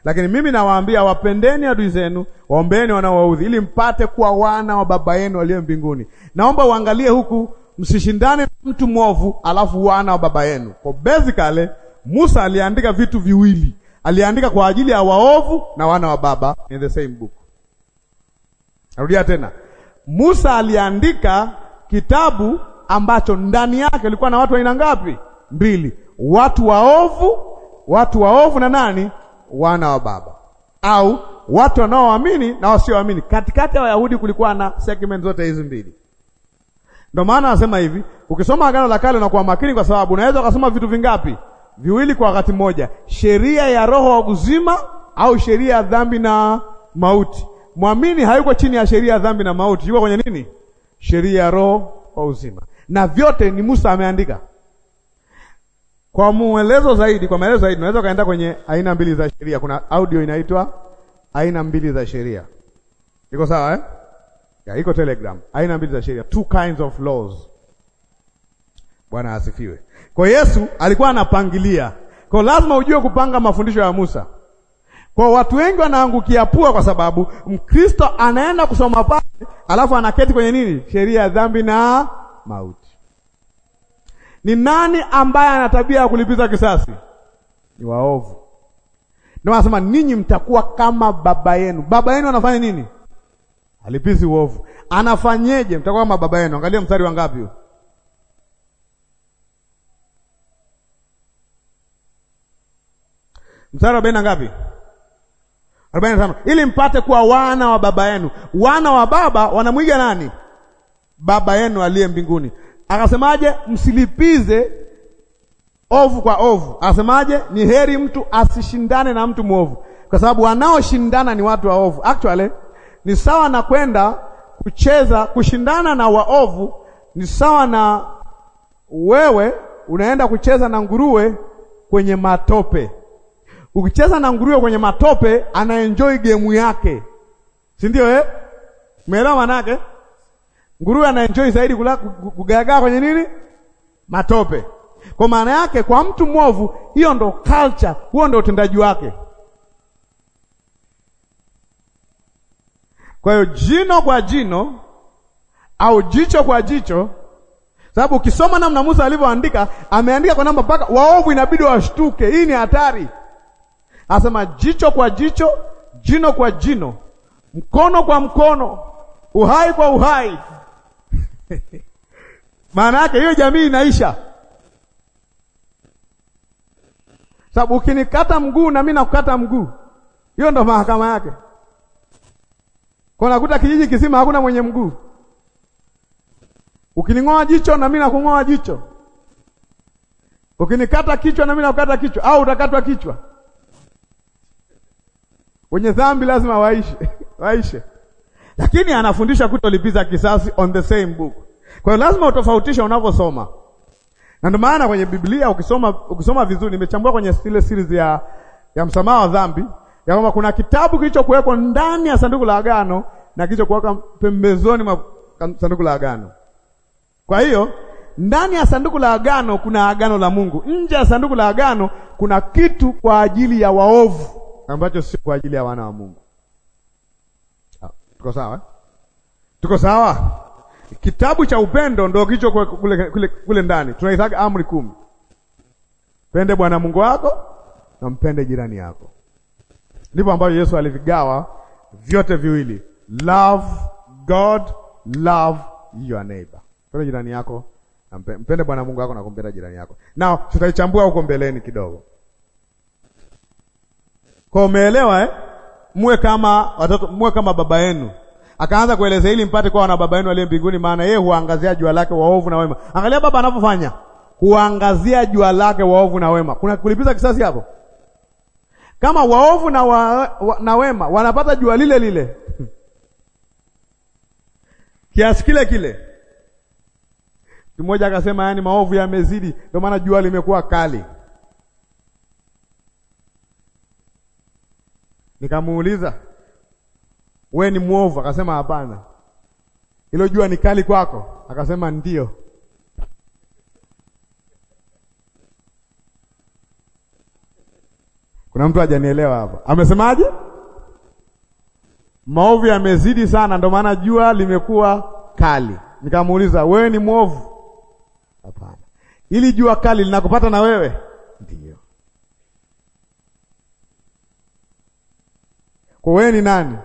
Lakini mimi nawaambia, wapendeni adui zenu, waombeeni wanaowaudhi, ili mpate kuwa wana wa Baba yenu aliye mbinguni. Naomba uangalie huku, msishindane na mtu mwovu, alafu wana wa Baba yenu. Kwa basically Musa aliandika vitu viwili, aliandika kwa ajili ya waovu na wana wa Baba in the same book. Narudia tena, Musa aliandika kitabu ambacho ndani yake ilikuwa na watu aina ngapi? Mbili, watu waovu, watu waovu na nani? wana wa baba au watu wanaoamini na wasioamini. Katikati ya Wayahudi kulikuwa na segment zote hizi mbili. Ndio maana anasema hivi, ukisoma Agano la Kale unakuwa makini, kwa sababu unaweza ukasoma vitu vingapi viwili kwa wakati mmoja, sheria ya roho wa uzima au sheria ya dhambi na mauti. Mwamini hayuko chini ya sheria ya dhambi na mauti, yuko kwenye nini? Sheria ya roho wa uzima, na vyote ni Musa ameandika. Kwa muelezo zaidi, kwa maelezo zaidi unaweza ukaenda kwenye aina mbili za sheria. Kuna audio inaitwa aina mbili za sheria, iko sawa eh? Ya, iko Telegram, aina mbili za sheria, two kinds of laws. Bwana asifiwe. Kwa Yesu alikuwa anapangilia, kwa lazima ujue kupanga mafundisho ya Musa. Kwa watu wengi wanaangukia pua, kwa sababu Mkristo anaenda kusoma pale, alafu anaketi kwenye nini? Sheria ya dhambi na mauti. Ni nani ambaye ana tabia ya kulipiza kisasi? Ni waovu. Ndio anasema ninyi mtakuwa kama baba yenu. Baba yenu anafanya nini? Alipizi uovu. Anafanyeje? Mtakuwa kama baba yenu. Angalia mstari wa ngapi huo? Mstari wa arobaini na ngapi? 45. Ili mpate kuwa wana wa baba yenu. Wana wa baba wanamwiga nani? Baba yenu aliye mbinguni. Akasemaje? Msilipize ovu kwa ovu. Akasemaje? Ni heri mtu asishindane na mtu mwovu, kwa sababu wanaoshindana ni watu waovu. Actually ni sawa na kwenda kucheza, kushindana na waovu ni sawa na wewe unaenda kucheza na nguruwe kwenye matope. Ukicheza na nguruwe kwenye matope, anaenjoy gemu yake, si ndio? Eh, umeelewa maana yake? Nguruwe enjoy zaidi kugaagaa kwenye nini, matope. Kwa maana yake, kwa mtu mwovu, hiyo ndo culture, huo ndo utendaji wake. Kwa hiyo jino kwa jino au jicho kwa jicho, sababu ukisoma namna Musa alivyoandika, ameandika kwa namba mpaka waovu inabidi washtuke. Hii ni hatari. Asema jicho kwa jicho, jino kwa jino, mkono kwa mkono, uhai kwa uhai. maana yake hiyo jamii inaisha, sababu ukinikata mguu na mimi nakukata mguu, hiyo ndo mahakama yake. Kwa nakuta kijiji kisima hakuna mwenye mguu, ukining'oa jicho na mimi nakung'oa jicho, ukinikata kichwa na mimi nakukata kichwa, au utakatwa kichwa. Wenye dhambi lazima waishe waishe lakini anafundisha kutolipiza kisasi on the same book. Kwa hiyo lazima utofautishe unavyosoma, na ndio maana kwenye Biblia ukisoma, ukisoma vizuri, nimechambua kwenye ile series ya, ya msamaha wa dhambi ya kwamba kuna kitabu kilichokuwekwa ndani ya sanduku la agano na kilichokuwekwa pembezoni mwa sanduku la agano. Kwa hiyo ndani ya sanduku la agano kuna agano la Mungu, nje ya sanduku la agano kuna kitu kwa ajili ya waovu ambacho sio kwa ajili ya wana wa Mungu. Tuko sawa Tuko sawa. Kitabu cha upendo ndio kicho kule, kule, kule ndani tunaitaga amri kumi. Pende Bwana Mungu wako na mpende jirani yako, ndipo ambayo Yesu alivigawa vyote viwili, love God, love your neighbor. Pende jirani yako na mpende Bwana Mungu wako na kumpenda jirani yako. Now tutaichambua huko mbeleni kidogo, kwa umeelewa eh? muwe kama watoto, muwe kama baba yenu. Akaanza kueleza ili mpate kuwa wana baba yenu aliye mbinguni, maana yeye huangazia jua lake waovu na wema. Angalia baba anavyofanya, huangazia jua lake waovu na wema. Kuna kulipiza kisasi hapo. Kama waovu na, wa, wa, na wema wanapata jua lile lile kiasi kile kile. Mmoja akasema, yaani maovu yamezidi, ndio maana jua limekuwa kali. Nikamuuliza, we ni mwovu? Akasema hapana. Hilo jua ni kali kwako? Akasema ndio. Kuna mtu hajanielewa hapa. Amesemaje? Maovu yamezidi sana, ndio maana jua limekuwa kali. Nikamuuliza, wewe ni mwovu? Hapana. Ili jua kali linakupata na wewe? Kwa wewe ni nani?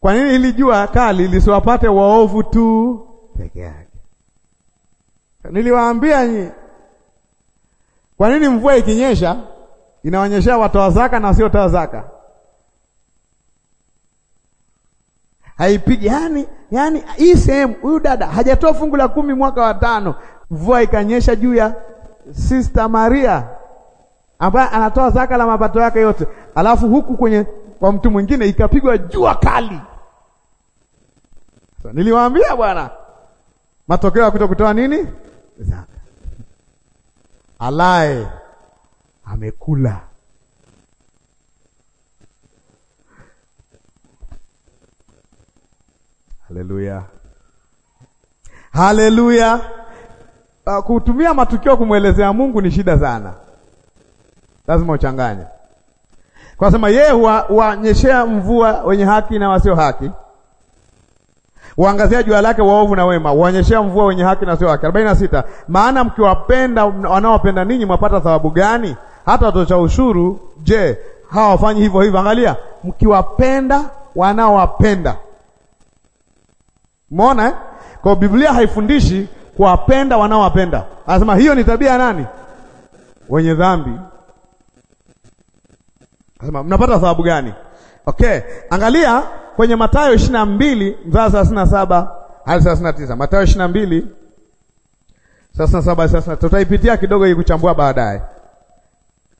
Kwa nini hili jua kali lisiwapate waovu tu peke yake? Niliwaambia nyi, Kwa nini mvua ikinyesha inaonyesha watoa zaka na sio toa zaka? Haipigi yani, yani hii sehemu, huyu dada hajatoa fungu la kumi mwaka wa tano, mvua ikanyesha juu ya Sister Maria ambaye anatoa zaka la mapato yake yote, alafu huku kwenye kwa mtu mwingine ikapigwa jua kali. So, niliwaambia bwana, matokeo ya kutokutoa nini zaka, alaye amekula Haleluya, haleluya. Uh, kutumia matukio kumwelezea Mungu ni shida sana lazima uchanganye. Kwa sema yeye huwanyeshea mvua wenye haki na wasio haki, waangazia jua lake waovu na wema, huwanyeshea mvua wenye haki na wasio haki. arobaini na sita maana mkiwapenda wanaowapenda ninyi mwapata thawabu gani? Hata watoza ushuru je, hawafanyi hivyo hivyo? Angalia, mkiwapenda wanaowapenda. Umeona eh? Kwa Biblia haifundishi kuwapenda wanaowapenda, anasema hiyo ni tabia ya nani? Wenye dhambi. Anasema mnapata thawabu gani? Okay, angalia kwenye Mathayo 22 mstari 37 hadi 39. Mathayo 22 37 sasa tutaipitia kidogo ili kuchambua baadaye.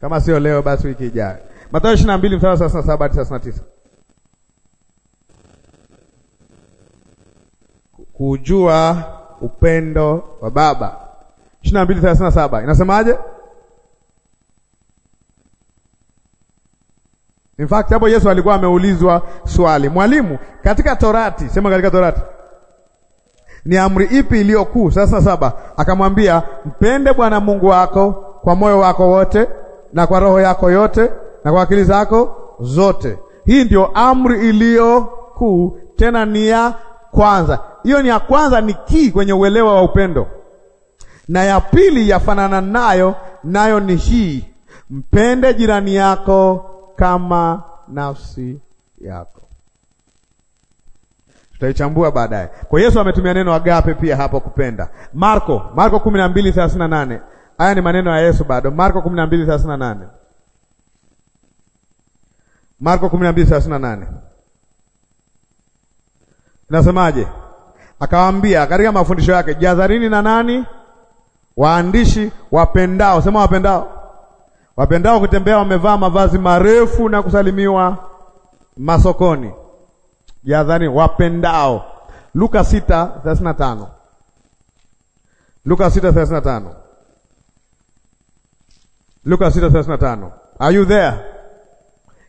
Kama sio leo basi wiki ijayo. Mathayo 22 mstari 37 hadi 39. Kujua upendo wa Baba. 22:37 inasemaje? In fact hapo Yesu alikuwa ameulizwa swali, mwalimu, katika Torati, sema katika Torati ni amri ipi iliyo kuu Sasa saba, akamwambia mpende Bwana Mungu wako kwa moyo wako wote na kwa roho yako yote na kwa akili zako zote. Hii ndio amri iliyo kuu tena ni ya kwanza. Hiyo ni ya kwanza, ni kii kwenye uelewa wa upendo, na ya pili yafanana nayo, nayo ni hii, mpende jirani yako kama nafsi yako. Tutaichambua baadaye. Kwa Yesu ametumia neno agape pia hapo kupenda. Marko, Marko 12:38. Haya ni maneno ya Yesu bado. Marko 12:38. Marko 12:38. Nasemaje? Akawaambia katika mafundisho yake, jazarini na nani? Waandishi wapendao. Sema wapendao. Wapendao kutembea wamevaa mavazi marefu na kusalimiwa masokoni. Jadhani wapendao. Luka 6:35. Luka 6:35. Luka 6:35. Are you there?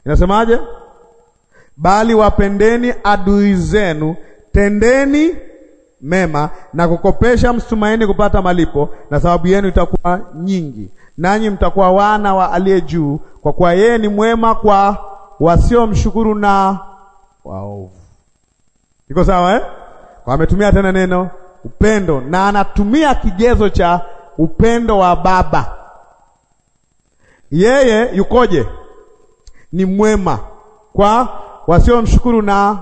Inasemaje? Bali wapendeni adui zenu, tendeni mema na kukopesha, msitumaini kupata malipo, na sababu yenu itakuwa nyingi nanyi mtakuwa wana wa aliye juu, kwa kuwa yeye ni mwema kwa wasiomshukuru na waovu. Iko sawa eh? Kwa ametumia tena neno upendo, na anatumia kigezo cha upendo wa Baba. Yeye yukoje? Ni mwema kwa wasiomshukuru na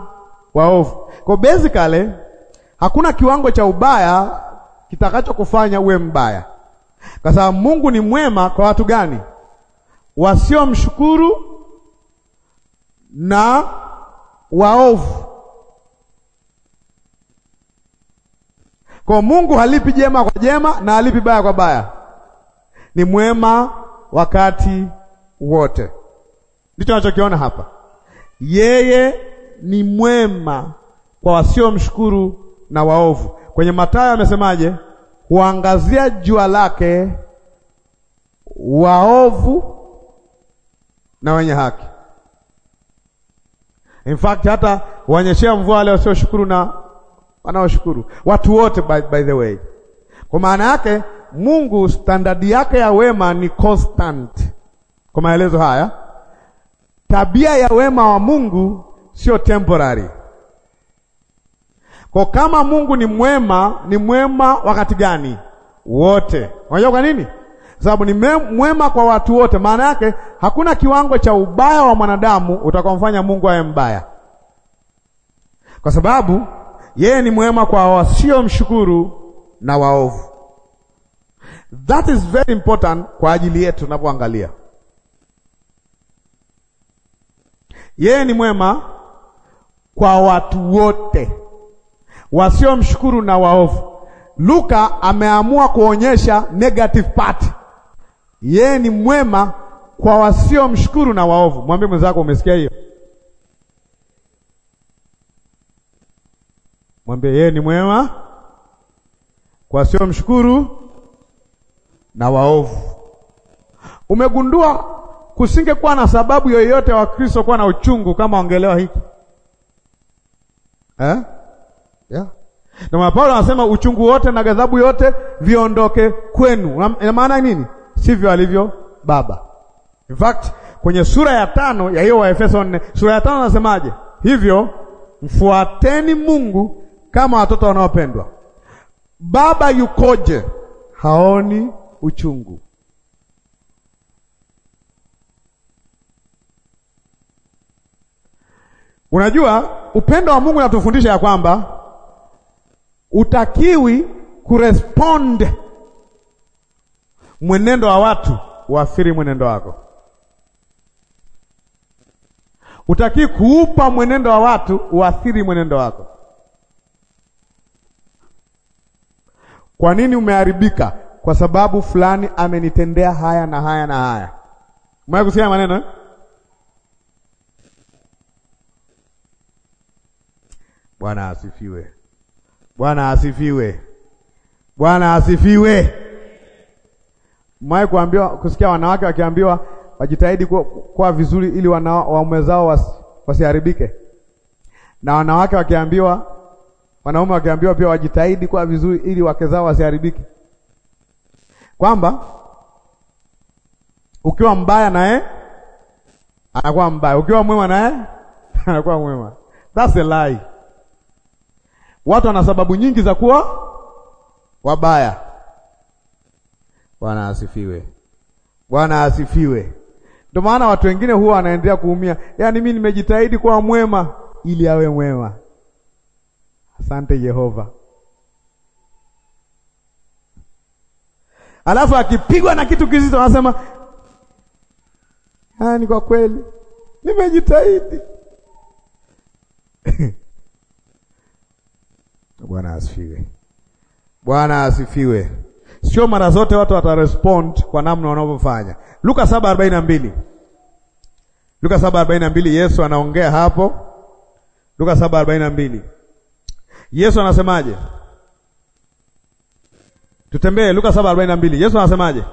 waovu. Kwa basically hakuna kiwango cha ubaya kitakachokufanya uwe mbaya. Kwa sababu Mungu ni mwema kwa watu gani? Wasiomshukuru na waovu. Kwa Mungu halipi jema kwa jema na halipi baya kwa baya, ni mwema wakati wote. Ndicho anachokiona hapa. Yeye ni mwema kwa wasiomshukuru na waovu. Kwenye Mathayo amesemaje? huangazia jua lake waovu na wenye haki. In fact hata wanyeshea mvua wale wasioshukuru na wanaoshukuru, watu wote by, by the way. Kwa maana yake Mungu standadi yake ya wema ni constant. Kwa maelezo haya, tabia ya wema wa Mungu sio temporary. Kwa kama Mungu ni mwema, ni mwema wakati gani? Wote. Unajua kwa nini? Sababu ni mwema kwa watu wote. Maana yake hakuna kiwango cha ubaya wa mwanadamu utakaomfanya Mungu awe mbaya, kwa sababu yeye ni mwema kwa wasio mshukuru na waovu. That is very important kwa ajili yetu tunapoangalia. Yeye ni mwema kwa watu wote wasiomshukuru na waovu. Luka ameamua kuonyesha negative part. Yeye ni mwema kwa wasiomshukuru na waovu. Mwambie mwenzako, umesikia hiyo? Mwambie yeye ni mwema kwa wasiomshukuru na waovu. Umegundua kusingekuwa na sababu yoyote Wakristo kuwa na uchungu kama ongelewa hiki eh? yeah? Na mwana Paulo anasema uchungu wote na ghadhabu yote viondoke kwenu. Ina maana nini? Sivyo alivyo Baba. In fact, kwenye sura ya tano ya hiyo Waefeso nne, sura ya tano anasemaje? Hivyo mfuateni Mungu kama watoto wanaopendwa. Baba yukoje? Haoni uchungu. Unajua, upendo wa Mungu natufundisha ya kwamba utakiwi kurespond. Mwenendo wa watu uathiri mwenendo wako. Utakiwi kuupa mwenendo wa watu uathiri mwenendo wako. Kwa nini umeharibika? Kwa sababu fulani amenitendea haya na haya na haya. Mwa kusikia maneno eh? Bwana asifiwe. Bwana asifiwe. Bwana asifiwe. Mwae kuambiwa kusikia wanawake wakiambiwa wajitahidi kuwa, kuwa vizuri ili waume zao wasiharibike, na wanawake wakiambiwa, wanaume wakiambiwa pia wajitahidi kuwa vizuri ili wake zao wasiharibike, kwamba ukiwa mbaya naye anakuwa mbaya, ukiwa mwema naye anakuwa mwema. That's a lie. Watu wana sababu nyingi za kuwa wabaya. Bwana asifiwe, Bwana asifiwe. Ndio maana watu wengine huwa wanaendelea kuumia, yaani mimi nimejitahidi kuwa mwema ili awe mwema. Asante Yehova. Alafu akipigwa na kitu kizito anasema yaani, kwa kweli nimejitahidi Bwana asifiwe. Bwana asifiwe. Sio mara zote watu watarespond kwa namna wanavyofanya. Luka 7:42. Luka 7:42 Yesu anaongea hapo. Luka 7:42. Yesu anasemaje? Tutembee Luka 7:42. Yesu anasemaje?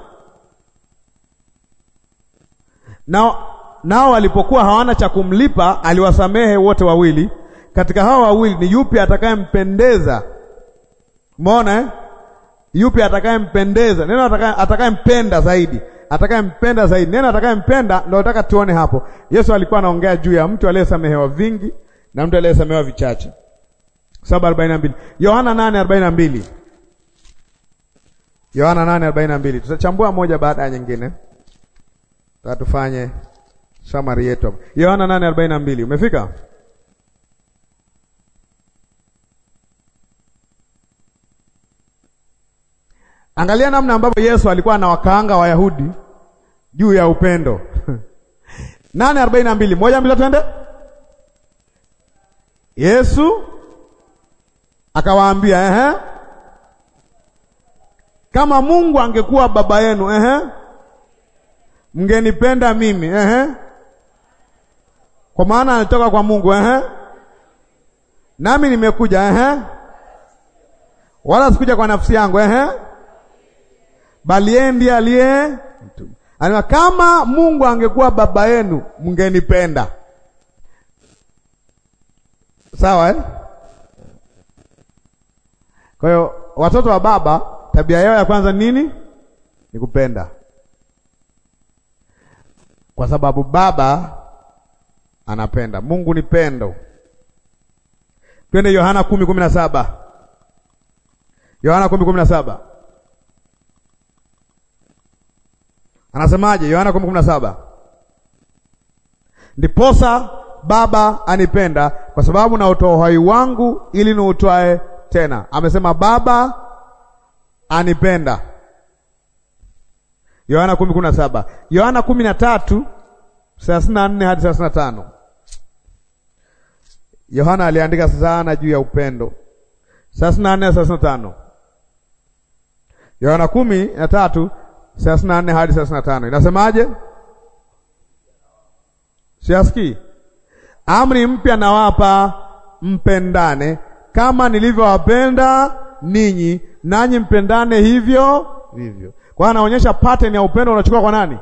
Nao nao walipokuwa hawana cha kumlipa, aliwasamehe wote wawili katika hawa wawili ni yupi atakayempendeza? Umeona eh? Yupi atakayempendeza? Neno atakayempenda zaidi, atakayempenda zaidi, neno atakayempenda ndio nataka tuone hapo. Yesu alikuwa anaongea juu ya mtu aliyesamehewa vingi na mtu aliyesamehewa vichache. 7:42 Yohana 8:42 Yohana 8:42 tutachambua moja baada ya nyingine, tatufanye samari yetu hapa. Yohana 8:42 umefika? Angalia namna ambavyo Yesu alikuwa anawakaanga Wayahudi juu ya upendo. nane arobaini na mbili moja mbili, twende. Yesu akawaambia ehe, kama Mungu angekuwa baba yenu ehe, mngenipenda mimi ehe, kwa maana alitoka kwa Mungu ehe, nami nimekuja ehe, wala sikuja kwa nafsi yangu ehe bali yeye ndiye aliye mtume. Anasema kama Mungu angekuwa baba yenu mngenipenda. Sawa eh? Kwa hiyo watoto wa baba tabia yao ya kwanza nini? Ni kupenda. Kwa sababu baba anapenda. Mungu ni pendo. Twende Yohana kumi kumi na saba. Yohana kumi kumi na saba. Anasemaje? Yohana 10:17, ndiposa Baba anipenda kwa sababu nautoa uhai wangu ili niutwae tena. Amesema Baba anipenda, Yohana 10:17. Yohana 13:34 hadi 35. Yohana aliandika sana juu ya upendo. 34 35. Yohana 10:3 thelathini na nne hadi thelathini na tano inasemaje? Siasikii. Amri mpya nawapa, mpendane kama nilivyowapenda ninyi, nanyi mpendane hivyo vivyo. Kwa anaonyesha pattern ya upendo unachukua kwa nani?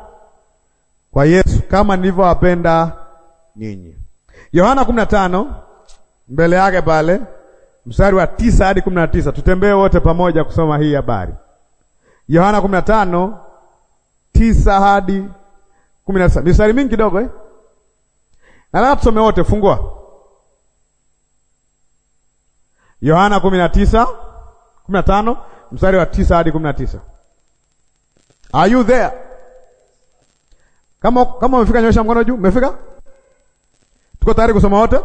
Kwa Yesu, kama nilivyowapenda ninyi. Yohana 15 mbele yake pale mstari wa tisa hadi kumi na tisa tutembee wote pamoja kusoma hii habari. Yohana 15 tisa hadi 19. Mistari mingi kidogo eh? Nataka tusome wote, fungua. Yohana 19 15 mstari wa tisa hadi 19. Are you there? Kama kama umefika, nyosha mkono juu. Umefika? Tuko tayari kusoma wote?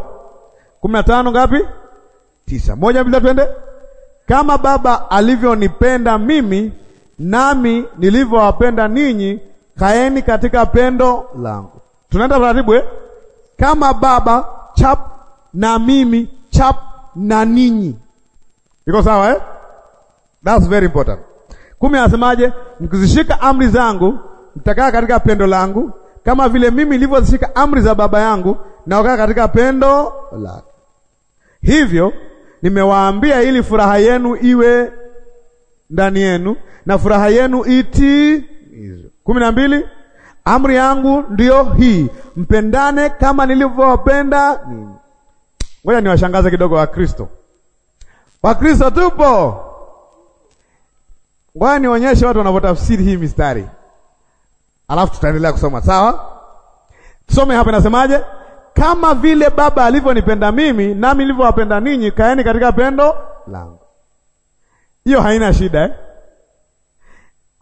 15 ngapi? Tisa. Moja, mbili, twende. Kama Baba alivyonipenda mimi nami nilivyowapenda ninyi, kaeni katika pendo langu. Tunaenda taratibu eh? Kama Baba chap na mimi chap na ninyi, iko sawa eh? That's very important. Kumi anasemaje? Mkizishika amri zangu mtakaa katika pendo langu, kama vile mimi nilivyozishika amri za Baba yangu ukaa katika pendo lake. Hivyo nimewaambia ili furaha yenu iwe ndani yenu na furaha yenu iti kumi na mbili, amri yangu ndiyo hii, mpendane kama nilivyowapenda ninyi. Ngoja niwashangaze kidogo Wakristo. Wakristo tupo, ngoja nionyeshe watu wanavyotafsiri hii mistari, alafu tutaendelea kusoma. Sawa, tusome hapa, inasemaje? Kama vile Baba alivyonipenda mimi, nami nilivyowapenda ninyi, kaeni katika pendo langu hiyo haina shida eh?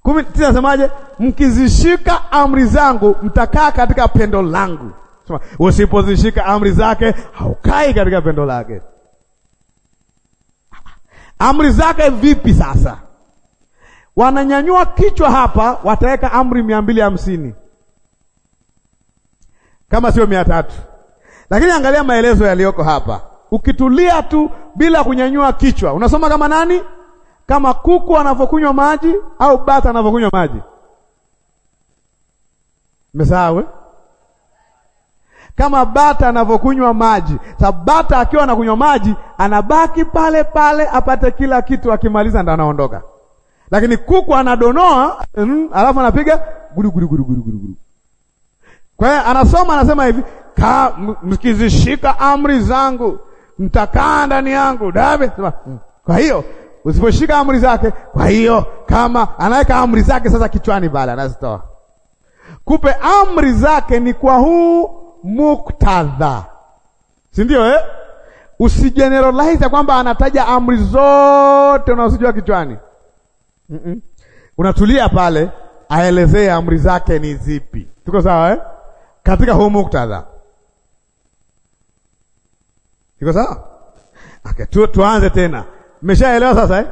kumi tisa nasemaje? Mkizishika amri zangu mtakaa katika pendo langu. Sema, usipozishika amri zake haukai katika pendo lake. Amri zake vipi sasa? Wananyanyua kichwa hapa, wataweka amri mia mbili hamsini kama sio mia tatu, lakini angalia maelezo yaliyoko hapa. Ukitulia tu bila kunyanyua kichwa unasoma kama nani? kama kuku anavyokunywa maji au bata anavyokunywa maji? Mmesawe eh? kama bata anavyokunywa maji. Sasa bata akiwa anakunywa maji anabaki pale pale apate kila kitu, akimaliza ndo anaondoka. Lakini kuku anadonoa mm, alafu anapiga gudu gudu gudu gudu gudu. Kwa hiyo anasoma, anasema hivi, mkizishika amri zangu mtakaa ndani yangu. David, mm. kwa hiyo usiposhika amri zake. Kwa hiyo kama anaweka amri zake sasa kichwani pale, anazitoa kupe amri zake ni kwa huu muktadha, si ndio eh? Usigeneralize kwamba anataja amri zote unazojua kichwani. mm -mm. Unatulia pale, aelezee amri zake ni zipi. Tuko sawa eh? Katika huu muktadha tuko sawa okay, tu, tuanze tena Mmeshaelewa sasa eh?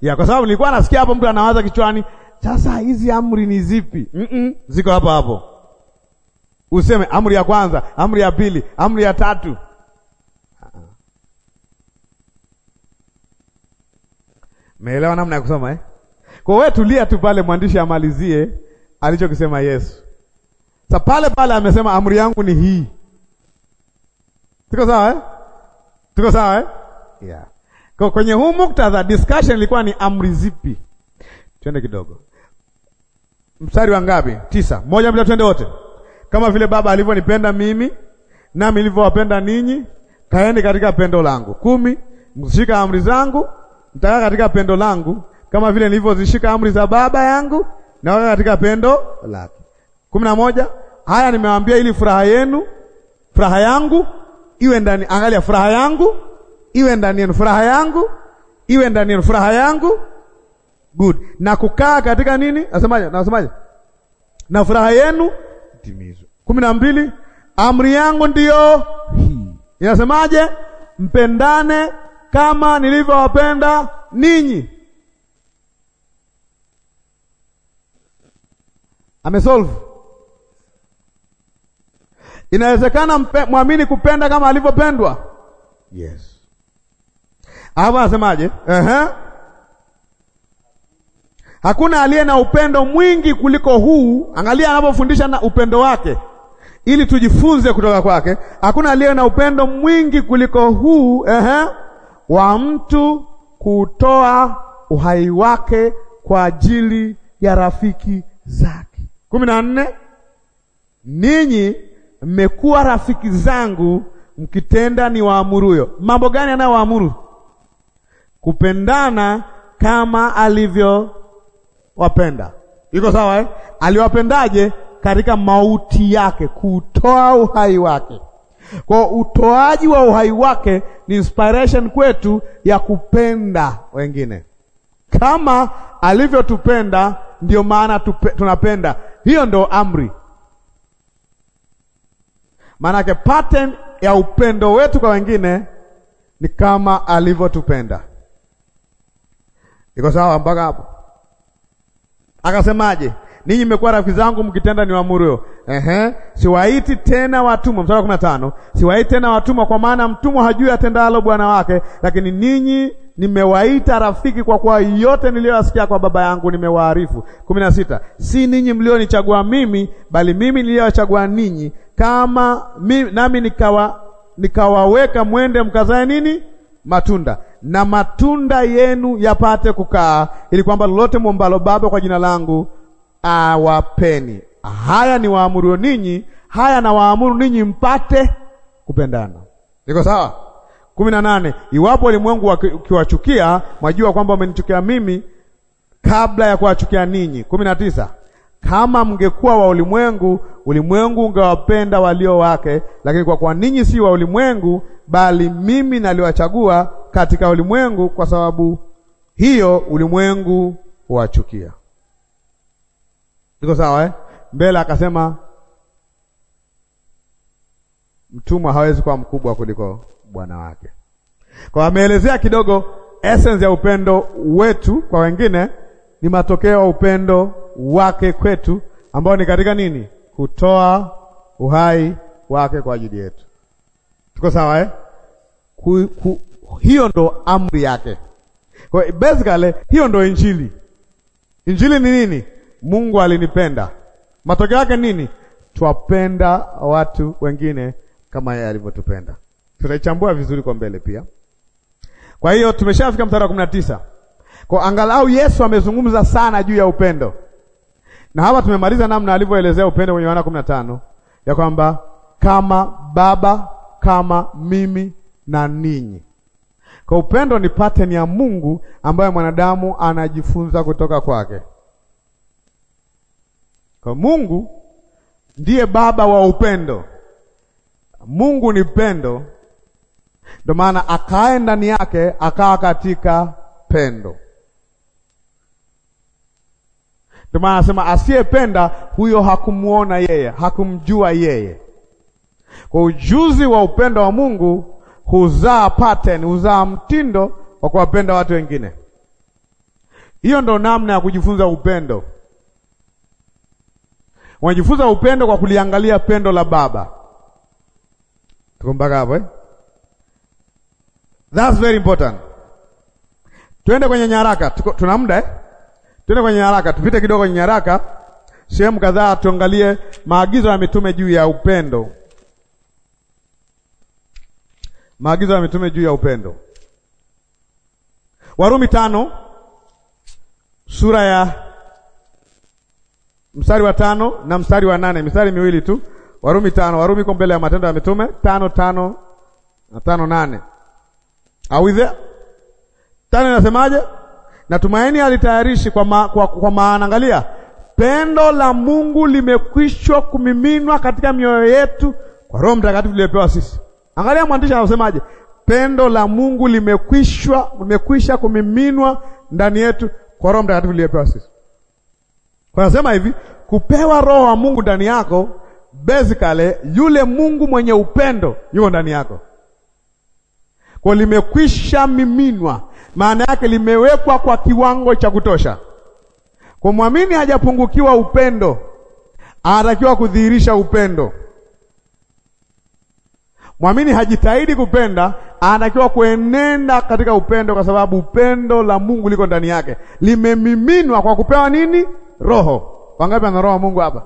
Ya, kwa sababu nilikuwa nasikia hapo mtu anawaza kichwani, sasa hizi amri ni zipi? mm -mm, ziko hapo hapo. Useme amri ya kwanza, amri ya pili, amri ya tatu. Meelewa namna ya kusoma eh? Kwa wewe tulia tu pale, mwandishi amalizie alichokisema Yesu. sa pale pale amesema amri yangu ni hii. Tuko sawa eh? Tuko sawa eh? Yeah. Kwa kwenye huu muktadha discussion ilikuwa ni amri zipi? Twende kidogo. Mstari wa ngapi? Tisa. Moja mbili, twende wote. Kama vile Baba alivyonipenda mimi, nami nilivyowapenda ninyi, kaeni katika pendo langu. Kumi, mshika amri zangu, mtakaa katika pendo langu kama vile nilivyozishika amri za Baba yangu na waka katika pendo lake. kumi na moja. Haya nimewaambia ili furaha yenu, furaha yangu iwe ndani. Angalia, furaha yangu iwe ndani yenu furaha yangu, iwe ndani yenu furaha yangu. Good. Na kukaa katika nini? Nasemaje? Nasemaje? Na furaha yenu timizwe. kumi na mbili. Amri yangu ndiyo hii. Inasemaje? Mpendane kama nilivyowapenda ninyi. Amesolve. Inawezekana mwamini kupenda kama alivyopendwa. Yes. Hapo anasemaje? Ehe. Hakuna aliye na upendo mwingi kuliko huu. Angalia anapofundisha na upendo wake ili tujifunze kutoka kwake. Hakuna aliye na upendo mwingi kuliko huu, ehe, wa mtu kutoa uhai wake kwa ajili ya rafiki zake. kumi na nne, ninyi mmekuwa rafiki zangu mkitenda ni waamuruyo. Mambo gani anayowaamuru? kupendana kama alivyowapenda. Iko sawa eh? Aliwapendaje? Katika mauti yake, kutoa uhai wake. Kwa utoaji wa uhai wake ni inspiration kwetu ya kupenda wengine kama alivyotupenda. Ndio maana tupe, tunapenda. Hiyo ndo amri, maanake pattern ya upendo wetu kwa wengine ni kama alivyotupenda. Iko sawa mpaka hapo? Akasemaje? Ninyi mmekuwa rafiki zangu mkitenda niwaamuru. Ehe, siwaiti tena watumwa. Mstari kumi na tano, siwaiti tena watumwa, kwa maana mtumwa hajui atendalo bwana wake, lakini ninyi nimewaita rafiki, kwa kuwa yote niliyoyasikia kwa Baba yangu nimewaarifu. kumi na sita, si ninyi mlionichagua mimi, bali mimi niliyowachagua ninyi, kama mimi, nami nikawa nikawaweka mwende mkazae nini matunda na matunda yenu yapate kukaa, ili kwamba lolote mwombalo Baba kwa jina langu awapeni. Haya ni waamuru ninyi, haya na waamuru ninyi mpate kupendana. Iko sawa? kumi na nane. Iwapo ulimwengu ukiwachukia, mwajua kwamba umenichukia mimi kabla ya kuwachukia ninyi. kumi na tisa. Kama mngekuwa wa ulimwengu, ulimwengu ungewapenda walio wake, lakini kwa kuwa ninyi si wa ulimwengu, bali mimi naliwachagua katika ulimwengu, kwa sababu hiyo ulimwengu huwachukia. Iko sawa eh? Mbele akasema mtumwa hawezi kuwa mkubwa kuliko bwana wake. Kwa ameelezea kidogo essence ya upendo wetu kwa wengine ni matokeo ya upendo wake kwetu, ambao ni katika nini? Kutoa uhai wake kwa ajili yetu. Tuko sawa eh? Ku, ku, hiyo ndo amri yake. Kwa basically hiyo ndo injili. Injili ni nini? Mungu alinipenda. Matokeo yake nini? Twapenda watu wengine kama yeye alivyotupenda. Tutaichambua vizuri kwa mbele pia. Kwa hiyo tumeshafika mstari wa kumi na tisa. Kwa angalau Yesu amezungumza sana juu ya upendo, na hapa tumemaliza namna alivyoelezea upendo kwenye Yohana 15 ya kwamba kama Baba kama mimi na ninyi. Kwa upendo ni pattern ya Mungu ambayo mwanadamu anajifunza kutoka kwake. Kwa Mungu ndiye baba wa upendo. Mungu ni pendo, ndio maana akae ndani yake, akaa katika pendo. Ndio maana anasema asiyependa huyo hakumuona yeye, hakumjua yeye. Kwa ujuzi wa upendo wa Mungu huzaa pattern, huzaa mtindo wa kuwapenda watu wengine. Hiyo ndo namna ya kujifunza upendo. Unajifunza upendo kwa kuliangalia pendo la Baba. Tuko mpaka hapo eh? That's very important. Twende kwenye nyaraka, tuna muda eh? Twende kwenye nyaraka, tupite kidogo kwenye nyaraka, sehemu kadhaa tuangalie maagizo ya mitume juu ya upendo. Maagizo ya mitume juu ya upendo. Warumi tano sura ya mstari wa tano na mstari wa nane mistari miwili tu. Warumi tano Warumi iko mbele ya matendo ya mitume tano tano na tano nane Awidhe tano inasemaje? Natumaini alitayarishi kwa, ma, kwa, kwa maana angalia, pendo la Mungu limekwishwa kumiminwa katika mioyo yetu kwa Roho Mtakatifu tuliyopewa sisi. Angalia mwandishi anasemaje, pendo la Mungu limekwishwa limekwisha kumiminwa ndani yetu kwa Roho Mtakatifu aliyepewa sisi. Kwa anasema hivi, kupewa Roho wa Mungu ndani yako, basically yule Mungu mwenye upendo yuko ndani yako, kwa limekwisha miminwa, maana yake limewekwa kwa kiwango cha kutosha. Kwa mwamini hajapungukiwa upendo, anatakiwa kudhihirisha upendo. Mwamini hajitahidi kupenda, anatakiwa kuenenda katika upendo, kwa sababu upendo la Mungu liko ndani yake, limemiminwa kwa kupewa nini? Roho. Wangapi ana roho wa Mungu hapa?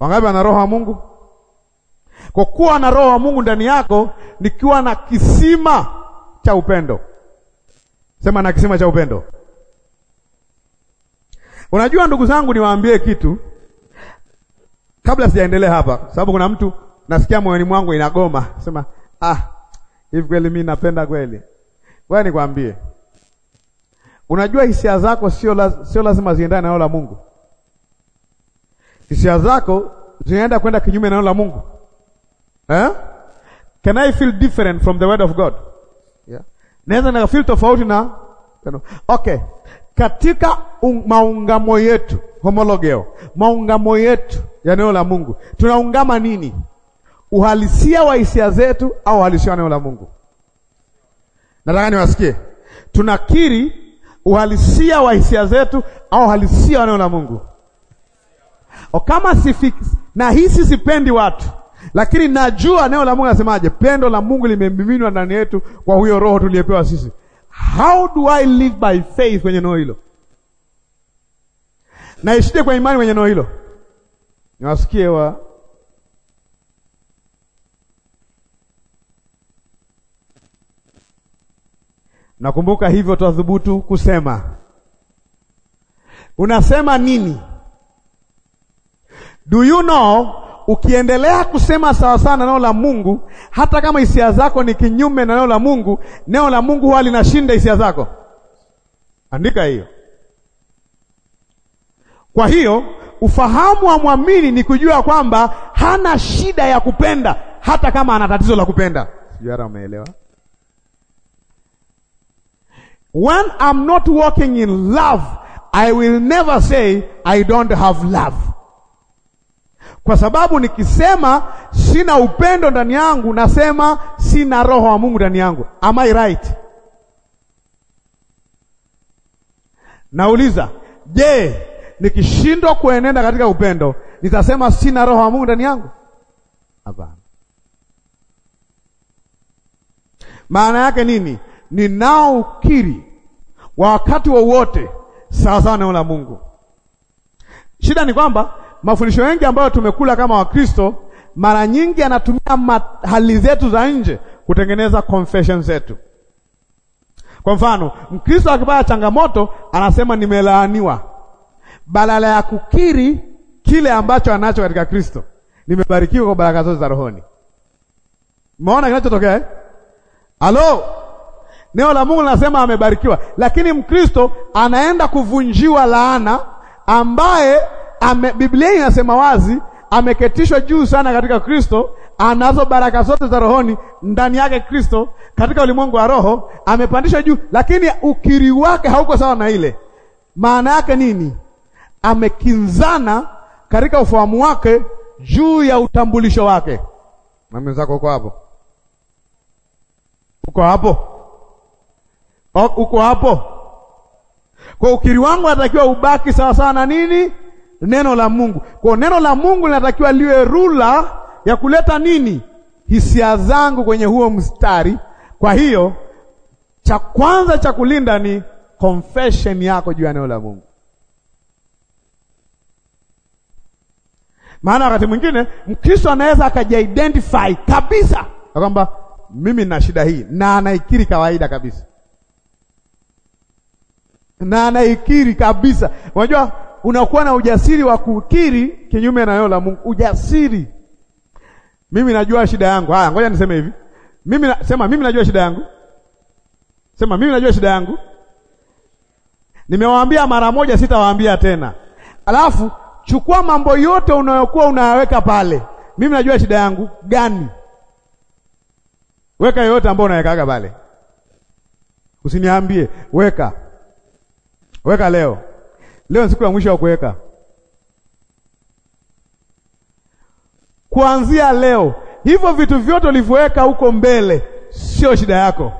Wangapi ana roho wa Mungu? Kwa kuwa na roho wa Mungu ndani yako, nikiwa na kisima cha upendo. Sema na kisima cha upendo. Unajua ndugu zangu, niwaambie kitu kabla sijaendelea hapa, sababu kuna mtu nasikia moyoni mwangu inagoma, sema ah, hivi kweli mimi napenda kweli? Wewe nikwambie, unajua hisia zako sio sio lazima ziendane na neno la Mungu. Hisia zako zinaenda kwenda kinyume na neno la Mungu eh? Can I feel different from the word of God? Yeah. Naweza na feel tofauti na okay. Katika maungamo yetu homologeo, maungamo yetu ya neno la Mungu tunaungama nini? uhalisia wa hisia zetu au uhalisia wa neno la Mungu? Nataka niwasikie, tunakiri uhalisia wa hisia zetu au uhalisia wa neno la Mungu? O, kama sifiki na hisi, sipendi watu, lakini najua neno la Mungu anasemaje, pendo la Mungu limemiminwa ndani yetu kwa huyo Roho tuliyepewa sisi. How do I live by faith kwenye neno hilo? Naishije kwa imani kwenye neno hilo? Niwasikie wa Nakumbuka hivyo twathubutu kusema. Unasema nini? Do you know ukiendelea kusema sawa na neno la Mungu, hata kama hisia zako ni kinyume na neno la Mungu, neno la Mungu huwa linashinda hisia zako. Andika hiyo. Kwa hiyo ufahamu wa mwamini ni kujua kwamba hana shida ya kupenda hata kama ana tatizo la kupenda. Sijui umeelewa. When I'm not walking in love, I will never say I don't have love. Kwa sababu nikisema sina upendo ndani yangu, nasema sina roho wa Mungu ndani yangu. Am I right? Nauliza, je, nikishindwa kuenenda katika upendo, nitasema sina roho wa Mungu ndani yangu? Hapana. Maana yake nini? ukiri wa wakati wowote wa sawasawa na neno la Mungu. Shida ni kwamba mafundisho mengi ambayo tumekula kama Wakristo mara nyingi anatumia hali zetu za nje kutengeneza confession zetu. Kwa mfano, Mkristo akipata changamoto anasema nimelaaniwa, badala ya kukiri kile ambacho anacho katika Kristo, nimebarikiwa kwa baraka zote za rohoni. Umeona kinachotokea? Eh? Halo, Neno la Mungu linasema amebarikiwa, lakini Mkristo anaenda kuvunjiwa laana ambaye ame, Biblia inasema wazi ameketishwa juu sana katika Kristo, anazo baraka zote za rohoni ndani yake Kristo, katika ulimwengu wa roho amepandishwa juu, lakini ukiri wake hauko sawa na ile. Maana yake nini? Amekinzana katika ufahamu wake juu ya utambulisho wake. Mami zako uko hapo, uko hapo Uko hapo? Kwa ukiri wangu natakiwa ubaki sawa sawa na nini? Neno la Mungu. Kwa neno la Mungu linatakiwa liwe rula ya kuleta nini? Hisia zangu kwenye huo mstari. Kwa hiyo cha kwanza cha kulinda ni confession yako juu ya neno la Mungu. Maana wakati mwingine Mkristo anaweza akajiidentify kabisa kwamba mimi nina shida hii na anaikiri kawaida kabisa na anaikiri kabisa. Unajua, unakuwa na ujasiri wa kukiri kinyume na yola Mungu, ujasiri. Mimi najua shida yangu. Haya, ngoja niseme hivi, mimi na, sema mimi najua shida yangu, sema mimi najua shida yangu. Nimewaambia mara moja, sitawaambia tena. Alafu chukua mambo yote unayokuwa unayaweka pale, mimi najua shida yangu gani, weka yoyote ambayo unawekaga pale, usiniambie weka Weka leo. Leo siku ya mwisho ya kuweka. Kuanzia leo, hivyo vitu vyote ulivyoweka huko mbele sio shida yako.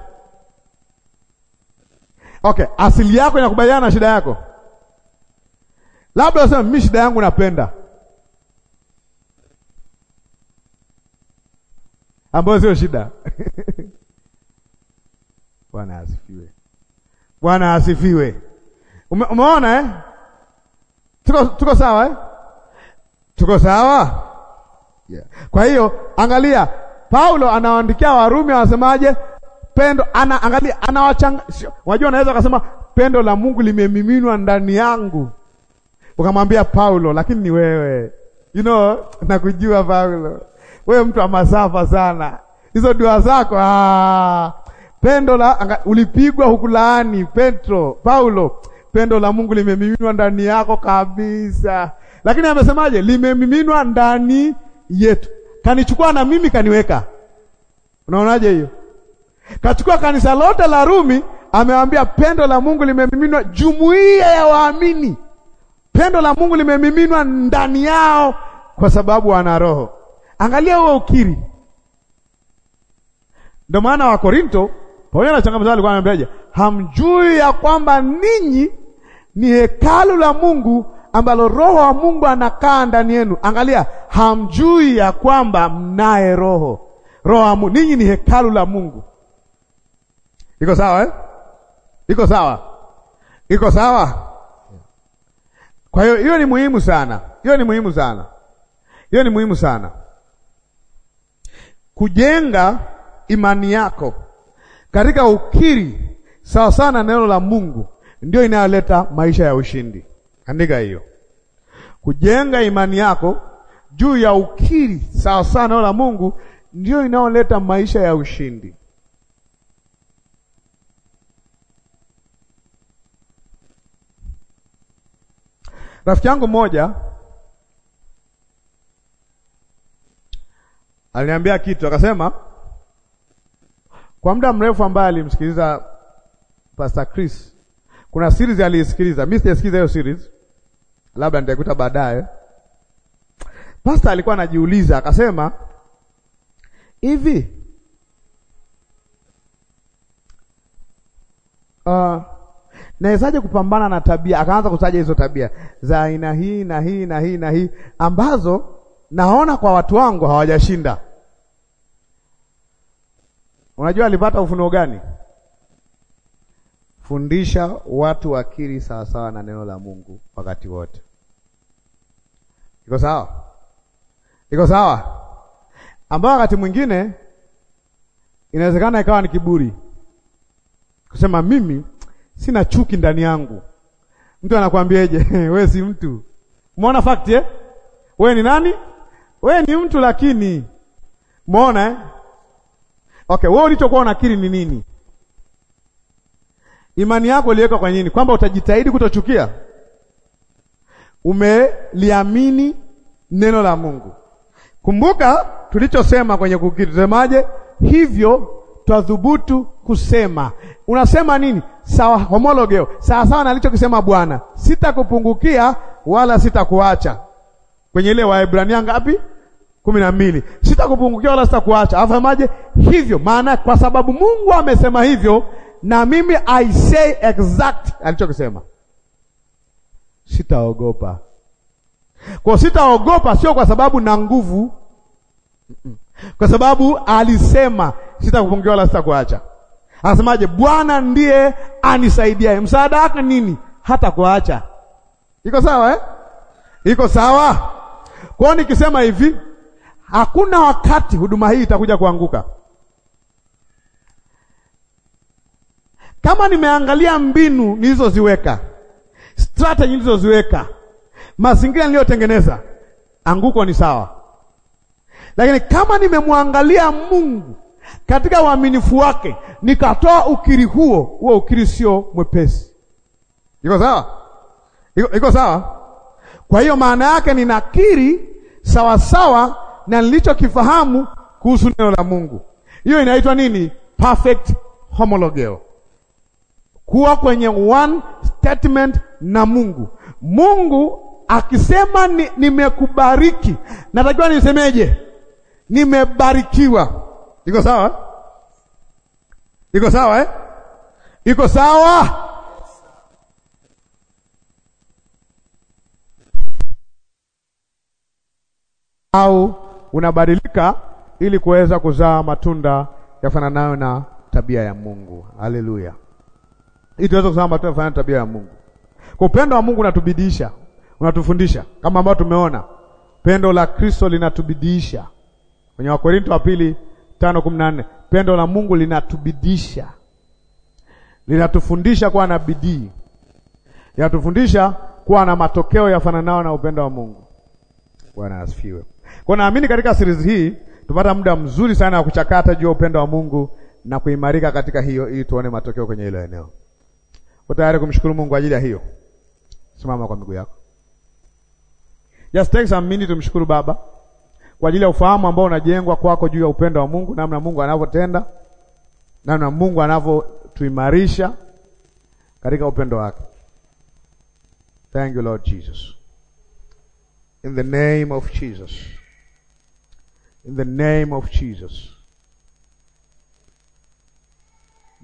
Okay, asili yako inakubaliana na shida yako. Labda useme mimi shida yangu napenda, ambayo sio shida. Bwana asifiwe. Bwana asifiwe. Ume, umeona eh? Tuko, tuko sawa eh? Tuko sawa yeah. Kwa hiyo angalia, Paulo anawaandikia Warumi anasemaje? Pendo ana, angalia anawachanga, wajua, anaweza akasema pendo la Mungu limemiminwa ndani yangu, ukamwambia Paulo, lakini ni wewe you know, nakujua Paulo, wewe mtu wa masafa sana, hizo dua zako ah, pendo la ulipigwa hukulaani Petro Paulo pendo la Mungu limemiminwa ndani yako kabisa. Lakini amesemaje? Limemiminwa ndani yetu, kanichukua na mimi kaniweka. Unaonaje hiyo? Kachukua kanisa lote la Rumi, amewaambia pendo la Mungu limemiminwa jumuiya ya waamini, pendo la Mungu limemiminwa ndani yao kwa sababu wana roho. Angalia wewe ukiri. Ndio maana wa Korinto pamoja na changamoto alikuwa anamwambiaje? hamjui ya kwamba ninyi ni hekalu la Mungu ambalo Roho wa Mungu anakaa ndani yenu. Angalia, hamjui ya kwamba mnaye Roho Roho wa Mungu. Ninyi ni hekalu la Mungu. Iko sawa eh? Iko sawa, iko sawa. Kwa hiyo hiyo ni muhimu sana, hiyo ni muhimu sana, hiyo ni muhimu sana kujenga imani yako katika ukiri sawa sana neno la Mungu ndio inayoleta maisha ya ushindi. Andika hiyo, kujenga imani yako juu ya ukiri sawa sana neno la Mungu ndio inayoleta maisha ya ushindi. Rafiki yangu mmoja aliniambia kitu, akasema kwa muda mrefu ambaye alimsikiliza Pastor Chris, kuna series aliisikiliza. Mimi sijasikiliza hiyo series, labda nitaikuta baadaye. Pastor alikuwa anajiuliza akasema, hivi uh, nawezaje kupambana na tabia? Akaanza kutaja hizo tabia za aina hii na hii na hii na hii ambazo naona kwa watu wangu hawajashinda. Unajua alipata ufunuo gani? Fundisha watu wakiri sawasawa na neno la Mungu wakati wote. Iko sawa? Iko sawa? Ambao wakati mwingine inawezekana ikawa ni kiburi, kusema mimi sina chuki ndani yangu. Mtu anakuambiaje? we si mtu, umeona fact eh? we ni nani? we ni mtu, lakini umeona eh? Okay, we ulichokuwa unakiri ni nini? Imani yako iliweka kwa nini? Kwamba utajitahidi kutochukia. Umeliamini neno la Mungu. Kumbuka tulichosema kwenye kukitutemaje, hivyo twadhubutu kusema. Unasema nini? Sawa, homologeo, sawasawa na alichokisema Bwana, sitakupungukia wala sitakuacha. Kwenye ile Waebrania ngapi? kumi na mbili. Sitakupungukia wala sitakuacha. Afamaje? Hivyo maana kwa sababu Mungu amesema hivyo, na mimi I say exact alichokisema, sitaogopa. Kwa sitaogopa sio kwa sababu na nguvu, kwa sababu alisema sitakupungia wala sitakuacha. Anasemaje? Bwana ndiye anisaidiaye, msaada wake nini? Hata kuacha. Iko sawa eh? Iko sawa. Kwa nikisema hivi, hakuna wakati huduma hii itakuja kuanguka. Kama nimeangalia mbinu nilizoziweka, strategy nilizoziweka, mazingira niliyotengeneza, anguko ni sawa. Lakini kama nimemwangalia Mungu katika uaminifu wake, nikatoa ukiri huo, huo ukiri sio mwepesi. Iko sawa? Iko, iko sawa? Kwa hiyo maana yake ninakiri sawa sawa na nilichokifahamu kuhusu neno la Mungu. Hiyo inaitwa nini? Perfect homologeo kuwa kwenye one statement na Mungu. Mungu akisema ni, nimekubariki, natakiwa nisemeje? Nimebarikiwa. Iko sawa? Iko sawa eh? Iko sawa? au unabadilika ili kuweza kuzaa matunda yafananayo na tabia ya Mungu. Haleluya ili tuweze kusema tunafanana tabia ya Mungu. Kwa upendo wa Mungu unatubidisha, unatufundisha kama ambavyo tumeona. Pendo la Kristo linatubidisha. Kwenye Wakorinto wa pili 5:14, pendo la Mungu linatubidisha. Linatufundisha kuwa na bidii. Linatufundisha kuwa na matokeo yafananao na upendo wa Mungu. Bwana asifiwe. Kwa naamini katika series hii tupata muda mzuri sana wa kuchakata juu ya upendo wa Mungu na kuimarika katika hiyo ili tuone matokeo kwenye hilo eneo. Uko tayari kumshukuru Mungu kwa ajili ya hiyo? Simama kwa miguu yako. Just take some minute tumshukuru Baba kwa ajili ya ufahamu ambao unajengwa kwako juu ya upendo wa Mungu, namna Mungu anavyotenda, namna Mungu anavyotuimarisha katika upendo wake. Thank you Lord Jesus. In the name of Jesus. In the name of Jesus.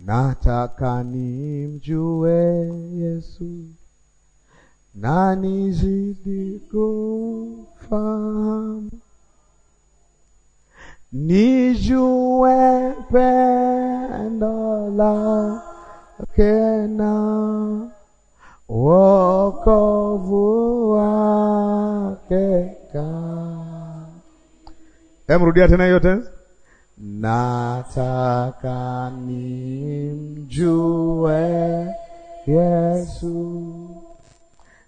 Nataka nimjue Yesu na nizidi kumfahamu, nijue pendo lake na wokovu wake. Emrudia tena yote. Nataka nimjue Yesu,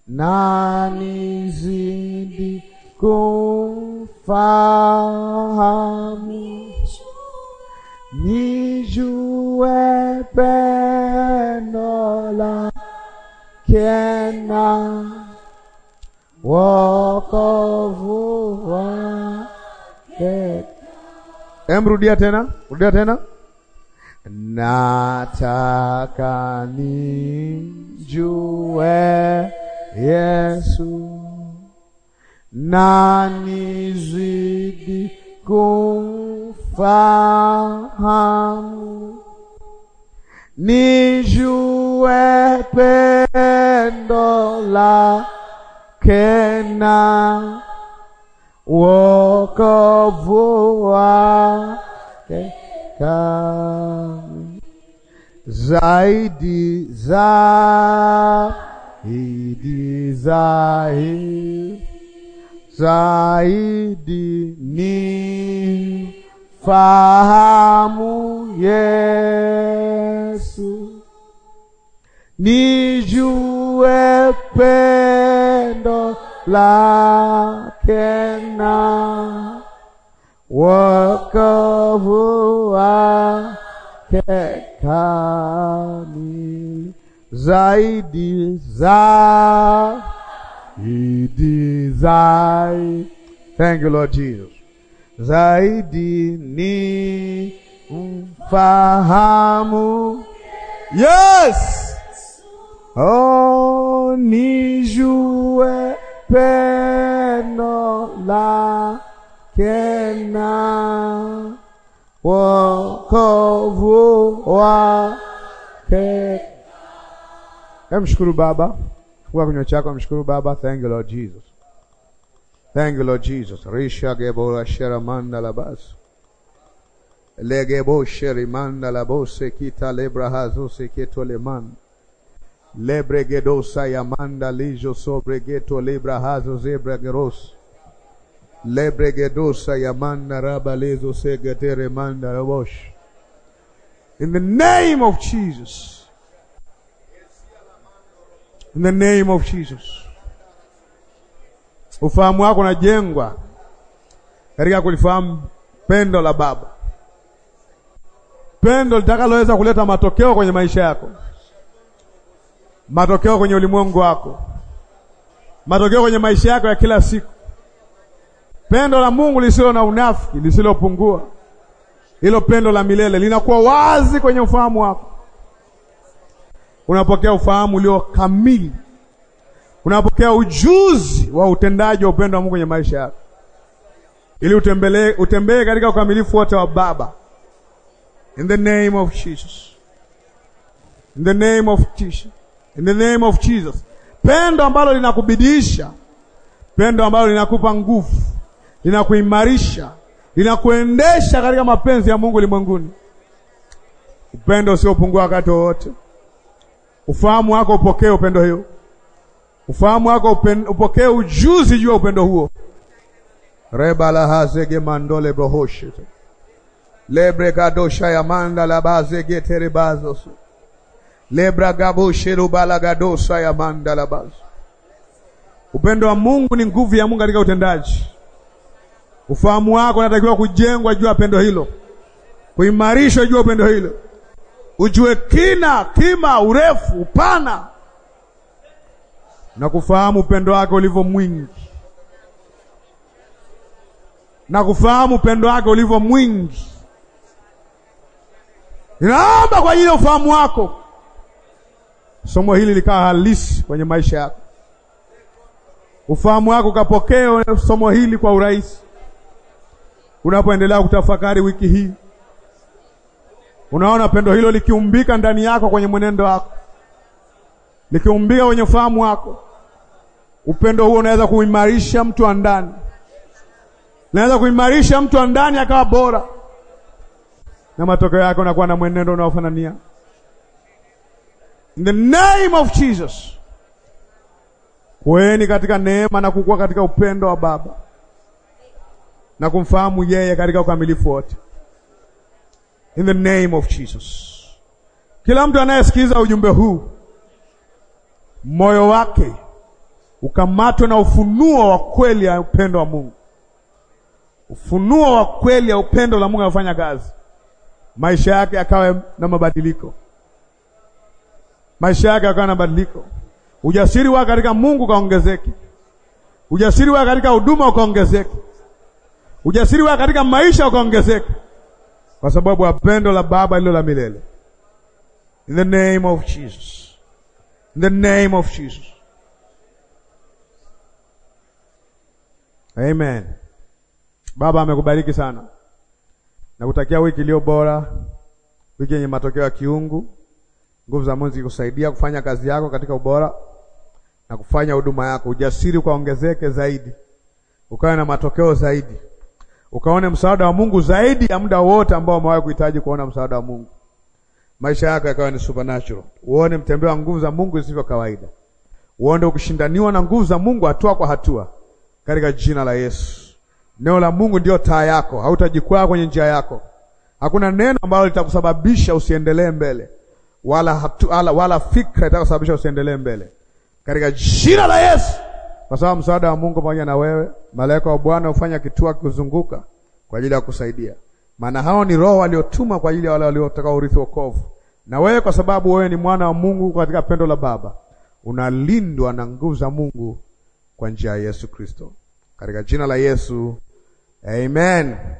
nani zidi kumfahamu, nijue pendo lake na wokovu wake Emrudia tena, rudia tena. Nataka nijue Yesu, na nizidi kumfahamu, nijue pendo lake na wokovu wake kami zaidi zaidi zaidi zaidi ni fahamu Yesu, nijue pendo lake na wokovu wake kamili zaidi zaidi zaidi, thank you Lord Jesus, zaidi ni mfahamu yes, oh nijue peno la kena wokovu wake. Mshukuru Baba, fungua kinywa chako, mshukuru Baba. Thank you Lord Jesus, thank you Lord Jesus. risha gebora shera manda la basi legebo sheri manda la bose kita lebra hazuse keto le manda lebregedosa yamanda lijo sobregeto libra hazo zebregeros lebregedosa yamanda raba lizo segetere manda rabosh in the name of Jesus in the name of Jesus ufahamu wako unajengwa katika kulifahamu pendo la Baba, pendo litakaloweza kuleta matokeo kwenye maisha yako matokeo kwenye ulimwengu wako, matokeo kwenye maisha yako ya kila siku. Pendo la Mungu lisilo na unafiki, lisilopungua, hilo pendo la milele linakuwa wazi kwenye ufahamu wako. Unapokea ufahamu ulio kamili, unapokea ujuzi wa utendaji wa upendo wa Mungu kwenye maisha yako, ili utembee utembee katika ukamilifu wote wa Baba. In the name of Jesus, in the name of Jesus. In the name of Jesus. Pendo ambalo linakubidisha, pendo ambalo linakupa nguvu, linakuimarisha, linakuendesha katika mapenzi ya Mungu ulimwenguni. Upendo usiopungua wakati wowote. Ufahamu wako upokee upendo hiyo. Ufahamu wako upokee ujuzi juu ya upendo huo. mandole brohoshe lebrekadosha bazege labazegeterebazosu lebra lebragaboshebalagadosaya ya bas. Upendo wa Mungu ni nguvu ya Mungu katika utendaji. Ufahamu wako unatakiwa kujengwa juu ya pendo hilo, kuimarishwa juu ya upendo hilo, ujue kina, kima, urefu, upana na kufahamu upendo wake ulivyo mwingi, na kufahamu upendo wake ulivyo mwingi. Ninaomba kwa ajili ya ufahamu wako somo hili likawa halisi kwenye maisha yako, ufahamu wako ukapokea somo hili kwa urahisi. Unapoendelea kutafakari wiki hii, unaona pendo hilo likiumbika ndani yako, kwenye mwenendo wako, likiumbika kwenye ufahamu wako. Upendo huo unaweza kuimarisha mtu wa ndani, unaweza kuimarisha mtu wa ndani akawa bora, na matokeo yake unakuwa na mwenendo unaofanania In the name of Jesus. Kweni katika neema na kukua katika upendo wa Baba na kumfahamu yeye katika ukamilifu wote. In the name of Jesus. Kila mtu anayesikiza ujumbe huu moyo wake ukamatwe na ufunuo wa kweli ya upendo wa Mungu. Ufunuo wa kweli ya upendo la Mungu anafanya kazi, maisha yake akawe na mabadiliko maisha yake yakawa na badiliko, ujasiri wake katika Mungu kaongezeke ujasiri wake katika huduma ukaongezeke, ujasiri wake katika maisha ukaongezeke, kwa sababu ya pendo la Baba lilo la milele. In the name of Jesus, in the name of Jesus, amen. Baba amekubariki sana, nakutakia wiki iliyo bora, wiki yenye matokeo ya kiungu nguvu za Mungu zikusaidia kufanya kazi yako katika ubora na kufanya huduma yako, ujasiri ukaongezeke zaidi, ukawe na matokeo zaidi, ukaone msaada wa Mungu zaidi ya muda wote ambao umewahi kuhitaji kuona msaada wa Mungu. Maisha yako yakawa ni supernatural, uone mtembea wa nguvu za Mungu zisivyo kawaida, uone ukishindaniwa na nguvu za Mungu hatua kwa hatua, katika jina la Yesu. Neno la Mungu ndio taa yako, hautajikwaa kwenye njia yako. Hakuna neno ambalo litakusababisha usiendelee mbele wala, hatu, wala, wala fikra itakasababisha usiendelee mbele katika jina la Yesu, kwa sababu msaada wa Mungu pamoja na wewe. Malaika wa Bwana hufanya kitua kuzunguka kwa ajili ya kusaidia, maana hao ni roho waliotuma kwa ajili ya wale waliotaka urithi wokovu. Na wewe kwa sababu wewe ni mwana wa Mungu katika pendo la Baba, unalindwa na nguvu za Mungu kwa njia ya Yesu Kristo, katika jina la Yesu, amen.